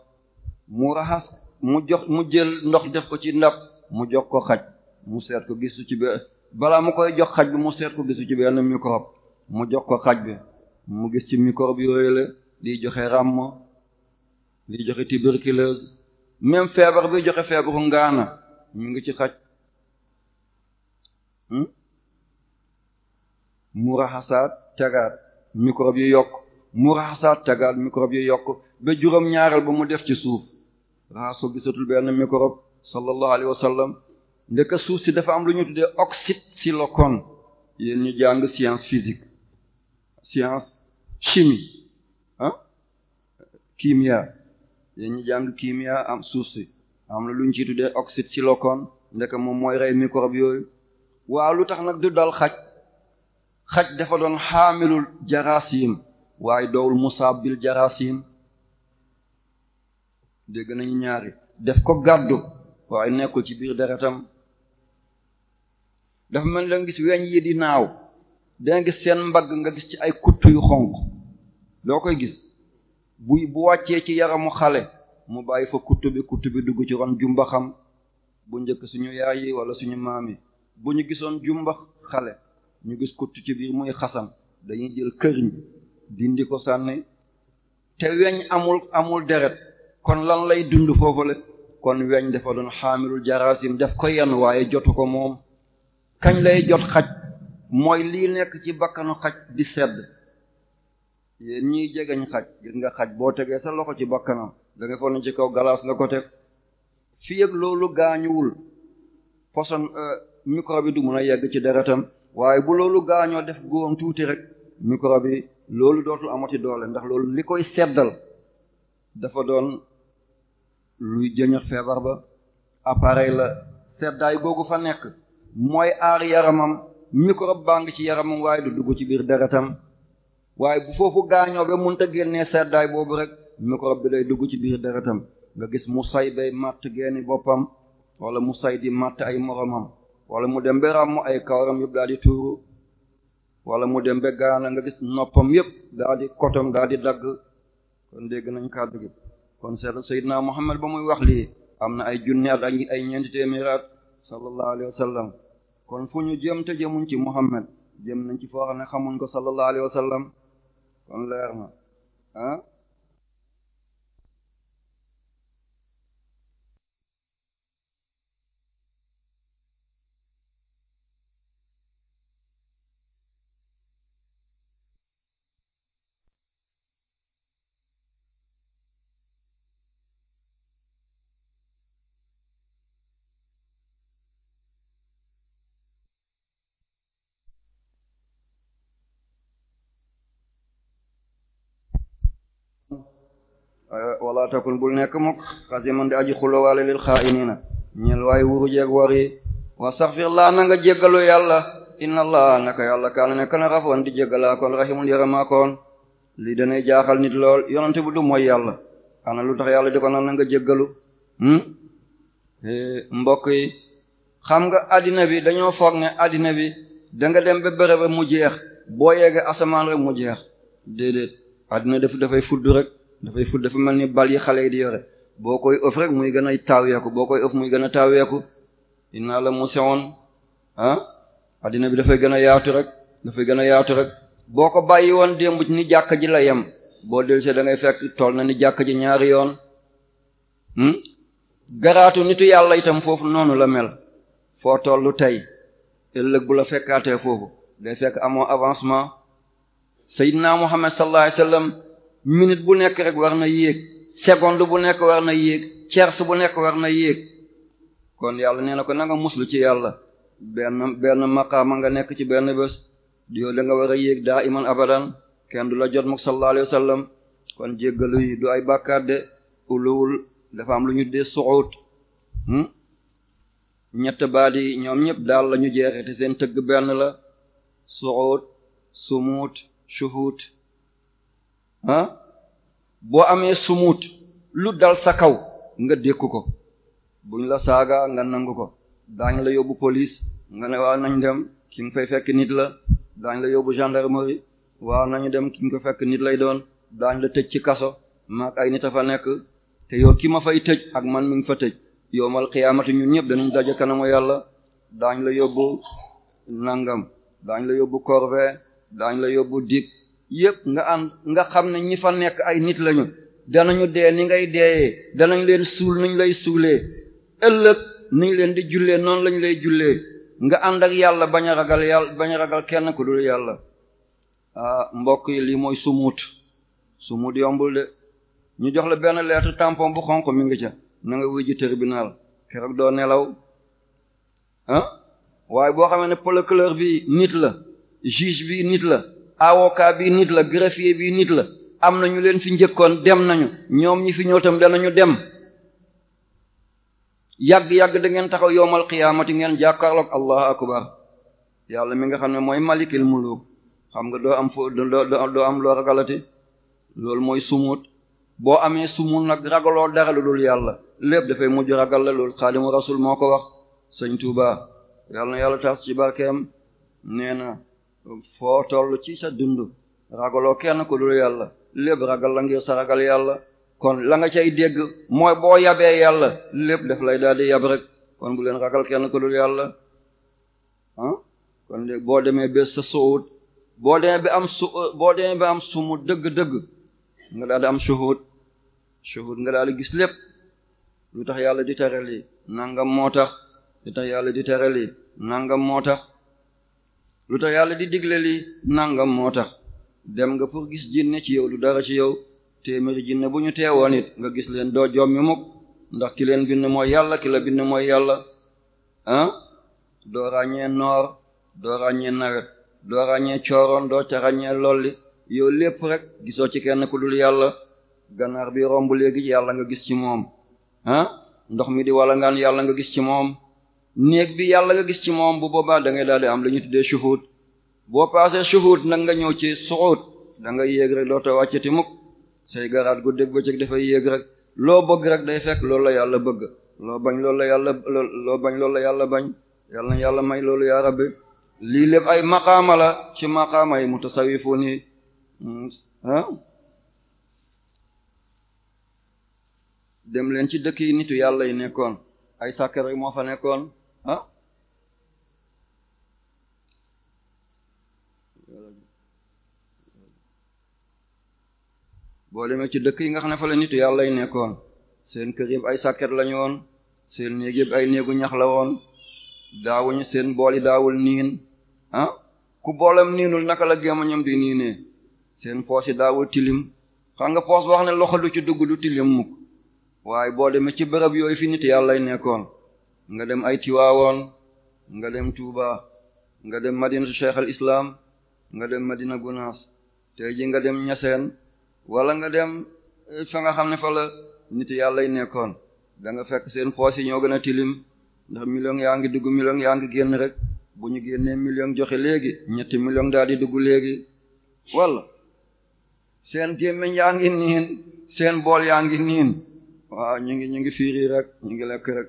mu raxas mu jox mu jël ndox def ko ci ndab mu jox ko xaj mu seet ko gisu ci benn balaa mu koy jox xaj bi mu seet ko gisu ci benn microbe mu jox ko xaj bi mu gis ci microbe yooyu la liy joxe ràmm liy joxe tuberculose même feebar bi joxe feebaru ngaana mu ngi ci xaj hmm? mu raxasaat tagaat microbe yi yokk mu raxasaat tagaat microbe yu yokk ba juróom ñaareel ba mu def ci suuf raxasoo gisatul benn microbe sallallahu alayhi wa sallam ndeka suuf si dafa am lu ñu tuddee oxyde silicone yéen ñu jàng science physique science chimie ah kimia ñu jàng kimia am suuf am na lu ñu ciy tuddee oxyde silicone ndeka moom mooy rey microbe yooyu waaw lu tax nag du dal xaj xaj dafa doon xaamilul jarasim waaye doowul musaab bil jarasim dégg nañu ñaari def ko gàddu waaye nekkul ci biir deretam dafa mel da nga gis weñ yi di naaw danga gis seen mbagg nga gis ci ay kutt yu xonq loo koy gis bu bu wàccee ci yaramu xale mu bàyyi fa kutt bi kutt bi dugg ci ron jumba xam bu njëkk suñu yaay yi wala suñu maam yi bu ñu gisoon jumba xale ñu gis kutt ci biir muy xasan dañuy jël këriñ dindi ko sànni te weñ amul amul deret kon lan lay dund foofule kon weñ dafa doon xaamilul jarasim def ko yenn waaye jotu ko moom kañ lay jot xaj mooy li nekk ci bakkanu xaj di sedd yéen ñi jegeñ xaj gis nga xaj boo tegee sa loxo ci bakkanam da nga foog ci kaw galaas la ko teg fii ak loolu gaañuwul poson euh, microbe bi du mun a yegg ci deretam waaye bu loolu gaañoo def góom tuuti rek microbe bi loolu dootul amati doole ndax loolu li koy seddal dafa doon luy jëñëx feebar ba appareil la seddaay googu fa nekk mooy aar yaramam microbe baa ngi ci yaramam waaye du dugg ci biir deretam waaye bu foofu gaañoo ba mënta génne seddaay boobu rek microbe bi day dugg ci biir deretam nga gis mu say bay matt génni boppam wala mu say di matt ay moromam wala mu dem ba ràmm ay kawaram yëpp daal di tuuru wala mu dem ba gaana nga gis noppam yëpp daal di kotom daal di dagg kon dégg nañ kàddu gi kon seetal Seydina Muhammad ba muy wax lii am na ay junni at ak ay ñeenti téeméer at sallallahu alayhi wa kon fu ñu jëm te jëmuñ ci Muhammad jëm nañ ci foo xam ne xamuñ ko sallallahu alayhi wa kon leer na ah Eh, wala takun bul nekk mukk xasiman di aji xulowaale lil xaa'iniina ñeel waaye wuru jeeg wari wa saxfir laa na nga jéggalu yàlla inna allah naka yàlla kaana nekk na rafoon di jéggalaa koon rahimun yaramaa koon lii danay jaaxal nit lool yonente bu du mooy yàlla ana lu tax yàlla di ko naan na nga jéggalu hmm? eh, mbokk yi xam nga addina bi dañoo foog ne addina bi da nga dem ba bërëb boo yeggee asamaan rek mu jeex déedéet addina daf fudd rek dafay ful dafa mel ni bal xale di yore boo koy ëf rek muy gën a taaweeku boo koy ëf muy gën a taaweeku inaa la mu sewoon ah addina bi dafay gën a yaatu rek dafay gën a yaatu rek boo ko bàyyi woon démb ni jàkk ji la yem boo dellusee da ngay fekk toll na ni jàkk ji ñaari yoon hmm? garaatu nit yàlla itam foofu noonu la mel foo tollu tey ëllëg bu la fekkaatee foofu day fekk amoo avancement Seydina Muhammad sallallahu minute bu nekk rek war na yéeg seconde bu nekk war na yéeg cerce bu nekk war na yéeg kon yàlla nee na ko na nga ci yàlla benn benn maqaama nga nekk ci benn bés yow da nga war a yéeg daa iman abadan kenn du la jot muk sallallahu alayhi wasallam kon jéggalu yi du ay bàkkaar de uluwul dafa am lu ñu dee suxuut hmm? ñett baat yi ñoom ñëpp daal la ñu jeexete seen tëgg benn la suxuut sumuut shuhuut ah boo amee sumuut lu dal sa kaw nga dékku ko buñ la saaga nga nangu ko daañ la yóbbu police nga ne waa nañ dem ki fay fekk nit la daañ la yóbbu gendarmerie waa nañu dem ki ko fekk nit lay doon daañ la tëj ci kaso maag ay nit a fa nekk te yow ki ma fay tëj ak man mi ngi fa tëj yowmal xiyaamati ñun ñëpp danañ daje kanamu yàlla daañ la yóbbu nangam daañ la yóbbu corvée daañ la yóbbu dik yëpp nga ànd nga xam ne ñi fa nekk ay nit lañu danañu dee ni ngay deeyee danañ leen suul nañ lay suulee ëllëg niñ leen di jullee noonu lañu lay jullee nga ànd ak yàlla bañ a ragal yàlla bañ ragal kenn ku dul yàlla ah mbokk yi lii mooy sumuut sumuut yombul de ñu jox la benn lettre tampon bu xonq mi ngi ca na nga wuy ji keroog doo nelaw ah waaye boo xamee ne procureur bi nit la juge bi nit la avocat bii nit la greffier bii nit la am na ñu leen fi njëkkoon dem nañu ñoom ñi fi ñëw tam nañu dem yàgg-yàgg dangeen ngeen taxaw yowmal ngeen jàkkaarloog allahu akbar yàlla mi nga xam ne mooy malikil muluk xam nga doo am fo doo am ragalati loolu mooy sumut boo amee sumuut nag ragaloo dara dul yàlla lépp dafay mujj ragal la loolu rasul moo ko wax sëñ Tuuba yàlla na yàlla taas ci barkeem nee na foo toll ci sa dund ragaloo kenn ku dul yàlla lépp ragal la ngir sa ragal yàlla kon la nga cay dégg mooy boo yabee yàlla lépp daf lay daal di yab rek kon bu leen ragal kenn ku dul yàlla ah boo demee ba sa suud boo demee ba am su boo demee ba am sumu dëgg-dëgg nga daal di am shuhud shuhud nga daal di gis lépp lu tax yàlla di tere lii nangam moo tax yàlla di tere lii nangam moo tax lu tax yàlla di digle li nangam moo tax dem nga pour gis jinne ci yow du dara ci yow téeméeri jinne bu ñu teewoon it nga gis leen doo jommi mukk ndax ki leen bind mooy yàlla ki bind mooy yàlla ah doo ràññee noor doo ràññee nawet doo ràññee cooroon doo ca ràññee lolli yow lépp rek gisoo ci kenn ku dul yàlla ganaar bi romb léegi yàlla nga gis ci moom ah ndox mi di wala ngaan yàlla nga gis ci moom néeg bi yàlla nga gis ci moom bu boobaa da ngay daal di am la ñu tuddee shuhud boo paasee shuhud nag nga ñëw ci suud da nga yéeg rek dootoo wàccati mukk say garaat guddeeg bëccëg dafay yéeg rek loo bëgg rek day fekk loolu la yàlla bëgg loo bañ yàlla loo bañ la yàlla bañ yàlla yàlla may loolu yaa rabbi lii lépp ay maqaama la ci maqaama yi mutasawifun hmm, yi ah dem leen ci dëkk yi nitu yàlla yi nekkoon ay sàkkar moo fa nekkoon ah boo demee ci dëkk yi nga xam ne fa la nit yàlla lay nekkoon seen kër yëpp ay sàkket lañu woon seen néeg ay néegu ñax la woon daawuñu seen bool daawul niin ah ku boolem niinul naka la gémmañam di niinee seen poos yi daawul tilim xam nga poos wax xam ne loxo du ci dugg du tilim mukk waaye boo demee ci bërëb yooyu fi nit yàlla lay nekkoon nga dem ay tiwaawoon nga dem Touba nga dem madinatu cheikh al islam nga dem madina gunaas te ji nga dem ñaseen wala nga dem eh, fa nga xam ne fa la nit yàlla yi nekkoon danga fekk seen poos yi ñoo gën a tilim ndax million yaa ngi dugg million yaa ngi génn rek bu ñu génnee million joxe léegi ñetti million daal di dugg léegi wala seen gémmiñ yaa ngi niin seen bool yaa ngi niin waaw ñu ngi ñu ngi fiiri rek ñu ngi lekk rek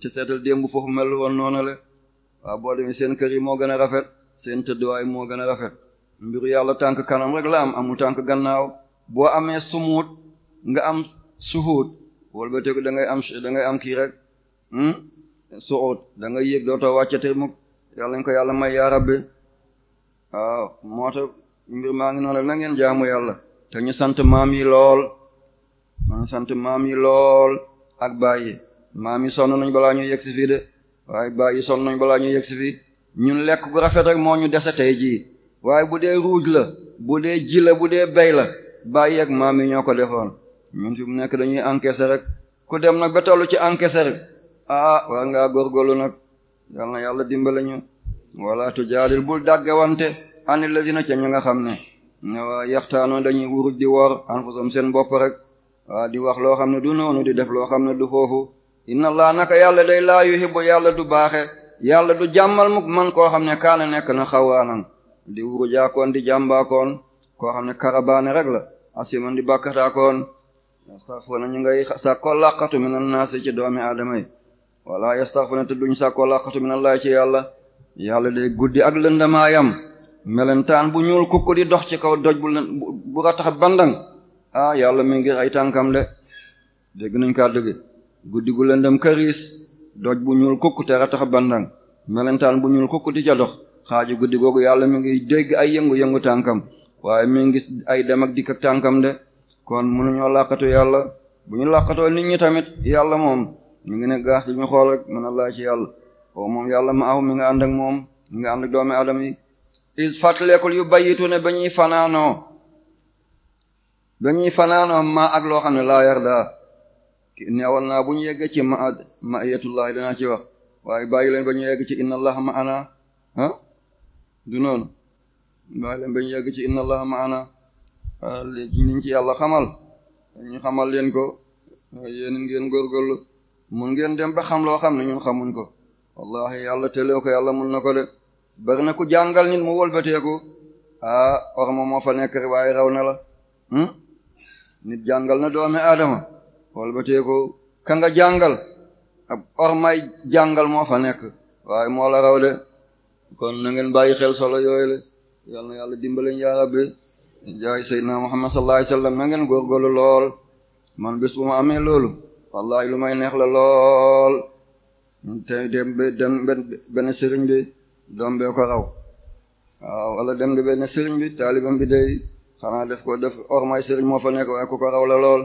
te seetal démb foofu mel woon noona le waaw boo demee seen kër yi moo gën a rafet seen tëdduwaay moo gën a rafet mbiru yàlla tànk kanam rek la am amu tànk gannaaw boo amee sumuut nga am suhuut wala ba tegu da ngay am da ngay am kii rek hmm? suut da ngay yéeg dootoo wàccate mukk yàlla ñu ko yàlla may yaa rabbi waaw moo tax mbir maa ngi noonu la ngeen jaamu yàlla te ñu sant maam yi lool sant maam yi lool ak bàyyi maam yi sonn nañ balaa ñuy yegg si de waaye baay yi sonn nañ balaa ñu yegg si fii ñun lekk gu rafet rek moo ñu dese jii waaye bu dee ruuj la bu dee jila bu dee bay la baay yeeg maam yi ñoo ko defoon ñun fi mu nekk dañuy encaisser rek ku dem nag ba tollu ci encaisser rek ah war ngaa góorgóorlu nag yal na yàlla dimbale ñu wala tujaadil bul daggewante ani lazina ca ñi nga xam ne ne waa yaxtaanoo dañuy wuruj di woor anfusum seen bopp rek waa di wax loo xam ne du noonu di def loo xam ne du foofu inna allah naka yàlla day laa yuhibbu yàlla du baaxe yàlla du jàmmal muk man koo xam ne kaana nekk na xawaanan di wurujaakoon di jàmbaakoon koo xam ne karabaane rek la asiman di bàkkataakoon yastaghfiruna ñu ngay sàkkoo làqatu mi na naas ci doomi adama yi wala yastaghfiruna te duñ sàkkoo làqatu minallahi ci yàlla yàlla day guddi ak lëndamaayam melentaan bu ñuul kukku di dox ci kaw doj bu bu rattax bandang a ah, yàlla mi ngi ay tànkam de dégg nañ kaa dëgg guddi gu lëndëm këriis doj bu ñuul kukk te ratax bandang melentaan bu ñuul kukk di ca dox xaaju guddi googu yàlla mi ngi dégg ay yëngu-yëngu tànkam waaye mi ngi gis ay dem ak dikk ak tànkam de kon mënuñoo làqatu yàlla bu ñu làqatoo nit ñi tamit yàlla moom mi ngi ne gaas li ñu xool rek mën a laa ci yàlla o moom yàlla ma aw mi nga ànd moom mi nga ànd ak doomi aadama yi is yu bayitu ne ba ñuy fanaanoo ba ñuy fanaanoo maa ak loo xam ne laa yardaa neewal naa bu ñu yegg ci ma maad ma'iyatullahi danaa ci wax waaye bàyyi leen ba ñu yegg ci inna allaha ma'ana ah du noonu bàyyi leen ba ñu yegg ci inna allaha ma'ana liñ ci yàlla xamal ñu xamal leen ko yéen ngeen góorgóorlu mun ngeen dem ba xam loo xam ne ñun xamuñ ko wallahi yàlla telee ko yàlla mun na ko de bari na ku jàngal nit mu wëlbateeku ah or ma moo fa nekk waaye raw na la hm? nit jàngal na doomi aadama wala ba tey ko ka nga jàngal ab may jàngal moo fa nekk waaye moola la raw de kon na ngeen bàyyi xel solo yooyu la yal na yàlla dimbale ya rabbi jaay sayyidina Muhammad sallallahu alayhi wasallam na ngeen góorgóorlu lool man bis bu ma amee loolu wallahi lu may neex la lool te dem ba dem benn sëriñ bi doom bee ko raw waaw wala dem de benn seriñ bi taalibam bi day xanaa def ko def ormay sëriñ moo fa nekk waaye ku ko raw la lool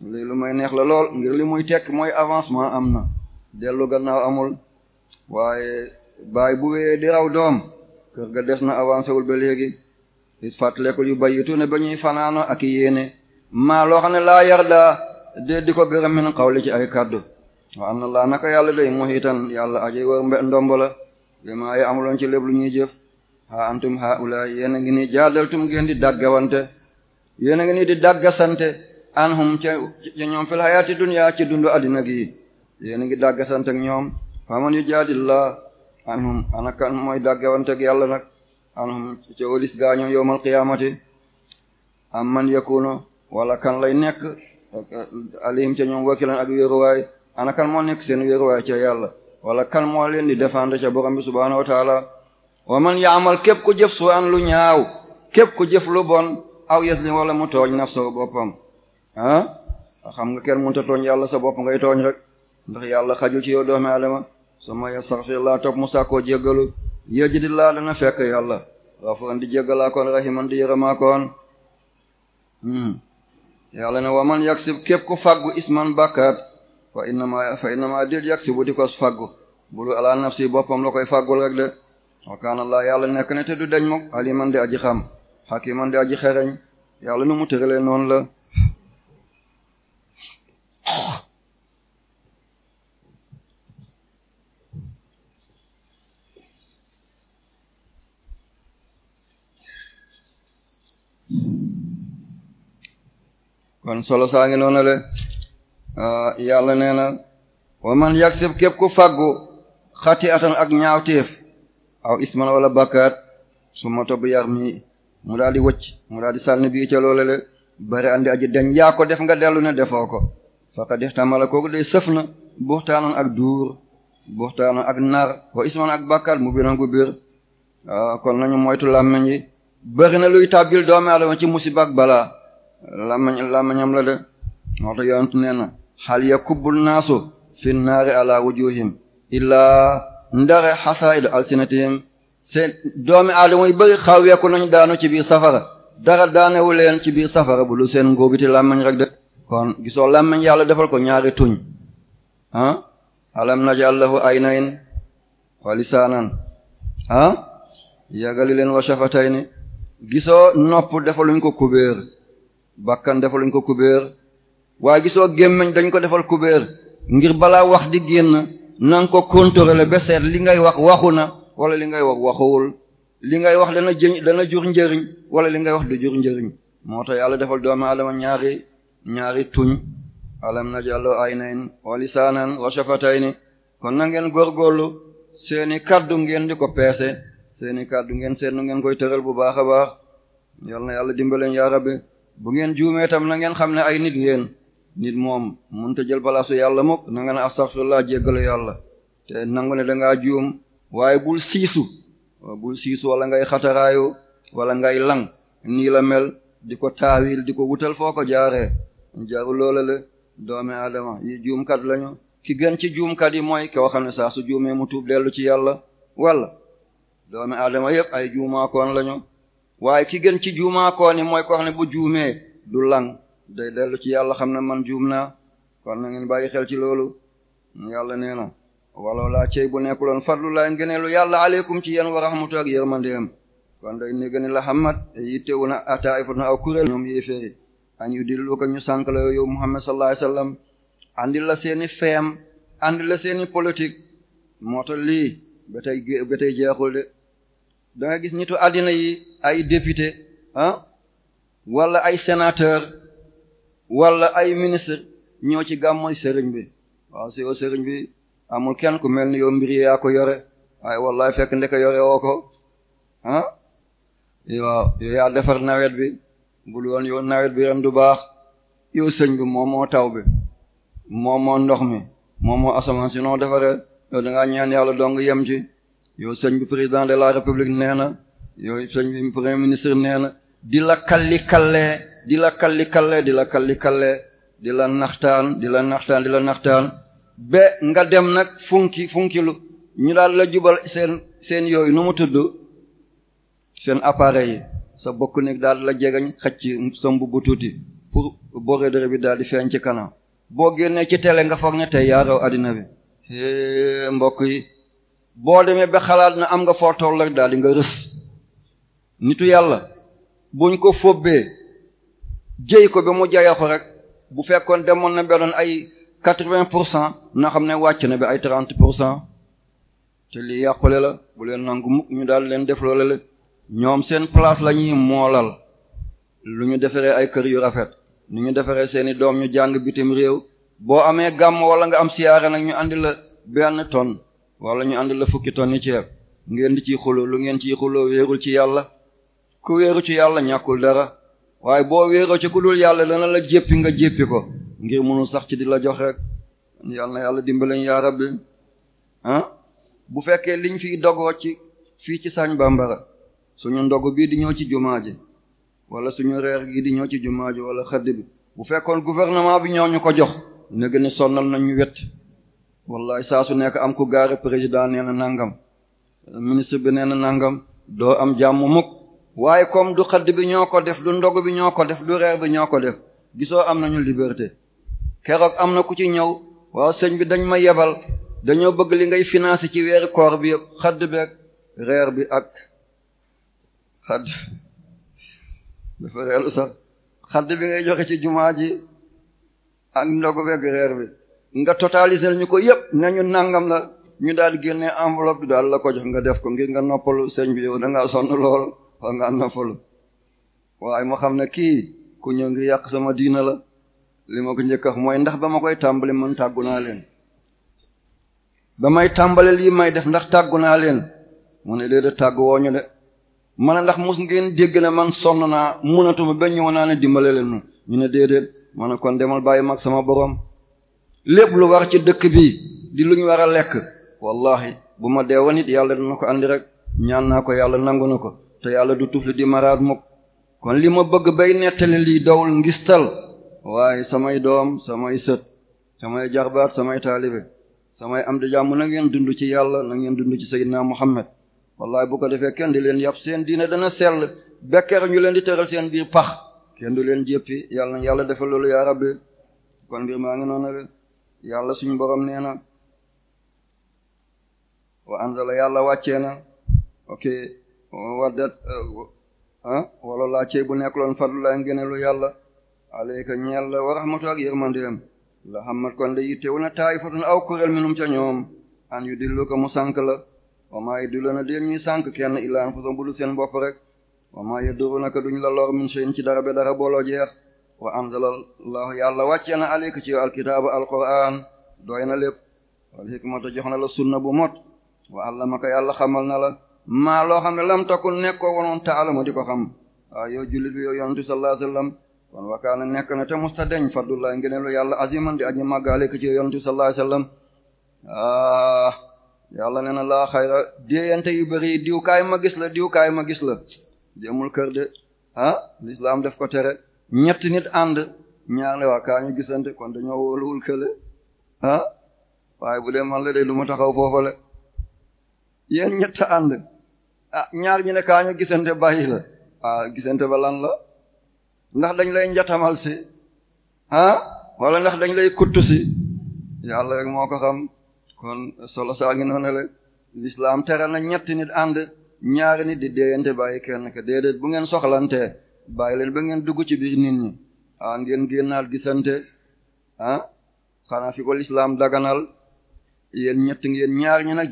lii lu may neex la lool ngir li muy tekk mooy avancement am na dellu gannaaw amul waaye baay bu wéyee di raw doom kër ga des na avancé wul ba léegi is lekkul yu bayitu ne ba ñuy fanaano ak yéene maa loo xam ne laa yar daa dee di ko gërëm min xawli ci ay kaddu wa am na laa naka yàlla day muhitan yàlla ajey war mbe ndomb la bi maa yi amuloon ci lépp lu ñuy jëf haa antum haa ulaay yéena ngi ni jaadaltum ngeen di daggawante yéena ngi ni di daggasante anhum ca ca ñoom fil hayati dunya ci dundu addina gi yéen a ngi dàggasante ak ñoom faman yu jaadillah anhum anakan mooy dàggawante ak yàlla nag anhum ca olis gaañoo yawmal qiyamati amman yakunu wala kan lay nekk alihim ca ñoom wakilan ak wéeruwaay anakan moo nekk seen wéeruwaay ca yàlla wala kan moo leen di défendre ca borom bi subhaanahu wa man yaamal képp ku jëf su an lu ñaaw képp ku jëf lu bon aw yasli wala mu tooñ nafsahu boppam ah xam nga kenn mënta tooñ yàlla sa bopp ngay tooñ rek ndax yàlla xaju ci yow doomi adama sama yastaghfirullah topp mu sàkkoo jéggalu yajidillah dana fekk yàlla gafuran di jéggalaa koon rahiman di yërëmaa koon hmm. yàlla ne waman yaksib képp ku fàggu isman bàkkaat fa innama fa innama dir yaksibu di ko fàggu bulu ala nafsi boppam la koy fàggul rek de wa kaana laa yàlla nekk ne te du deñ mok aliman di aji xam hakiman di aji xereñ yàlla nu mu tëralee la kon solo saa ngi noonu le yàlla nee na wa man yaksib képp ku faggu xati atan ak ñaawteef aw isman wala bakkaat su ma tobb yar mi mu daal di wëcc mu daal di sànni bi ca loole le bari andi aji den yaa def nga dellu na defoo ko faqad ihtamala kooku day sëf na buxtaanan ak duur buxtaanan ak nar wa isman ak bàkkaat mu binan gu biir kon nañu moytu làmmiñ yi bëri na luy tàbbil doomi adama ci musiba ak balaa làmmiñ làmmiñam la de wax te yonent nee na xal yakubbu naasu fi naari ala wujuhim illaa ndare xasaid alsinatihim seen doomi aadama yu bëri xaw weeku nañu daanu ci biir safara dara daanewuleen ci biir safara bu lu seen ngóobiti làmmiñ rek de kon gisoo làmmiñ yàlla defal ko ñaari tuñ ah alam najal lahu aynayn wa lisaanan ah yagali leen wa shafatayni gisoo nopp defaluñ ko kubéer bakkan luñ ko kubéer waaye gisoo gémmiñ dañ ko defal kubéer ngir balaa wax di génn na nga ko contrôler ba seet li ngay wax waxu na wala li ngay wax waxuwul li ngay wax dana jëñ dana jur njëriñ wala li ngay wax du jur njëriñ moo tax yàlla defal doomu aadama ñaari ñaari tuñ alam najallo aynayn wa lisaanan wa shafatayni kon na ngeen góorgóorlu seeni kaddu ngeen di ko peese seeni kaddu ngeen seetlu ngeen koy tëral bu baax a baax yal na yàlla dimbaleen yaa rabbi bu ngeen juumee tam na ngeen xam ne ay nit ngeen nit moom mënut a jël palaasu yàlla mukk na nga ne astaghfirullah jéggalu yàlla te nangu ne da ngaa juum waaye bul siisu bul siisu wala ngay xataraayu wala ngay lang nii mel di ko taawil di ko wutal foo ko jaaree jaru loola la doomi aadama yi juumkat lañu ki gën ci juumkat yi mooy koo xam ne saa su juumee mu tuub dellu ci yàlla walla doomi aadama yëpp ay koon lañu waaye ki gën ci juumaakoon yi mooy koo xam ne bu juumee du lang day dellu ci yàlla xam na man juum naa kon na ngeen bàyyi xel ci loolu yàlla nee na walaw laa cey bu nekkuloon fadlu laay ngëneelu yàlla aleykum ci yen wa rahmatu ak yërmandeem kon day ne gëni la xamat yitte wu na ataa'ifatun aw kuréel ñoom yéeféeri an yu dillu ko ñu sànk la yow Muhammad sallallahu wasallam andil la seeni feem andil la seeni politique moo ta lii ba tey ba jeexul de da nga gis nitu àddina yi ay député ah ay sénateur wala ay ministre ñoo ci gàmmoy sëriñ bi waaw si yow sëriñ bi amul kenn ku mel ni yow mbir yaa ko yore waaye wallahi fekk ndeke yore woo ko ah yaa defar nawet bi bul woon yow nawet bi ren du baax yow sëñ bi moom moo taw bi moomoo ndox mi moom moo asamaan si noo defaree yow da ngaa ñaan yàlla dong yem ci yow sëñ bi président de la république nee na yow sëñ bi premier ministre nee na di la kalli kallee di la kalli kallee di la di la naxtaan di la naxtaan di la naxtaan ba nga dem nag funki funkilu ñu daal la jubal seen seen yooyu nu mu tudd seen appareil yi sa bokk nekk daal di la jegañ xacc sa mbubb tuuti pour boré bi daal di feeñ ci kanam boo génnee ci télé nga foog ne tey yaa raw addina bi mbokk yi boo demee ba xalaat na am nga foo toll rek daal di nga rës nitu yàlla buñ ko fobbee jëy ko ba mu jaya ko rek bu fekkoon demoon na bedoon ay quatre pour cent na xam ne wàcc na bi ay trente pour cent te lii yàqule la bu leen nangu mukk ñu daal leen def loole la ñoom seen place la ñuy moolal lu ñu defaree ay kër yu rafet nu ñu defaree seeni doom ñu jàng bitim réew boo amee gàmm wala nga am siyaara nag ñu àndi la benn tonne walla ñu àndi la fukki ton yi ceeb ngeen di ciy xuloo lu ngeen ci xuloo wéerul ci yàlla ku wéeru ci yàlla ñàkkul dara waaye boo wéeroo ci ku dul yàlla dana la jéppi nga jéppi ko ngir mënul sax ci di la jox rek yàlla na yàlla dimbalañ yaa rabbi ah bu fekkee liñ fiy dogoo ci fii ci sañ bambara suñu ndog bii di ñëw ci jumaa ji wala suñu reer gii di ñëw ci jumaa ji wala xëdd bi bu fekkoon gouvernement bi ñoo ñu ko jox nég ni sonnal nañu wet wallahi saa su nekk am ku gaare président nee na nangam ministre bi nee na nangam doo am jàmm mukk waaye comme du xëdd bi ñoo ko def du ndog bi ñoo ko def du reer bi ñoo ko def gisoo am nañu liberté keroog am na ku ci ñëw waaw sëñ bi dañ ma yebal dañoo bëgg li ngay finance ci weeru koor bi yëpp xëdd beeg reer bi ak xadd bi ngay joxe ci jumaa ji ak ndogu beeg reer bi nga totalisé ñu ko yëpp ne ñu nangam la ñu daal di génne enveloppe bi daal la ko jox nga def ko ngir nga noppalu sëñ bi yow da sonn lool waa nga noppalu waaye moo xam ne kii ku ñëw ngir yàq sama diina la li ko njëkk mooy ndax ba ma koy tàmbali man tàggu naa leen ba may tàmbali lii may def ndax tàggu naa leen mu ne léeg-léeg tàggu woo ñu de. ma ne ndax mos ngeen dégg ne man sonn naa mënatuma ba ñëw naa ne dimbale leen ñu ne déedéet ma ne kon demal bàyyi mag sama borom lépp lu war ci dëkk bi di lu ñu war a lekk wallahi bu ma dee woon it yàlla dina ko andi rek ñaan naa ko yàlla nangu na ko te yàlla du tufli di maraat mukk kon li ma bëgg bay nettali lii dawul ngistal waaye samay doom samay sët samay jarbaat samay taalibe samay am di jàmm na ngeen dund ci yàlla na ngeen dund ci sayyidina Muhammad wallaay bu ko defee kenn di leen yàpp seen diine dana sell bekkeer ñu leen di tëral seen biir pax kenn du leen jéppi yàlla na yàlla defal loolu yaa kon mbir maa ngi noonu la yàlla suñu borom nee na wa anzala yàlla wàccee na ok waddat ah wala bu nekk loon fadlulaay ngeneelu yàlla alayka ñeel la wa rahmatu ak yërmandeem la xamat kon de yittewu na taayifatan aw kuréel minum ca ñoom an yu dillu ko mu sànk la wa wama yaduluna déen ñuy sànq kenn illa anfusum bu dul seen bopp rek wama yadurunaka duñ la lor min shay'in ci dara be dara booloo jeex wa anzalallahu yàlla wàccee na aleyka ci alkitaaba alquran doy na lépp wal hikmata jox na la sunna bu mot wa allamaka yàlla xamal na la maa loo xam ne lam takun nekkoo wonoon taalamu di ko xam waaw yow jullit bi yow yonentu sallallahu alayhi wasallam wa wakaana nekk na te musta deñ fadullah ngeneelu yàlla aziman di aji màgg aleyka ci yow yonentu sallallahu alayhi wasallam yàlla nee na laa xayra déeyante yu bëri diw kaay ma gis la diw kaay ma gis la demul kër de ah l'islam def ko tere ñetti nit ànd ñaar ne waa kaa ñu gisante kon dañoo wóoluwul kële ah waaye bu dee man la de du ma taxaw foofale yéen ñett ànd ah ñaar ñu ne kaa ñu gisante bàyyi la ah gisante ba lan la ndax dañ lay njatamal si ah wala ndax dañ lay kuttu si yàlla rek moo ko xam kon solo saa ngi noonu la tere na ñetti nit ànd ñaari nit di déeyante bàyyi kenn ka déedéet bu ngeen soxlantee bàyyi leen ba ngeen dugg ci biir nit ñi ah ngeen génnaat gisante ah xanaa fi ko l'islam daganal yéen ñett ngeen ñaar ñi nag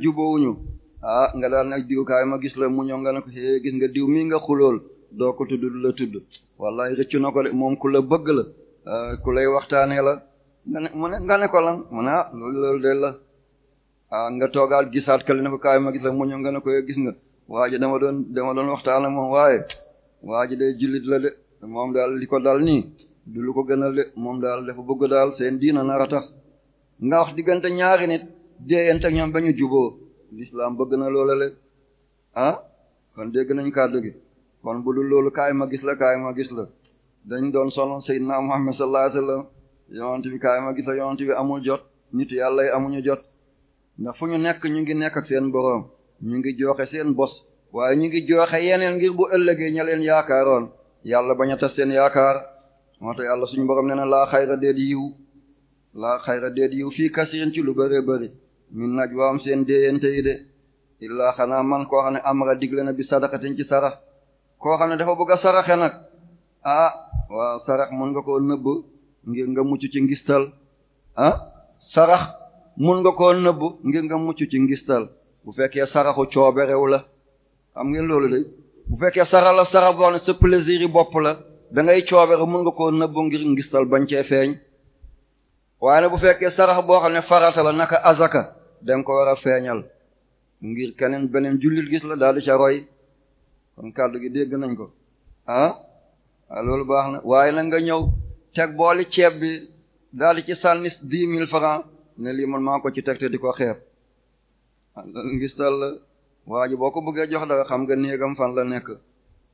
ah, nga daal nag diw kaay ma gis la mu ñëw nga ne ko gis nga diw mii nga xulool doo ko tudd du la tudd wallahi rëccu de moom ku bëgg la ah, ku lay waxtaanee la mu ne nga ne lan mu ne ah loolu loolu de la ah nga toogaal gisaat kële na ko kaay ma gis la mu ñëw nga ne ko gis nga waa ji dama doon dama waxtaan ak moom waaye waa ji day jullit la de moom daal li ko daal nii du lu ko gënal de moom daal dafa bëgg daal seen diina nar a tax nga wax diggante ñaari nit déeyante ak ñoom ba ñu juboo l'islam bëgg na loola le ah kon dégg nañ kàddu gi kon bu dul loolu kaay ma gis la kaay ma gis la dañ doon solo Seydina Muhammad sallallahu alayhi wasallam yonent bi kaay gis la yonent bi amul jot nit yàlla amuñu jot ndax fu ñu nekk ñu ngi nekk ak seen boroom ñu ngi jooxe seen bos waaye ñu ngi jooxe yeneen ngir bu ëllëgee ña leen yaakaaroon yàlla bañ a tas seen yaakaar moo yàlla suñu boroom nee na laa xayra déet yiw laa xayra déet yiw fii kasirin ci lu bëree bëri min najwaam seen déeyante yi de illaa xanaa man koo xam ne amara digle na bi sadaqatin ci sarax koo xam ne dafa bëgg a saraxe nag ah waaw sarax mën nga koo nëbb ngir nga mucc ci ngistal ah sarax mun nga koo nëbb ngir nga mucc ci ngistal bu fekkee saraxu coobe réew la xam ngeen loolu de bu fekkee sara la sara boo xam ne sa plaisir bopp la da ngay coobere mun nga koo nëbb ngir ngistal bañ cee feeñ waaye ne bu fekkee sarax boo xam ne farata la naka asaka danga ko war a feeñal ngir keneen beneen jullit gis la daal di ca roy kon kàddu gi dégg nañ ko ah, ah loolu baax na waaye nag nga ñëw teg booli ceeb bi daal ci sànni dix mille francs ne lii man maa ko ci teg te di ko xeeb ngistal waa ji boo ko bëggee jox dara xam nga néegam fan la nekk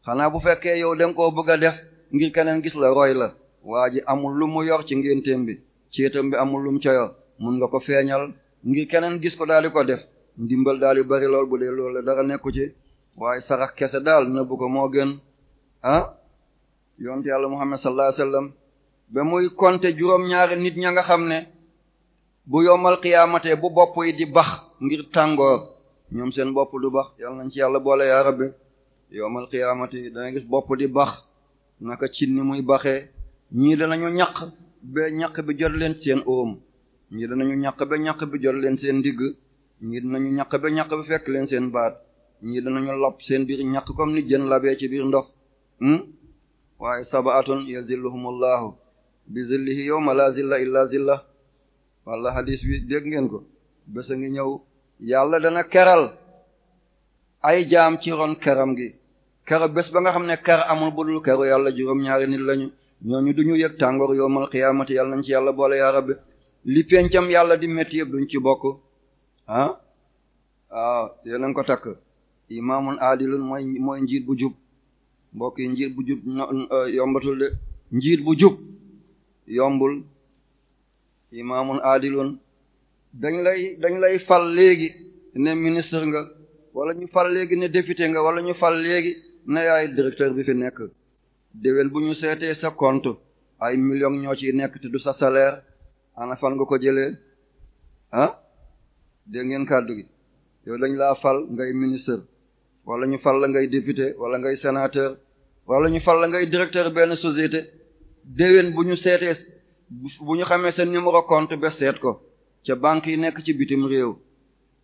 xanaa bu fekkee yow da nga koo bëgg a def ngir keneen gis la roy la waa ji amul lu mu yor ci ngénteem bi céetam bi amul lu mu ca yor mun nga ko feeñal ngir keneen gis ko daal di ko def ndimbal daal di bari lool bu dee loolu dara nekku ci waaye sarax kese daal nëbb ko moo gën ah yonte yàlla Muhammad sallallahu alayhi wasallam ba muy compter juróom-ñaari nit ña nga xam ne bu yomal xiyaamatee bu bopp di bax ngir tàngoor ñoom seen bopp du bax yàlla nañ ci yàlla boole yaa rabbi yomal xiyaamatee danga gis bopp di bax naka cin ni muy baxee ñii danañu ñaq ba ñaq bi jot leen seen oom ñii danañu ñaq ba ñaq bi jot leen seen ndigg ñii danañu ñaq ba ñaq bi fekk leen seen baat ñii danañu lab seen biir ñaq comme ni jën labee ci biir ndox hmm? waaye sabaatun yazilluhumullahu bi zillihi yawma la zilla illa zillah walla hadis bi dégg ngeen ko bés a ngi ñëw yàlla dana keral ay jaam ci ron keram gi kera bés ba nga xam ne ker amul budul keru yàlla juróom-ñaari nit lañu ñooñu du ñu yëg tàngoor yowmal xiyaamati yàlla nañ ci yàlla boole yaa rabbi li pencam yàlla di métti yëpp duñ ci bokk ah waaw ah, ko takk imaamun aadilun mooy mooy njiit bu jub mbokk yi njiit bu jub yombatul de njiit bu jub yombul imaamun adilun dañ lay dañ lay fal léegi ne ministre nga wala ñu fal léegi ne député nga wala ñu fal léegi ne yaay directeur bi fi nekk déwén bu ñu seetee sa compte ay millions ñoo ciy nekk te du sa salaire ana nga ko jëlee ah dégg ngeen kàddu gi yow dañ laa fal ngay ministre wala ñu fal la ngay député wala ngay sénateur wala ñu fal la ngay directeur benn société déwén bu ñu seetee bu ñu xamee sa numéro compte ba seet ko ca banque yi nekk ci bitim réew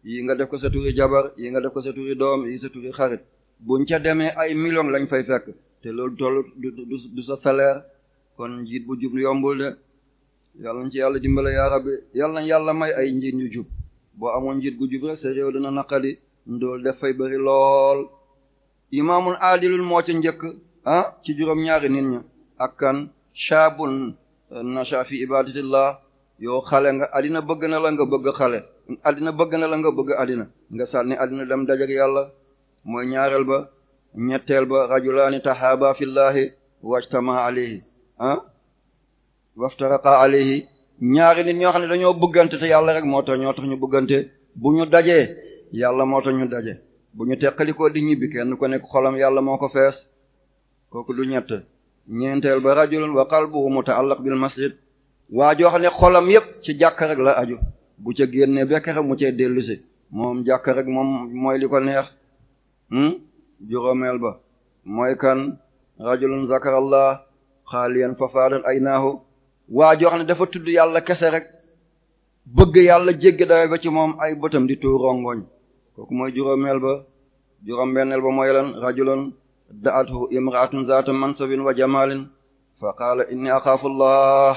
yi nga def ko sa turi jabar yi nga def ko sa turi doom yi sa turi xarit buñ ca demee ay million lañ fay fekk te loolu toll du sa salaire kon njiit bu jub yombul de yàlla na yàlla dimbale yaa rabbi yàlla yàlla may ay njiit ñu jub boo amoon njiit gu jub rek sa réew dina naqadi ndool def fay bëri lool imaamul aadilul moo ca njëkk ah ci juróom ñaari nit ña ak kan shaabun nasha fi ibadatillah yow xale nga àddina bëgg na la nga bëgg xale addina bëgg na la nga bëgg àddina nga sànni addina dem dajak yàlla mooy ñaareel ba ñetteel ba rajulaani tahaaba fillahi wajtama alayhi ah waftaraqa alayhi ñaari nit ñoo xam ne dañoo bëggante te yàlla rek moo tax ñoo tax ñu bëggante bu ñu dajee yàlla moo tax ñu daje bu ñu ko di ñibbi kenn ko nekk xolam yàlla moo ko fees kooku du ñett ñeenteel ba rajulun wa qalbuhu muta'allaq bil masjid waa joo xam ne xolam yépp ci jàkka rek la aju bu ca génnee bekkere mu cee dellusi moom jàkka rek moom mooy li ko neex hmm? juróomeel ba mooy kan rajulun zakarallah xaaliyan fa faadat aynaahu waa joo xam ne dafa tudd yàlla kese rek bëgg yàlla jéggi dawe ba ci moom ay bëtam di tuur rongoñ kooku mooy juróomeel ba juróom benneel ba mooy lan rajulun da'athu imra'atun zaatu mansabin wa jamaalin fa qaala inni axaafu allah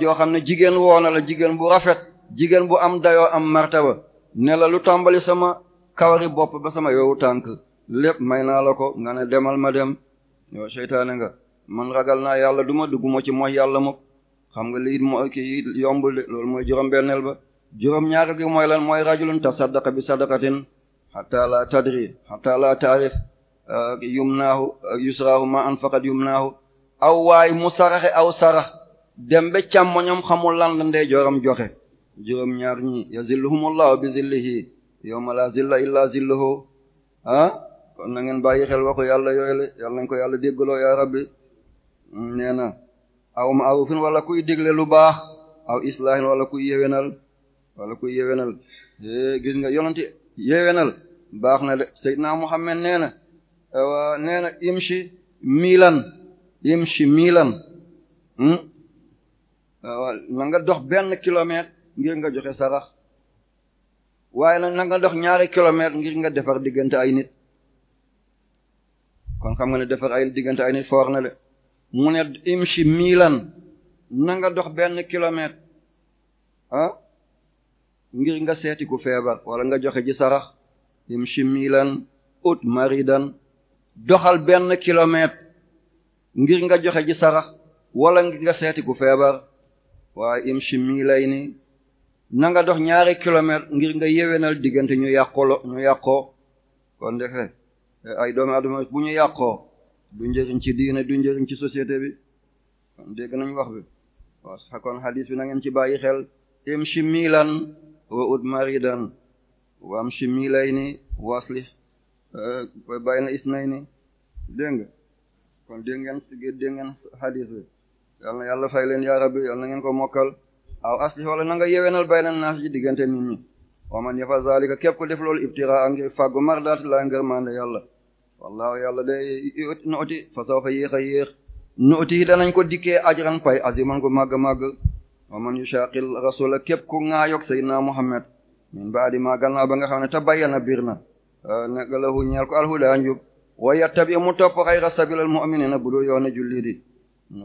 joo xam ne jigéen woo la jigéen bu rafet jigéen bu am dayoo am martaba ne lu tàmbali sama kawari bopp ba sama yow tànk lépp may naa la ko nga ne demal ma dem yow seytaane nga man ragal naa yàlla duma dugguma ci mooy yàlla mukk xam nga lii mooy kii yombul de loolu mooy juróom benneel ba juróom ñaar gi mooy lan mooy rajulun tasaddaqa bi sadaqatin hatta la tadri hatta la taarif Euh, yumnaahu euh, yusraahu ma an faqad yumnaahu aw waay mu saraxe aw sarax dem ba càmmoñam xamul lan la ndeyjooram joxe juróom ñaar ñi yazilluhumullahu bi zillihi yawma la zilla illa zilluhu ah kon na ngeen bàyyi xel waxu yàlla yooyu la yàlla nañ ko yàlla déggaloo ya rabbi mm, nee na aw ma'rufin kuy digle lu baax aw islahin wala kuy yewenal wala kuy yewenal gis nga yonenti yewenal baax na de Seydina Muhammad nee nee na imshi milan imshi milan hmm? na nga dox benn kilomètre ngir nga joxe sarax waaye nag na nga dox ñaari kilomètre ngir nga defar diggante ay nit kon xam nga ne defar ay diggante ay nit foor na de mu ne imshi milan na nga dox benn kilomètre ah ngir nga seeti ku feebar wala nga joxe ji sarax imshi milan ut maridan doxal benn kilomètre ngir nga joxe ji sarax wala ngir nga seeti ku feebar waaye imshi mi lay ni na nga dox ñaari kilomètre ngir nga yewenal diggante ñu yàqolo ñu yàqoo kon defe ay doomi adama bu ñu yàqoo du njëriñ ci diine du njëriñ ci société bi kon dégg nañ wax bi waaw kon hadis bi na ngeen ci bàyyi xel imshi milan wa ud maridan wa amshi milayni waslih Eh, bayna isnayni dégg nga kon dégg yal na yàlla fay leen yaa yal na ngeen ko mokkal aw asli wala na nga yewenal bayna naas ji diggante wa man yafa zalika képp ko def loolu ibtira ngir fàggu mardaat laa ngër mande yàlla wallahu yàlla day nuuti fa sawfa yéex a yéex nuuti danañ ko dikkee ajran pay aziman ko màgg-màgg wa man yushaqil rasula képp ku ŋaayog sayyidina muhammad min baadi ma gannaaw ba nga xam ne ta bayyana bir na Eh, naka la hu ñeel ko alhudaa njub wa yattabi mu topp xayra sabilal mu'minina budul yoone julli di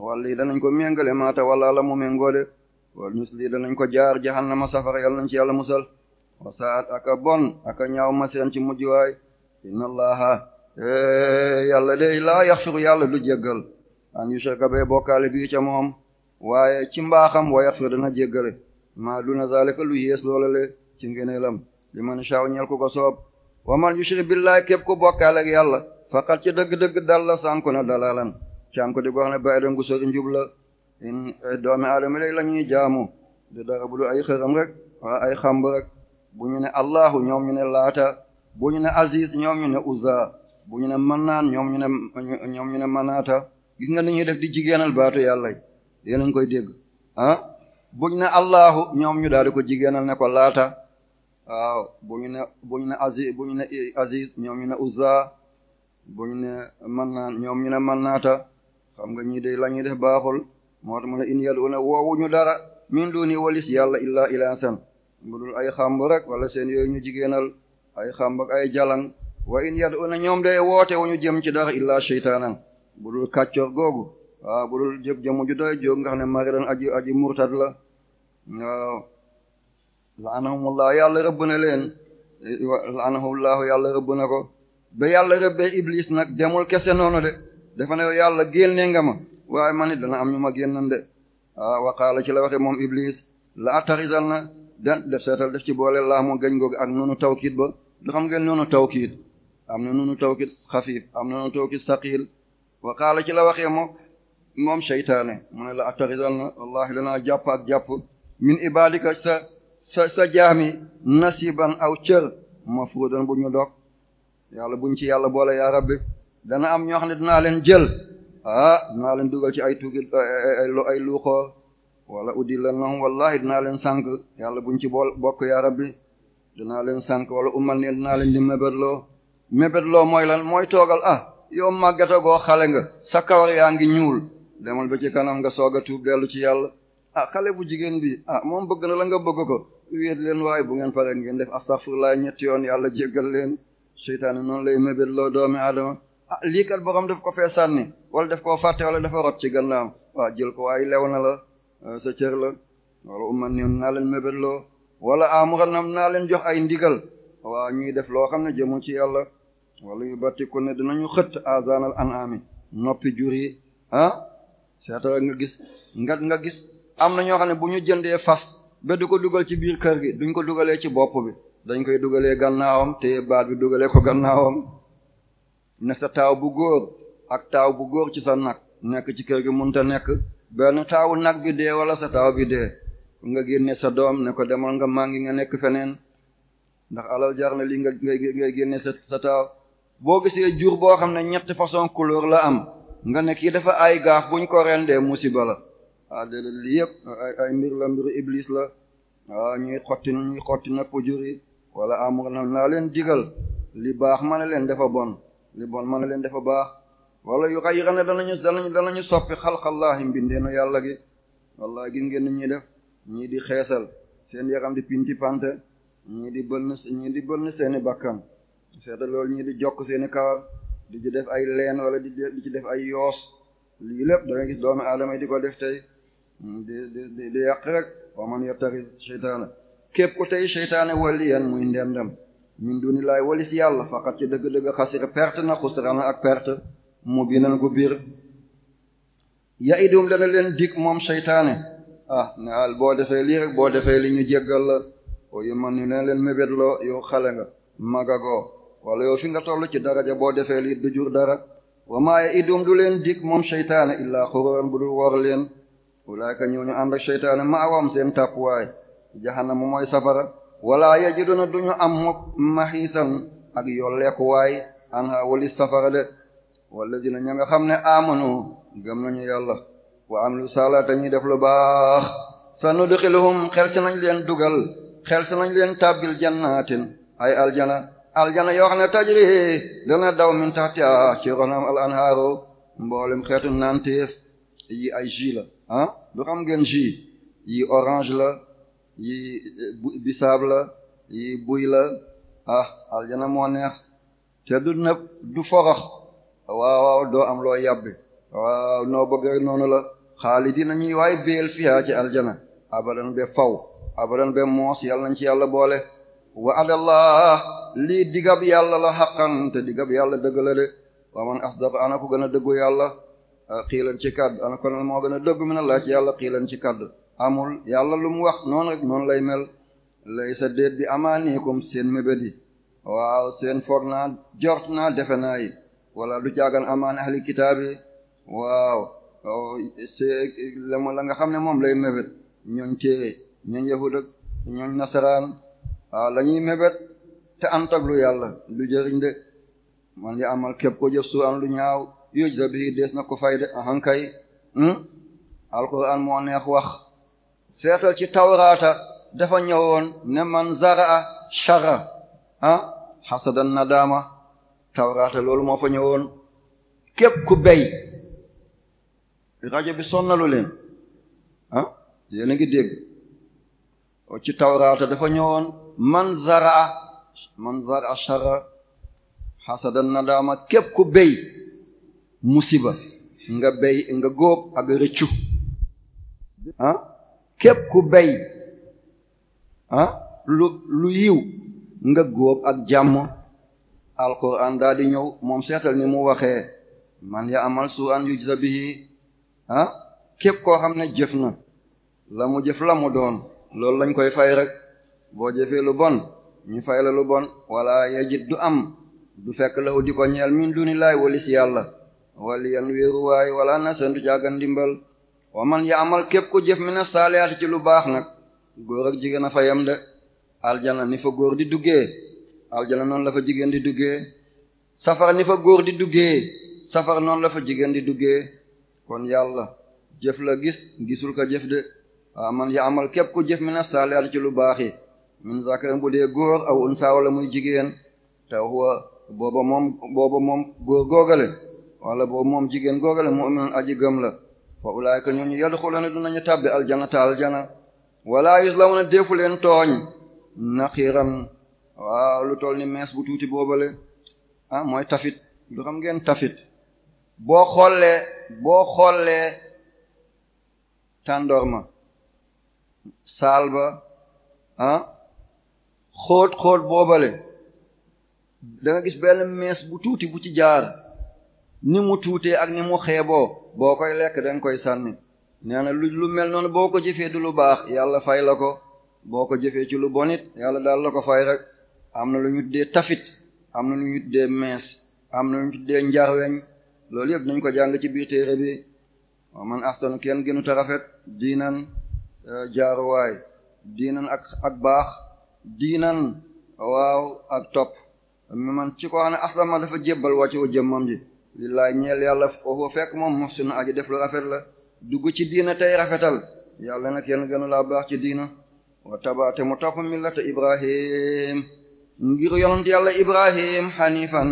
walla yi danañ ko méngale maata wala la mu méngoole wal nusli danañ ko jaar jahannama safara yàlla nañ ci yàlla musal wa saat aka bon aka ñaaw maseen ci mujj waay inna allaha eh, yàlla de laa yaxfiru yàlla du jéggal an yushraka bee bokkaale bii moom waaye ci mbaaxam wa yaxfiru dana jéggale maa duna zalika lu yées loolale ci ngeneelam li man shaaw ñeel ku ko soob waman yushrik billahi képp ku bokkaale ak yàlla faqat ci dëgg-dëgg dal la sànku na dalalan càm di gox ne bàyyi doon gu la in doomi aadama léegi la ñuy jaamu di dara bu ay xëram rek ay xamb rek bu ne allahu ñoom ñu ne laata bu ñu ne aziz ñoom ñu ne uzza bu ñu ne mannaan ñoom ñu ne manaata gis nga ni ñuy def di jigéenal baatu yàlla yéen a ngi koy dégg ah bu ne allahu ñoom ñu daal di ko jigéenal ne ko laata waaw bu ñu ne bu ñu ne Aziz bu ñoom ñu ne Uzza bu ñu ne Mannaan ñoom ñu ne Mannaata xam nga ñii de la ñuy def baaxul moo tax mu ne in yad'una ñu dara min duni walis yàlla illaa ilasan mu dul ay xamb rek wala seen yooyu ñu jigéenal ay xamb ay jalang wa in yad'una ñoom de woote wu ñu jëm ci dara illaa shaytaanan bu dul kàccor googu waaw bu dul jëp jëmu ju doy jóg nga xam ne maridan aji aji murtad la laanahumullah yàlla rëbb na leen laanahumullah yàlla rëbb na ko ba yàlla rëbbee iblis nag demul kese noonu de dafa ne yàlla génne nga ma waaye man it dana am ñu ma génnan de ah, wa waqaala ci la waxe moom iblis la atarisal na den def seetal def ci boole laa moo gëñ googu ak noonu tawkiit ba du xam ngeen noonu tawkiit am na noonu tawkiit xafiif am na noonu tawkiit saqiil waqaala ci la waxee moom moom seytaane mu ne la atarisal na wallahi danaa jàpp ak jàpp min ibadika sa sa sa jaami nasiban aw cër mafrudan bu ñu dog yàlla buñ ci yàlla boole yaa rabbi dana am ñoo xam ne dinaa leen jël ah dinaa leen dugal ci ay tuugi ay luuxoor wala udillannahum wallahi dinaa leen sànq yàlla buñ ci bool bokk yaa rabbi dinaa leen sànq wala umal ne dinaa leen di mébétloo mébétloo mooy lan mooy toogal ah yow màggatagoo xale nga sa kawar yaa ngi ñuul demal ba ci kanam nga soog a tuub dellu ci yàlla ah xale bu jigéen bi a ah, moom bëgg na la nga bëgg ko wéet leen waaye bu ngeen pare ngeen def astaghfirullah ñetti yoon yàlla jéggal leen seytaane noonu lay mébét loo doomi aadama ah lii kat borom def ko fee sànni wala daf koo fàtte wala dafa rot ci gannaaw waa jël ko waaye lew na la euh, sa cër la wala umman noon naa leen mébét loo wala amuranam naa leen jox ay ndigal waaw ñuy def loo xam ne jëmu ci yàlla wala yu battiku ne dinañu xëtt azanal anami noppi jur yi ah seetara nga gis nga gis am na ñoo xam ne bu ñu jëndee fas ba di ko dugal ci biir kër gi duñ ko dugalee ci bopp bi dañ koy dugalee gannaawam te baat bi dugalee ko gannaawam ne sa taaw bu góor ak taaw bu góor ci sa nag nekk ci kër gi munta nekk benn taawu nag bi dee wala sa taaw bi dee nga génne sa doom ne ko demal nga màngi nga nekk feneen ndax alal jar na li nga nga sa sa taaw boo gisee jur boo xam ne ñett façon couleur la am nga ne kii dafa ay gaaf buñ ko rendee musiba la ah déedéet lii yëpp ay ay mbir la mbiru iblis la ah ñuy xotti ñuy xotti na pujuri wala amur na naa leen digal li baax ma ne leen dafa bon li bon ma ne leen dafa baax wala yu xay ne danañu danañu danañu soppi xalqallaahi mbindeenu yàlla gi wallaahi gis ngeen ni ñuy def ñii di xeesal seen yaram di pinti pante ñii di bënn ñii di bënn seen i bakkan seeta loolu ñi di jokk seen i kawar di ci def ay leen wala di ci def ay yoos lii lépp da gis doomi aadama di ko def tey di di di yàq rek wa man yattari seytaana képp ku tey seytaane waliyan muy ndendam min dunillahi walis yàlla faqat ci dëgg-dëgg xasira perte na xusrana ak perte mu binan gu biir ya idum dana leen dig moom seytaane ah ne al boo defee lii rek boo defee li ñu jéggal la o yu man ni leen leen loo yow xale nga magagoo wala yow fi nga toll ci daraja boo defee lii du jur dara wa maa ya idum du leen dig moom seytaane illaa xuróoran bu dul wor leen ulaayka ñooñu ànd ak seytaane maawam seen tàppuwaay moom mooy safara wala yajiduna duñu am mukk mahiisan ak yolleekuwaay anha walis safara de walladina ña nga xam ne amanu gëm nañu yàlla wa amilu salaata ñuy def lu baax sanudxiluhum xel ci nañ leen dugal xel si nañ leen tàbbil jannatin ay aljana aljana yoo xam ne tajri dana daw min tahtiha ci ronam al anhaaru mboolem xeetu nanteef yi ay ji ah du xam ngeen jus yi orange la yi bisaab la yi buy la ah aljana moo neex te du nëb du forox waaw waaw doo am loo yàbbe waaw noo bëgg noonu la xaalidina ñuy waay béel fiyaa ci aljana abadan be faw abadan be moos yàlla nañ ci yàlla boole wa adallah lii digab yàlla la xaqan te digab yàlla dëgg la de wa man asdaq ana ko gën a dëggu yàlla Ah, xiilan ci kàddu moo gën a dëgg mi na laaj yàlla ci kàddu amul yàlla lu mu wax noonu rek noonu lay mel lay sa déet bi kom seen mébét yi waaw seen foog naa jort naa defe naa yi wala lu jaagan amaan ahli kitaab yi waaw see la la nga xam ne moom lay mébét ñooñ téye ñooñ yahud ak nasaraan waaw ah, la ñuy te antag lu yàlla lu jëriñ de man li amal képp ko jëf su an lu ñaaw yuj da bii des na ko fay de hankay hmm? alquran moo neex wax seetal ci tawraata dafa ñëwoon ne man zaraa shara ah hasadan nadama tawraata loolu moo fa ñëwoon képp ku bey rajo bi sonnalu leen ah yéen a ngi dégg ci tawraata dafa ñëwoon man zaraa man zaraa shara hasadan nadama képp ku bey musiba nga béy nga góob ak rëccu ah képp ku béy ah lu lu yiw nga góob ak jàmm alquran daa di ñëw moom seetal ni mu waxee man ya amal su an yujza bihi ah képp koo xam ne jëf na la mu jëf la mu doon loolu lañ koy fay rek boo jëfee lu bon ñu fay la lu bon wala yajid du am du fekk la di ko ñeel min duni laay walis yàlla waliyan wéeru waay wala na sentu caagan dimbal wa man ya amal képp ku jëf mi na saaliyaati ci lu baax na góor ak jigéen a fa yem de aljana ni fa góor di duggee aljana noonu la fa jigéen di duggee safara ni fa góor di duggee safara noonu la fa jigéen di duggee kon yàlla jëf la gis gisul ko jëf de wa man ya amal képp ku jëf mi na saaliyaati ci lu baax yi min zakarin bu dee góor aw unsa wala muy jigéen te huwa booba moom booba moom góor wala boobu moom jigéen googale mu'minun a gëm la fa ulaayka ñun ñu yadxuluna ñu tabbi aljana ta aljana wala yuzlamuna defu leen tooñ naqiran waaw lu toll ni mees bu tuuti boobale ah mooy tafit du xam ngeen tafit boo xoolee boo xoolee tàndoor ma saal ba ah xóot xóot boobale da gis benn mees bu tuuti bu ci jaar ni mu tuutee ak ni mu xeeboo boo koy lekk danga koy sànni nee na lu lu mel noonu boo ko jëfee du lu baax yàlla fay la ko boo ko jëfee ci lu bonit yàlla daal la ko fay rek am na lu ñu tuddee tafit am na lu ñu tuddee mees am na lu ñu tuddee njarweñ loolu yëpp nañ ko jàng ci biir téere bi man astanu kenn gënu ta rafet diinan euh, jaaruwaay diinan ak ak baax diinan waaw ak topp man ci ko xam ne aslama dafa jébbal wàccu jëmmam ji lillaay ñeel yàlla foofu fekk moom muhsin aji def lu rafet la dugg ci diina tey rafetal yàlla nag yéen gënu laa ci diina wa tabaate mu topp millata ibrahim ngir yonent yàlla ibrahim hanifan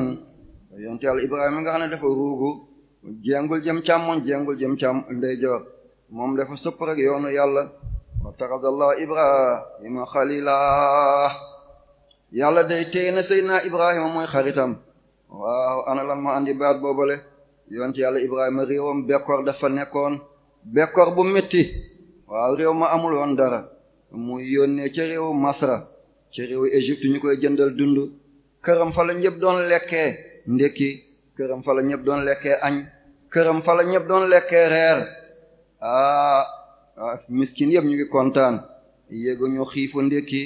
yonent yàlla ibrahim nga xam ne dafa ruugu jéngul jëm càmmoñ jéngul jëm càmm ndeyjoor moom dafa sëpp rek yoonu yàlla wattaxadallah ibrahima xalila yàlla day téy na seydina ibrahima mooy xaritam waaw ana lan moo andi baat boobale yonent yàlla Ibrahima réewam bekkoor dafa nekkoon bekkoor bu métti waaw réew ma amul woon dara mu yónnee ca réewu Masra ca réewu Égypte ñu koy jëndal dund këram fala la ñëpp doon lekkee ndekki këram fala la ñëpp doon lekkee añ këram fala la ñëpp doon lekkee reer ah, ah miskin yëpp ñu ngi kontaan yéeguñu xiifu ndekki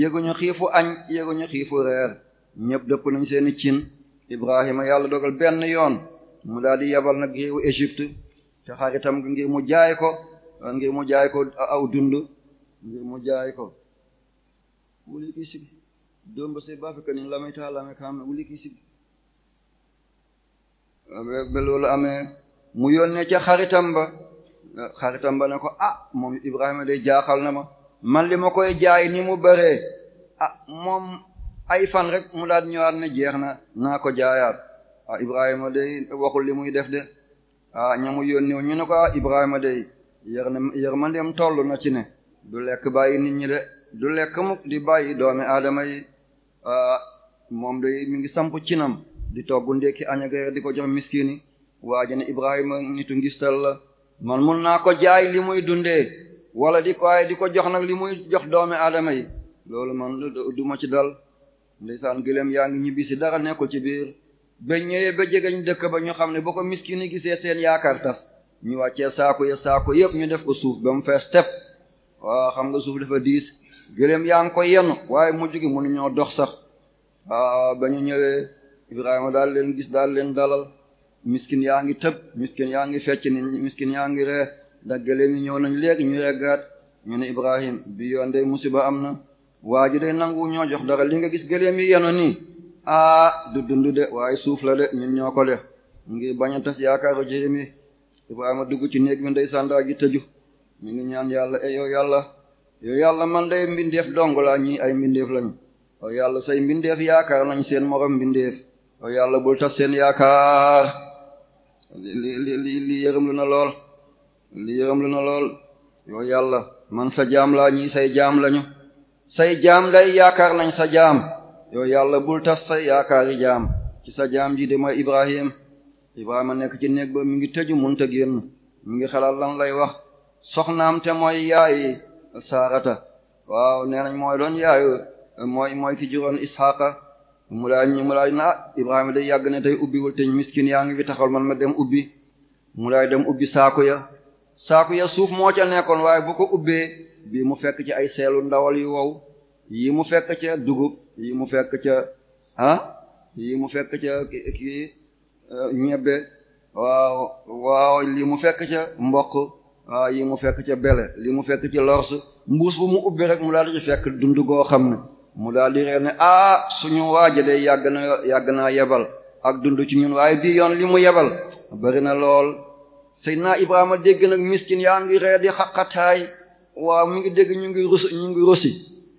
yéeguñu xiifu añ yéeguñu xiifu reer ñëpp dëpp nañ seeni cin Ibrahima yàlla dogal benn yoon mu daal di yabal nag réewu Égypte te xaritam ngir mu jaay ko ngir mu jaay ko aw dund ngir mu jaay ko wuli kii sig domba se ba fekk ni lamay taa lame ka am na wuli kii sig ba loolu amee mu ca xaritam ba xaritam ba ne ko ah moom Ibrahima day jaaxal na ma man li ma koy jaay ni mu bëree ah moom ay fan rek mu daal ñëwaat na jeex na naa ko jaayaat ah Ibrahima day waxul li muy def de a ah, ña mu ñu ne ko ah Ibrahima day yar na yërmandeem toll na ci ne du lekk bàyyi nit ñi de du lekk mukk di bàyyi doomi aadama yi ah moom day mi ngi samp cinam di togg ndekki aña gër di ko jox miskini waa ji ne Ibrahima nitu ngistal la man mun naa ko jaay li muy dundee wala di ko ay di ko jox nag li muy jox doomi aadama yi loolu man du ma ci dal. ndeysaan gëléem yaa ngi ñibbi si dara ne ko ci biir ba ñëwee ba jegeñ dëkk ba ñu xam ne ba ko miskin yi gisee seen yaakaar tas ñu wàccee saako ya saako yëpp ñu def ko suuf ba mu fees tepp waaw xam nga suuf dafa diis gëléem yaa ngi ko yenu waaye mujj gi mënu ñoo dox sax waaw ba ñu ñëwee Ibrahima daal leen gis daal leen dalal miskin yaa ngi tëb miskin yaa ngi fecc ni miskin yaa ngi ree ndax gëléem yi ñëw nañ léegi ñu reggaat ñu ne Ibrahim bi yoon day musiba am na waa ji day nangu dara li nga gis gëléem yi yeno nii ah du dund de waaye suuf la de ñun ñoo ko le ngir bañ a tas yaakaaru jérémi Ibrahima dugg ci néeg mi ndey sàndaa ji tëju mi ngi ñaan yàlla e yow yàlla yow yàlla man day mbindeef dong laa ñii ay mbindeef lañu yow yàlla say mbindeef yaakaar nañ seen morom mbindeef yow yàlla bul tas seen yaakaar li li li yërëm na lool li yërëm na lool yow yàlla man sa jaam laa ñi say jaam lañu say jaam lay yaakaar nañ sa jaam yow yàlla bul tas say yaakaari jaam ci sa jaam ji dema Ibrahim Ibrahima nekk ci néeg ba mi ngi tëju munta génn mu ngi xalaat lan lay wax soxnaam te mooy yaayi Saarata waaw nee nañ mooy doon yaayu mooy ki juróon Isxaaqa mu ñu mu laaj na Ibrahima day yàgg ne tey ubbiwul te miskin yaa ngi fi taxawal man ma dem ubbi mu laaj dem ubbi saako ya saaku ya suuf moo ca nekkoon waaye bu ko ubbee bii mu fekk ci ay seelu ndawal yu wow yii mu fekk ca dugub yi mu fekk ca ah yi mu fekk ca kii eh, ñebbe waaw waaw lii mu fekk ca mbokk waaw yi mu fekk ca bele lii mu fekk ci lors mbuus bu mu ubbi rek mu daal di fekk dund goo xam ne mu daal di ree ne ah suñu waaja de yàgg na yàgg naa yebal ak dund ci ñun waaye bii yoon li mu yebal bari na lool Seydina Ibrahima dégg nag miskin yaa ngi ree di xaqataay waaw mu ngi dégg ñu ngi rusi ñu rusi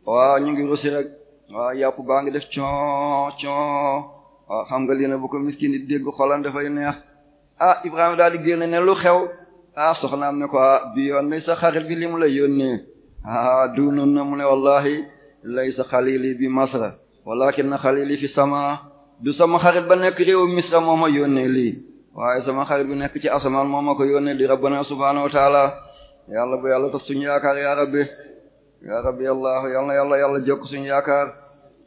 waaw ñu ngi rusi rek waa yàpp baa ngi def con con waaw xam nga lii na miskin di dégg xolan dafay neex ah Ibrahima daal di génne lu xew ah soxnaam ne ko ah bi yoon sa xarit bi li mu la yónnee ah duunoon na mu ne wallahi laysa xalili bi masra walakin na xalili fi sama du sama xarit ba nekk réew misra moo ma yónnee lii waaye sama xarit bi nekk ci asamaan moom ma ko yónnee di rabbana subhaanahu wa taala yàlla bu yàlla tas suñu yaakaar ya rabbi ya rabbi allah yàlla yàlla jokk suñu yaakaar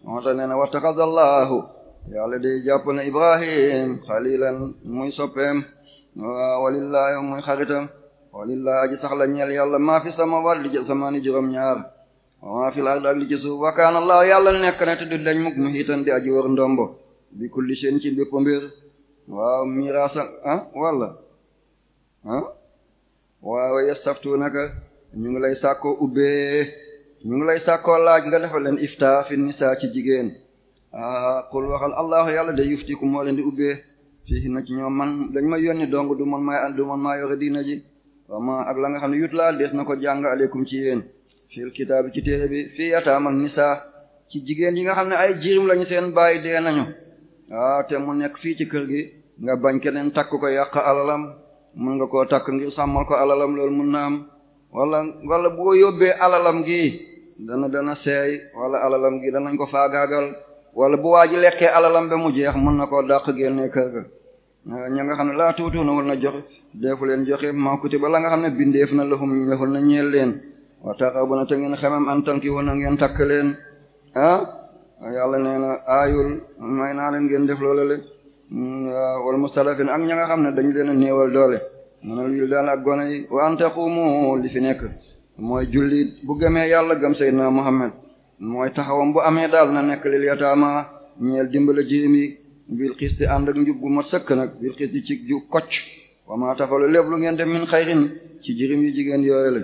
moo tax nee na wattaxadallahu yàlla di jàpp na ibrahim xalilan muy soppeem walillahi muy xaritam walillahi aji sax la ñeel yàlla maa fi sama war li sama samaani juróom ñaar maa fi laaj li ci suuf allah yàlla nekk na te du dañ mukk muhiitan di aji wër ndombo bi kulli shay'in ci bépp mbir waaw miraasa ah walla ah waaw yastaftunaka ñu ngi lay sàkkoo ubbee ñu ngi lay sàkkoo laaj nga defal leen ifta fi nisaa ci jigéen ah qul waxal allahu yàlla de yuftikum moo leen di ubbee fii na ci ñoom man dañ ma yónni dong du man maay du man maa yore diina ji wama ak la nga xam ne yut laa des na ko jàng aleykum ci yéen fil kitaabi ci téere bi fii man nisaa ci jigéen ji nga xam ne ay jirim lañu seen bàyyi dee nañu ah te mu nekk fii ci kër gi nga bañ keneen takk ko yàq alalam mën nga koo takk ngi sàmmal ko alalam lool mën na walla wala boo yóbbee alalam gi dana dana seey wala alalam gi danañ ko faagaagal wala bu waa ji lekkee alalam ba mu jeex mën na koo dàq génnee kër ga ña nga xam ne laa tuutu na wul na jox deefu leen joxe mankuti ba la nga xam ne bindeef na lahum ñexul na ñeel leen wa taqabuna te ngeen xamam antan ki woon na ngeen takk leen ah yàlla nee na aayul may naa leen ngeen def loolale Mm, wal mustalafin ak ña nga xam ne dañ leen a néewal doole mënal wil daal ak gone yi wa antaqumu li fi nekk mooy julli bu gëmee yàlla gëm seydina muhammad mooy taxawam bu amee daal na nekk lil yataama ñeel dimbala jéemi bil xisti ànd ak njub gu mat sëkk nag bil xisti ci ju kocc wama tafalu lépp lu ngeen def min xayrin ci jirim yu jigéen yooyu la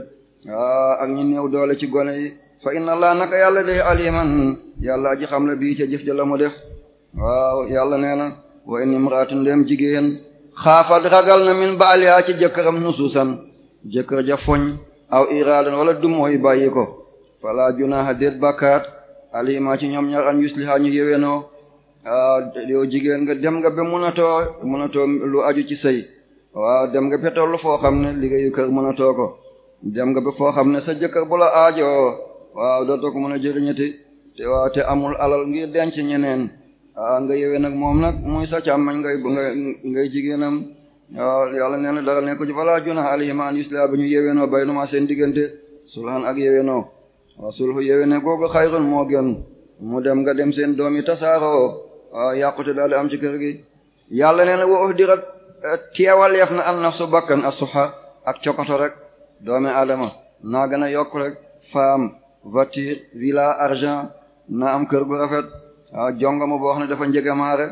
aa ak ñu néew doole ci gone yi fa inna laa naka yàlla day aliman yàlla aji xam la bii ca jëf ja mu def waaw yàlla nee wa in imraatun ndem jigéen xaafat ragal na min baaliha ci jëkkëram nusuusan jëkkër ja foñ aw iraadan wala du mooy bàyyi ko fala junaaha déet bàkkaat alima ci ñoom ñaar an yusliha ñu yéwénoo yow jigéen nga dem nga ba mënatoo mënatoo lu aju ci say waaw dem nga ba tollu foo xam ne liggéeyu kër mënatoo ko dem nga ba foo xam ne sa jëkkër bu la aajoo waaw doo ko mën a jëriñati te waaw te amul alal ngir denc ñeneen Ah, nga yewee nag moom nag mooy sa càmmañ ngay ngay jigéenam ah, yàlla nee na dara nekku ci falaa junaha alayhim an yusliha bi ñu yeweenoo bay numaa seen diggante sulhan ak yeweenoo wa ah, sulhu yewene googu xayrun moo gën mu dem nga dem seen doom yi tasaaroo yàqute daal am ci kër gi yàlla nee na wa uhdirat eh, teewaleef na an nafsu bakkan asuha ak cokoto rek doomi adama naa gën a yokk rek femme voiture villa argent naa am kër gu rafet waaw jongama boo xam ne dafa njegamaare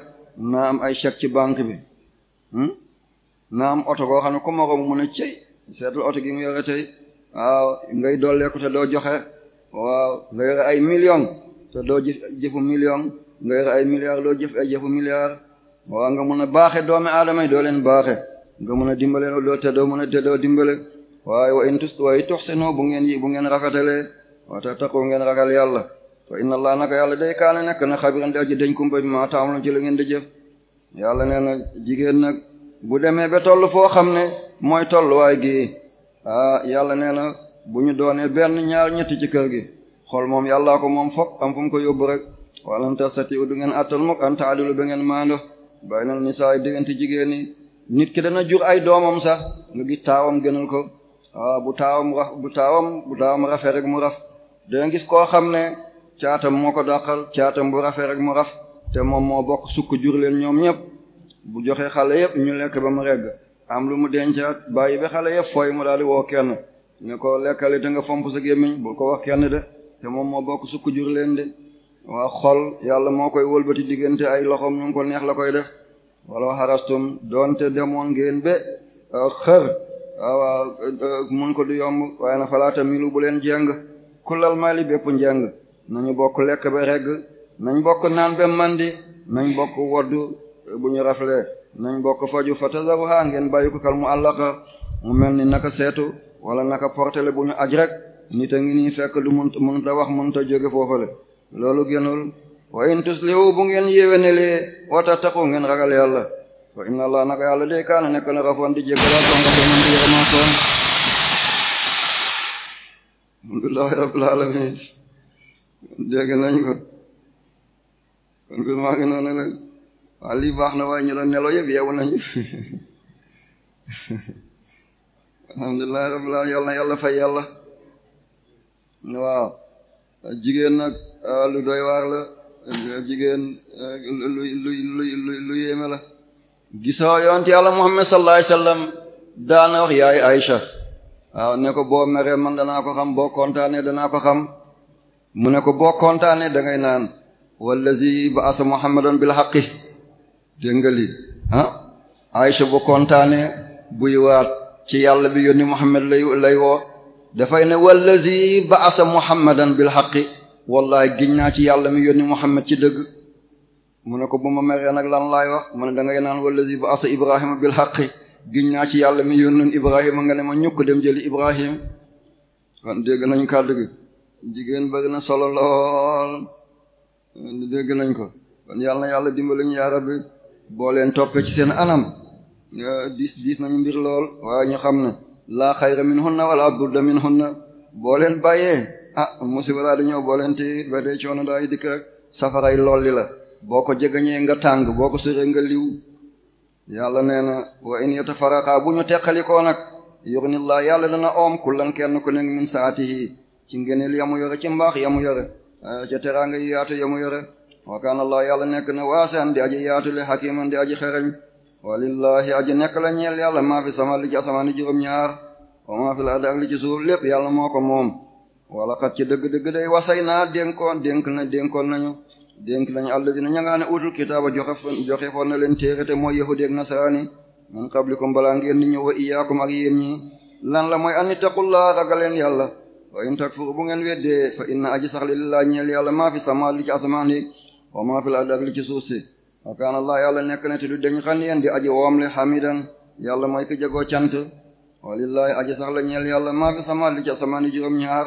na am ay chèque banque bi hmm? naam oto boo xam ne ku moroom mun a cëy seetal oto gi nga tey waaw ngay dolleeku te doo joxe waaw ay million te doo jëf jëfu million nga yore ay milliard doo jëf ay jëfu milliard waaw nga mun a baaxe doomi aadama yi doo leen baaxe nga mun a dimbale doo te doo mun a te doo dimbale waaye wa in tus waaye tuxsinu bu ngeen yi bu ngeen rafetalee wa tattaqu ngeen ragal yàlla fa inna allah naka yàlla day kaane nekk na xabiran di aji dañ kumpa bi ma ci lu ngeen jëf yàlla nee na jigéen nag bu demee ba toll foo xam ne mooy tolluwaay gi ah yàlla nee na bu ñu doonee benn ñaar ñetti ci kër gi xool moom yàllaa ko moom fokk am fu ko yóbbu rek walan tastati du ngeen attan mukk an taadilu ba ngeen maando baynal nisaa diggante jigéen ñi nit ki dana jur ay doomam sax nga gis taawam gënal ko ah bu taawam raf bu taawam bu taawam rafet rek mu raf danga caatam moo ko dàqal caatam bu rafee rek mu raf te moom moo bokk sukk jur leen ñoom ñëpp bu joxee xale yëpp ñu lekk ba mu regg am lu mu dencaat bàyyi ba xale yëpp fooy mu daal di woo kenn ne ko lekkale te nga fomp sa gémmiñ bu ko wax kenn de te moom moo bokk sukk jur leen de waa xol yàlla moo koy wëlbati diggante ay loxoom ñu ko neex la koy def wala xarastum doonte demoon ngeen be euh, xër euh, waaw euh, mun ko du yomb waaye na falaata milu bu leen jeng kulal mali bépp njeng nañu bokk lekk ba regg nañ bokk naan ba mandi nañ bokk woddu bu ñu raflee nañ bokk faju fatazaruha ngeen bàyyi ko kal mu àllaka mu mel ni naka seetu wala naka portele bu ñu aj rek nit a ngi nii fekk du mun wax mun ta jóge foofale loolu génnul wa in tuslihu bu ngeen yéwénelee wa tattaqu ngeen ragal yàlla wa inna allah naka yàlla day kaana nekk na rafoon di jéggalaa songa doman di yërëmaa soon alhamdulillahi rabbil alamin dégg nañ ko kon maa ngi noonu nag waaw lii baax na waaye ñu doon nelaw yëpp yeewu nañu alhamdulilahi rabbil alamin yàlla na yàlla fay yàlla waaw jigéen nag ah, lu doy waar la jigéen eh, lu lu lu lu lu yéeme la gisoo yonent yàlla Muhammad sallallahu alayhi wasallam daana wax yaay Aïcha waaw ne ko boo meree man danaa ko xam boo kontaanee danaa ko xam mu ne ko boo kontaanee da ngay naan wallazi ba asa muhammadan bil haqqi déngali ah Aïcha bu kontaanee buy waat ci yàlla bi yónni muhammad lay lay woo dafay ne wallazi ba asa muhammadan bil haqqi wallahi giñ naa ci yàlla mi yónni muhammad ci dëgg mu ne ko bu ma meree nag lan laay wax mu ne da ngay naan wallazi ba asa ibrahima bil haqqi giñ naa ci yàlla mi yónnoon ibrahima nga ne ma ñukk dem jëli ibrahim kon dégg nañ kàddu dëgg jigéen bëgg na solo lool dégg nañ ko kon yàlla yàlla dimbali ñu bi boo leen toppee ci seen anam diis diis nañu mbir lool waaye ñu xam ne laa xayra min na wala budda min hunna boo leen bàyyee a ah, musiba laa di ñëw boo leen téye ba dee coono daay dikk rek safaray lolli la boo ko jegañee nga tàng boo ko soree nga liw yàlla nee na wa in yatafaraqaa bu ñu teqalikoo nag yughnillaa yàlla dana oom kullan kenn ku nekk min saatihi ci ngëneel yamu yore ci mbaax yamu yore eh, ca teraanga yi yaatu yamu yore wa kaana allah yàlla nekk na waasaan di aji yaatu le hakiman di aji xereñ walillahi aji nekk la ñeel yàlla maa fi sama li ci asamaani juróom-ñaar wa maa fi la ak li ci suuf lépp yàlla moo ko moom wala xat ci dëgg-dëgg day wasay naa denkoon dénk na dénkoon nañu dénk nañu alladina ña ngaa ne utul kitaaba joxe joxe na leen téere te mooy yahudeeg nasaraani min qablikum balaa ngeen di ñëw wa iyaakum ak yéen ñi lan la mooy an ittaqullaa yàlla wa in takfuru bu ngeen weddee fa inna aji sax li lillaa ñeel yàlla maa fi sama li ci asamaan yi wa maa fi la adak li ci suuf si wa kaana allah yàlla nekk na te du dañu xam yeen di aji woomle hamidan yàlla mooy ki jagoo cant walillahi aji sax la ñeel yàlla maa fi sama li ci asamaan juróom-ñaar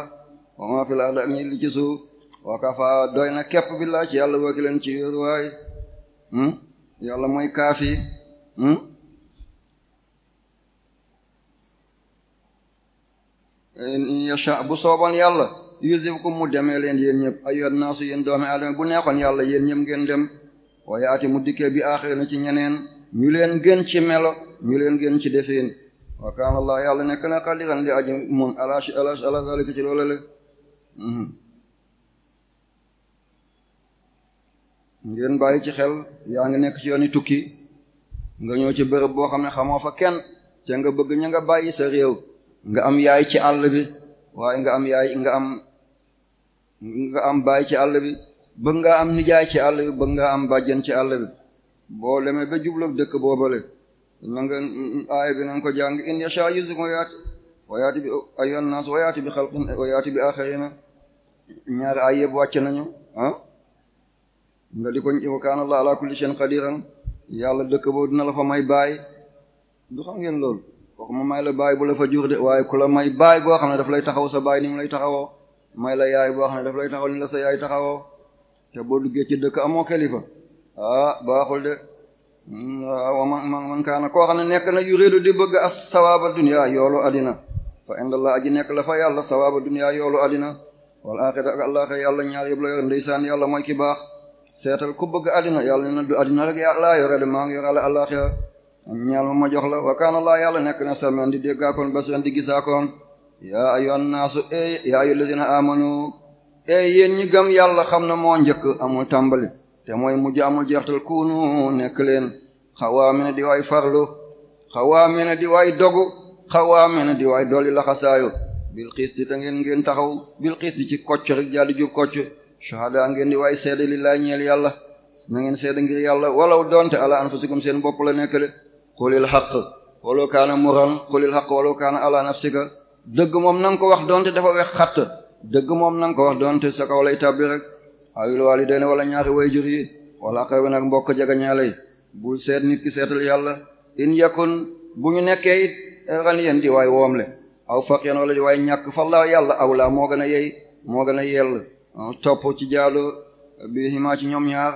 wa maa fi la adak li ci suuf wa kafa doy na kepp billaa ci yàlla wakilan ci wéeruwaay hmm? yàlla mooy kaafi hmm? yasha bu sooban yàlla yusifkum mu demee leen yéen ñëpp ay naasu yéen doomi aadama bu neexoon yàlla yéen ñëpp ngeen dem waaye ati mu dikkee bi axiri na ci ñeneen ñu leen gën ci melo ñu leen gën ci defeen wa kaana yàlla nekk na qadiran li aji mun ala ala ala zalika ci loola le mhm. ngeen bàyyi ci xel yaa ngi nekk ci yooni tukki nga ñëw ci bërëb boo xam ne xamoo fa kenn te nga bëgg ña nga bàyyi sa réew nga am yaay ci àll bi waaye nga am yaay nga am nga am baay ci àll bi bëgg nga am nijaay ci àll bi bëgg nga am bàjjen ci àll bi boo demee ba jubloog dëkk boobale na nga aaya bi nañ ko jàng in yasha yusukum wayaati wayaati bi ayyuhan nas wayaati bi xalqin wayaati bi axarina ñaari ay yëpp wàcc nañu ah nga di ko wa kaana allah ala kulli shay'in qadiran yàlla dëkk boobu dina la fa may baay du xam ngeen loolu kooku mu may la baay bu la fa jur de waaye ku la may baay goo xam ne daf lay taxaw sa baay ni lay taxawoo may la yaay boo xam ne daf lay taxaw ni la sa yaay taxawoo te boo duggee ci dëkk amoo kilifa ah, baaxul de hmm, waaw man kaana koo xam ne nekk na yuridu di bëgg as sawaaba dunya yoolu addina fa indallah aji nekk la fa yàlla sawaaba dunya yoolu addina wal axira ak allah yàlla ñaar yëpp la yor ndeysaan yàlla mooy ki baax seetal ku bëgg addina yàlla na du addina rek yàlla laa yore ñeel ma jox la laa yàlla nekk na sami'an di déggaakoon basiran di gisaakoon yaa ayyuhan naasu e yaa ayyuhallazina amanu e yéen ñi gëm yàlla xam na moo njëkk amul tàmbali te mooy mujj amul jeextal kuunu nekk leen xawaamina di waay farlu xawaamina di waay dogu xawaamina di waay dolli laxasaayu bil qisti ta ngeen ngeen taxaw bil qisti ci kocc rek jaa di jub kocc shuhada ngeen di waay seede lillaay ñeel yàlla na ngeen seede ngir yàlla walaw doonte ala anfusikum seen bopp la nekk qulil haqq walaw kaana murran qulil haqq walaw kaana ala nafsika dëgg moom na ko wax donte dafa wex xatt dëgg moom na ko wax donte sa kaw lay tàbbi rek awil walidayni wala ñaari wayjur yi wala aqrabi nag mbokk jegañaalay bul seet nit ki seetal yàlla in yakun bu ñu nekkee it ran yéen di waay woomle aw faqiyan wala di waay ñàkk fallaa yàlla awlaa moo gën a yey moo gën a yell topp ci jaalu bi himaa ci ñoom ñaar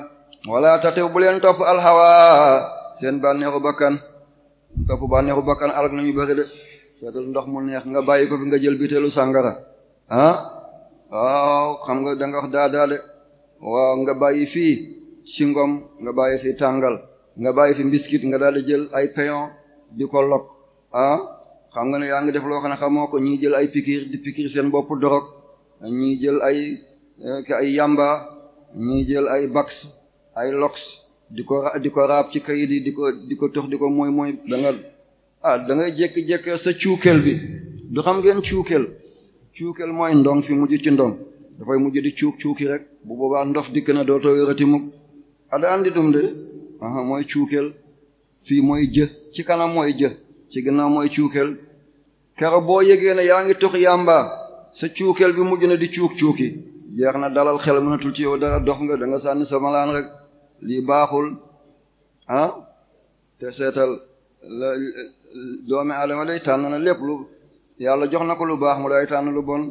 wala tatew bu leen topp alhawa seen bànneexu bakkan topp bànneexu bakkan alak nañu bëri de seetal ndox mu neex nga bàyyi ko fi nga jël biteelu sàngara ah? xam nga da nga nga bàyyi fii singom nga bàyyi fi tàngal nga bàyyi fi mbiskit nga daal di jël ay peyon di ko lok ah xam nga ne yaa ngi def loo xam ne xamoo ko ñii jël ay pikir di pikir seen bopp dorog ñii jël ay eh, ay yamba ñii jël ay bax ay lox di ko di ko raab ci kayit yi di ko di ko tëx di ko mooy mooy da ah da ngay jékki-jékki sa cuukeel bi doxam xam ngeen cuukeel cuukeel mooy ndong fi mujj ci ndong dafay mujj di cuuk cuuki rek bu boobaa ndof dikk na dootoo yorati mukk ada andi dum de mooy cuukeel fii mooy jë ci kanam mooy jë ci ginnaaw mooy cuukeel kero boo yégee ne yaa ngi tux yàmba sa cuukeel bi mujj na di cuuk cuuki jeex na dalal xel mënatul ci yow dara dox nga da sànni sa malaan rek lii baaxul ah te seetal la doomi aadama day tànn na lépp lu yàlla jox na ko lu baax mu day tànn lu bon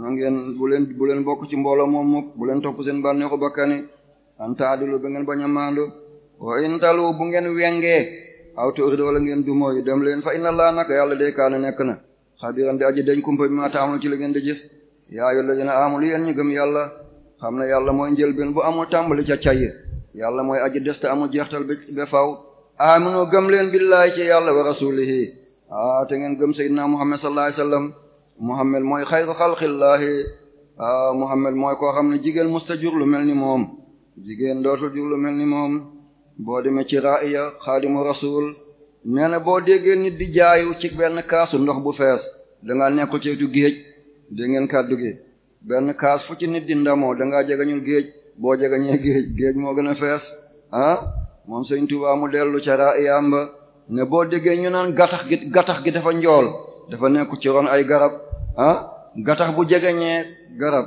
na ngeen bu leen bu leen bokk ci mbooloo moom mukk bu leen topp seen bànneexu bakkani an taadilu ba ngeen bañ a maandu wa intalu bu ngeen wengee aw turid wala ngeen dumóoyu dem leen fa inna laa naka yàlla day kaana nekk na xabiran di aji dañ kumpa ma taamul ci la ngeen di jëf yaa ayyuhallazina aamanu yéen ñu yàlla xam na yàlla mooy njëlbeen bu amul tàmbali ca yàlla mooy aji des te amul jeextal bi ba faw aminu gëm leen billahi ci yàlla wa rasulihi a ah, te ngeen gëm sayyidina muhammad sallallahu alayhi wasallam muhammad mooy xayru xalqillahi a ah, muhammad mooy koo xam ne jigéen musta jur lu mel ni moom jigéen dootul jur lu mel ni moom boo demee ci raaya xaadimu rasuul nee na boo déggee nit di jaayu ci benn kaasu ndox bu fees dangaa nekkul ci géej dégg ngeen kàddu gi benn kaas fu ci nit di ndamoo dangaa jegañul géej boo jegañee géej géej moo gën a fees ah moom sëñ Tuubaa mu dellu ca raiyamba ne boo déggee ñu naan gattax gi gattax gi dafa njool dafa nekku ci ron ay garab ah gattax bu jegañee garab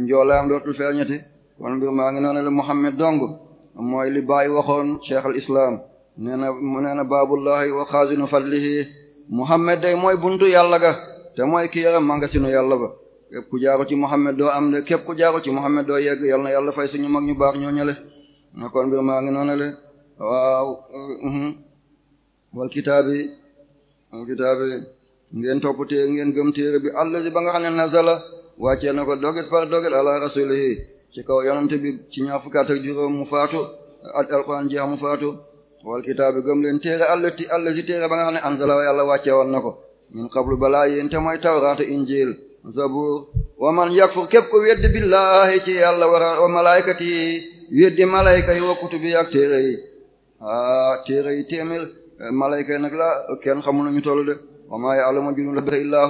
njoolaam dootul feeñati kon mbir maa ngi noonu la Muhammad dong mooy li baay waxoon cheikh al islam nee na nee na baabullahi wa xaasinu fadlihi Muhammad day mooy buntu yàlla ga te mooy ki yara nu yàlla ba képp ku jaaro ci Muhammad doo am de képp ku jaaro ci Muhammad doo yegg yal na yàlla fay suñu mag ñu baax ñoo ñale kon mbir maa ngi noonale waaw uhuh. wal kitaabi wal kitaabi ngeen topp téere ngeen gëm téere bi allazi ba nga xam ne nazala wàccee na ko dogit par dogit ala rasulihi ci kaw yonante bi ci ñaar fukk ak juróom mu faatu at alquran jeex mu faatu wal kitaabi gëm leen téere allati allazi ba nga xam ne anzala yàlla wàccee woon na ko min qablu balaa yéen te mooy tawraat zabur wa man yakfur képp ko weddi billahi ci yàlla wa malaykati yi weddi malayka yi wa kutubi ak téere yi a ah, téere yi téeméer malayka yi nag la kenn xamul nañu tollu de wa ma ya'lamu junuuda rabbika illaa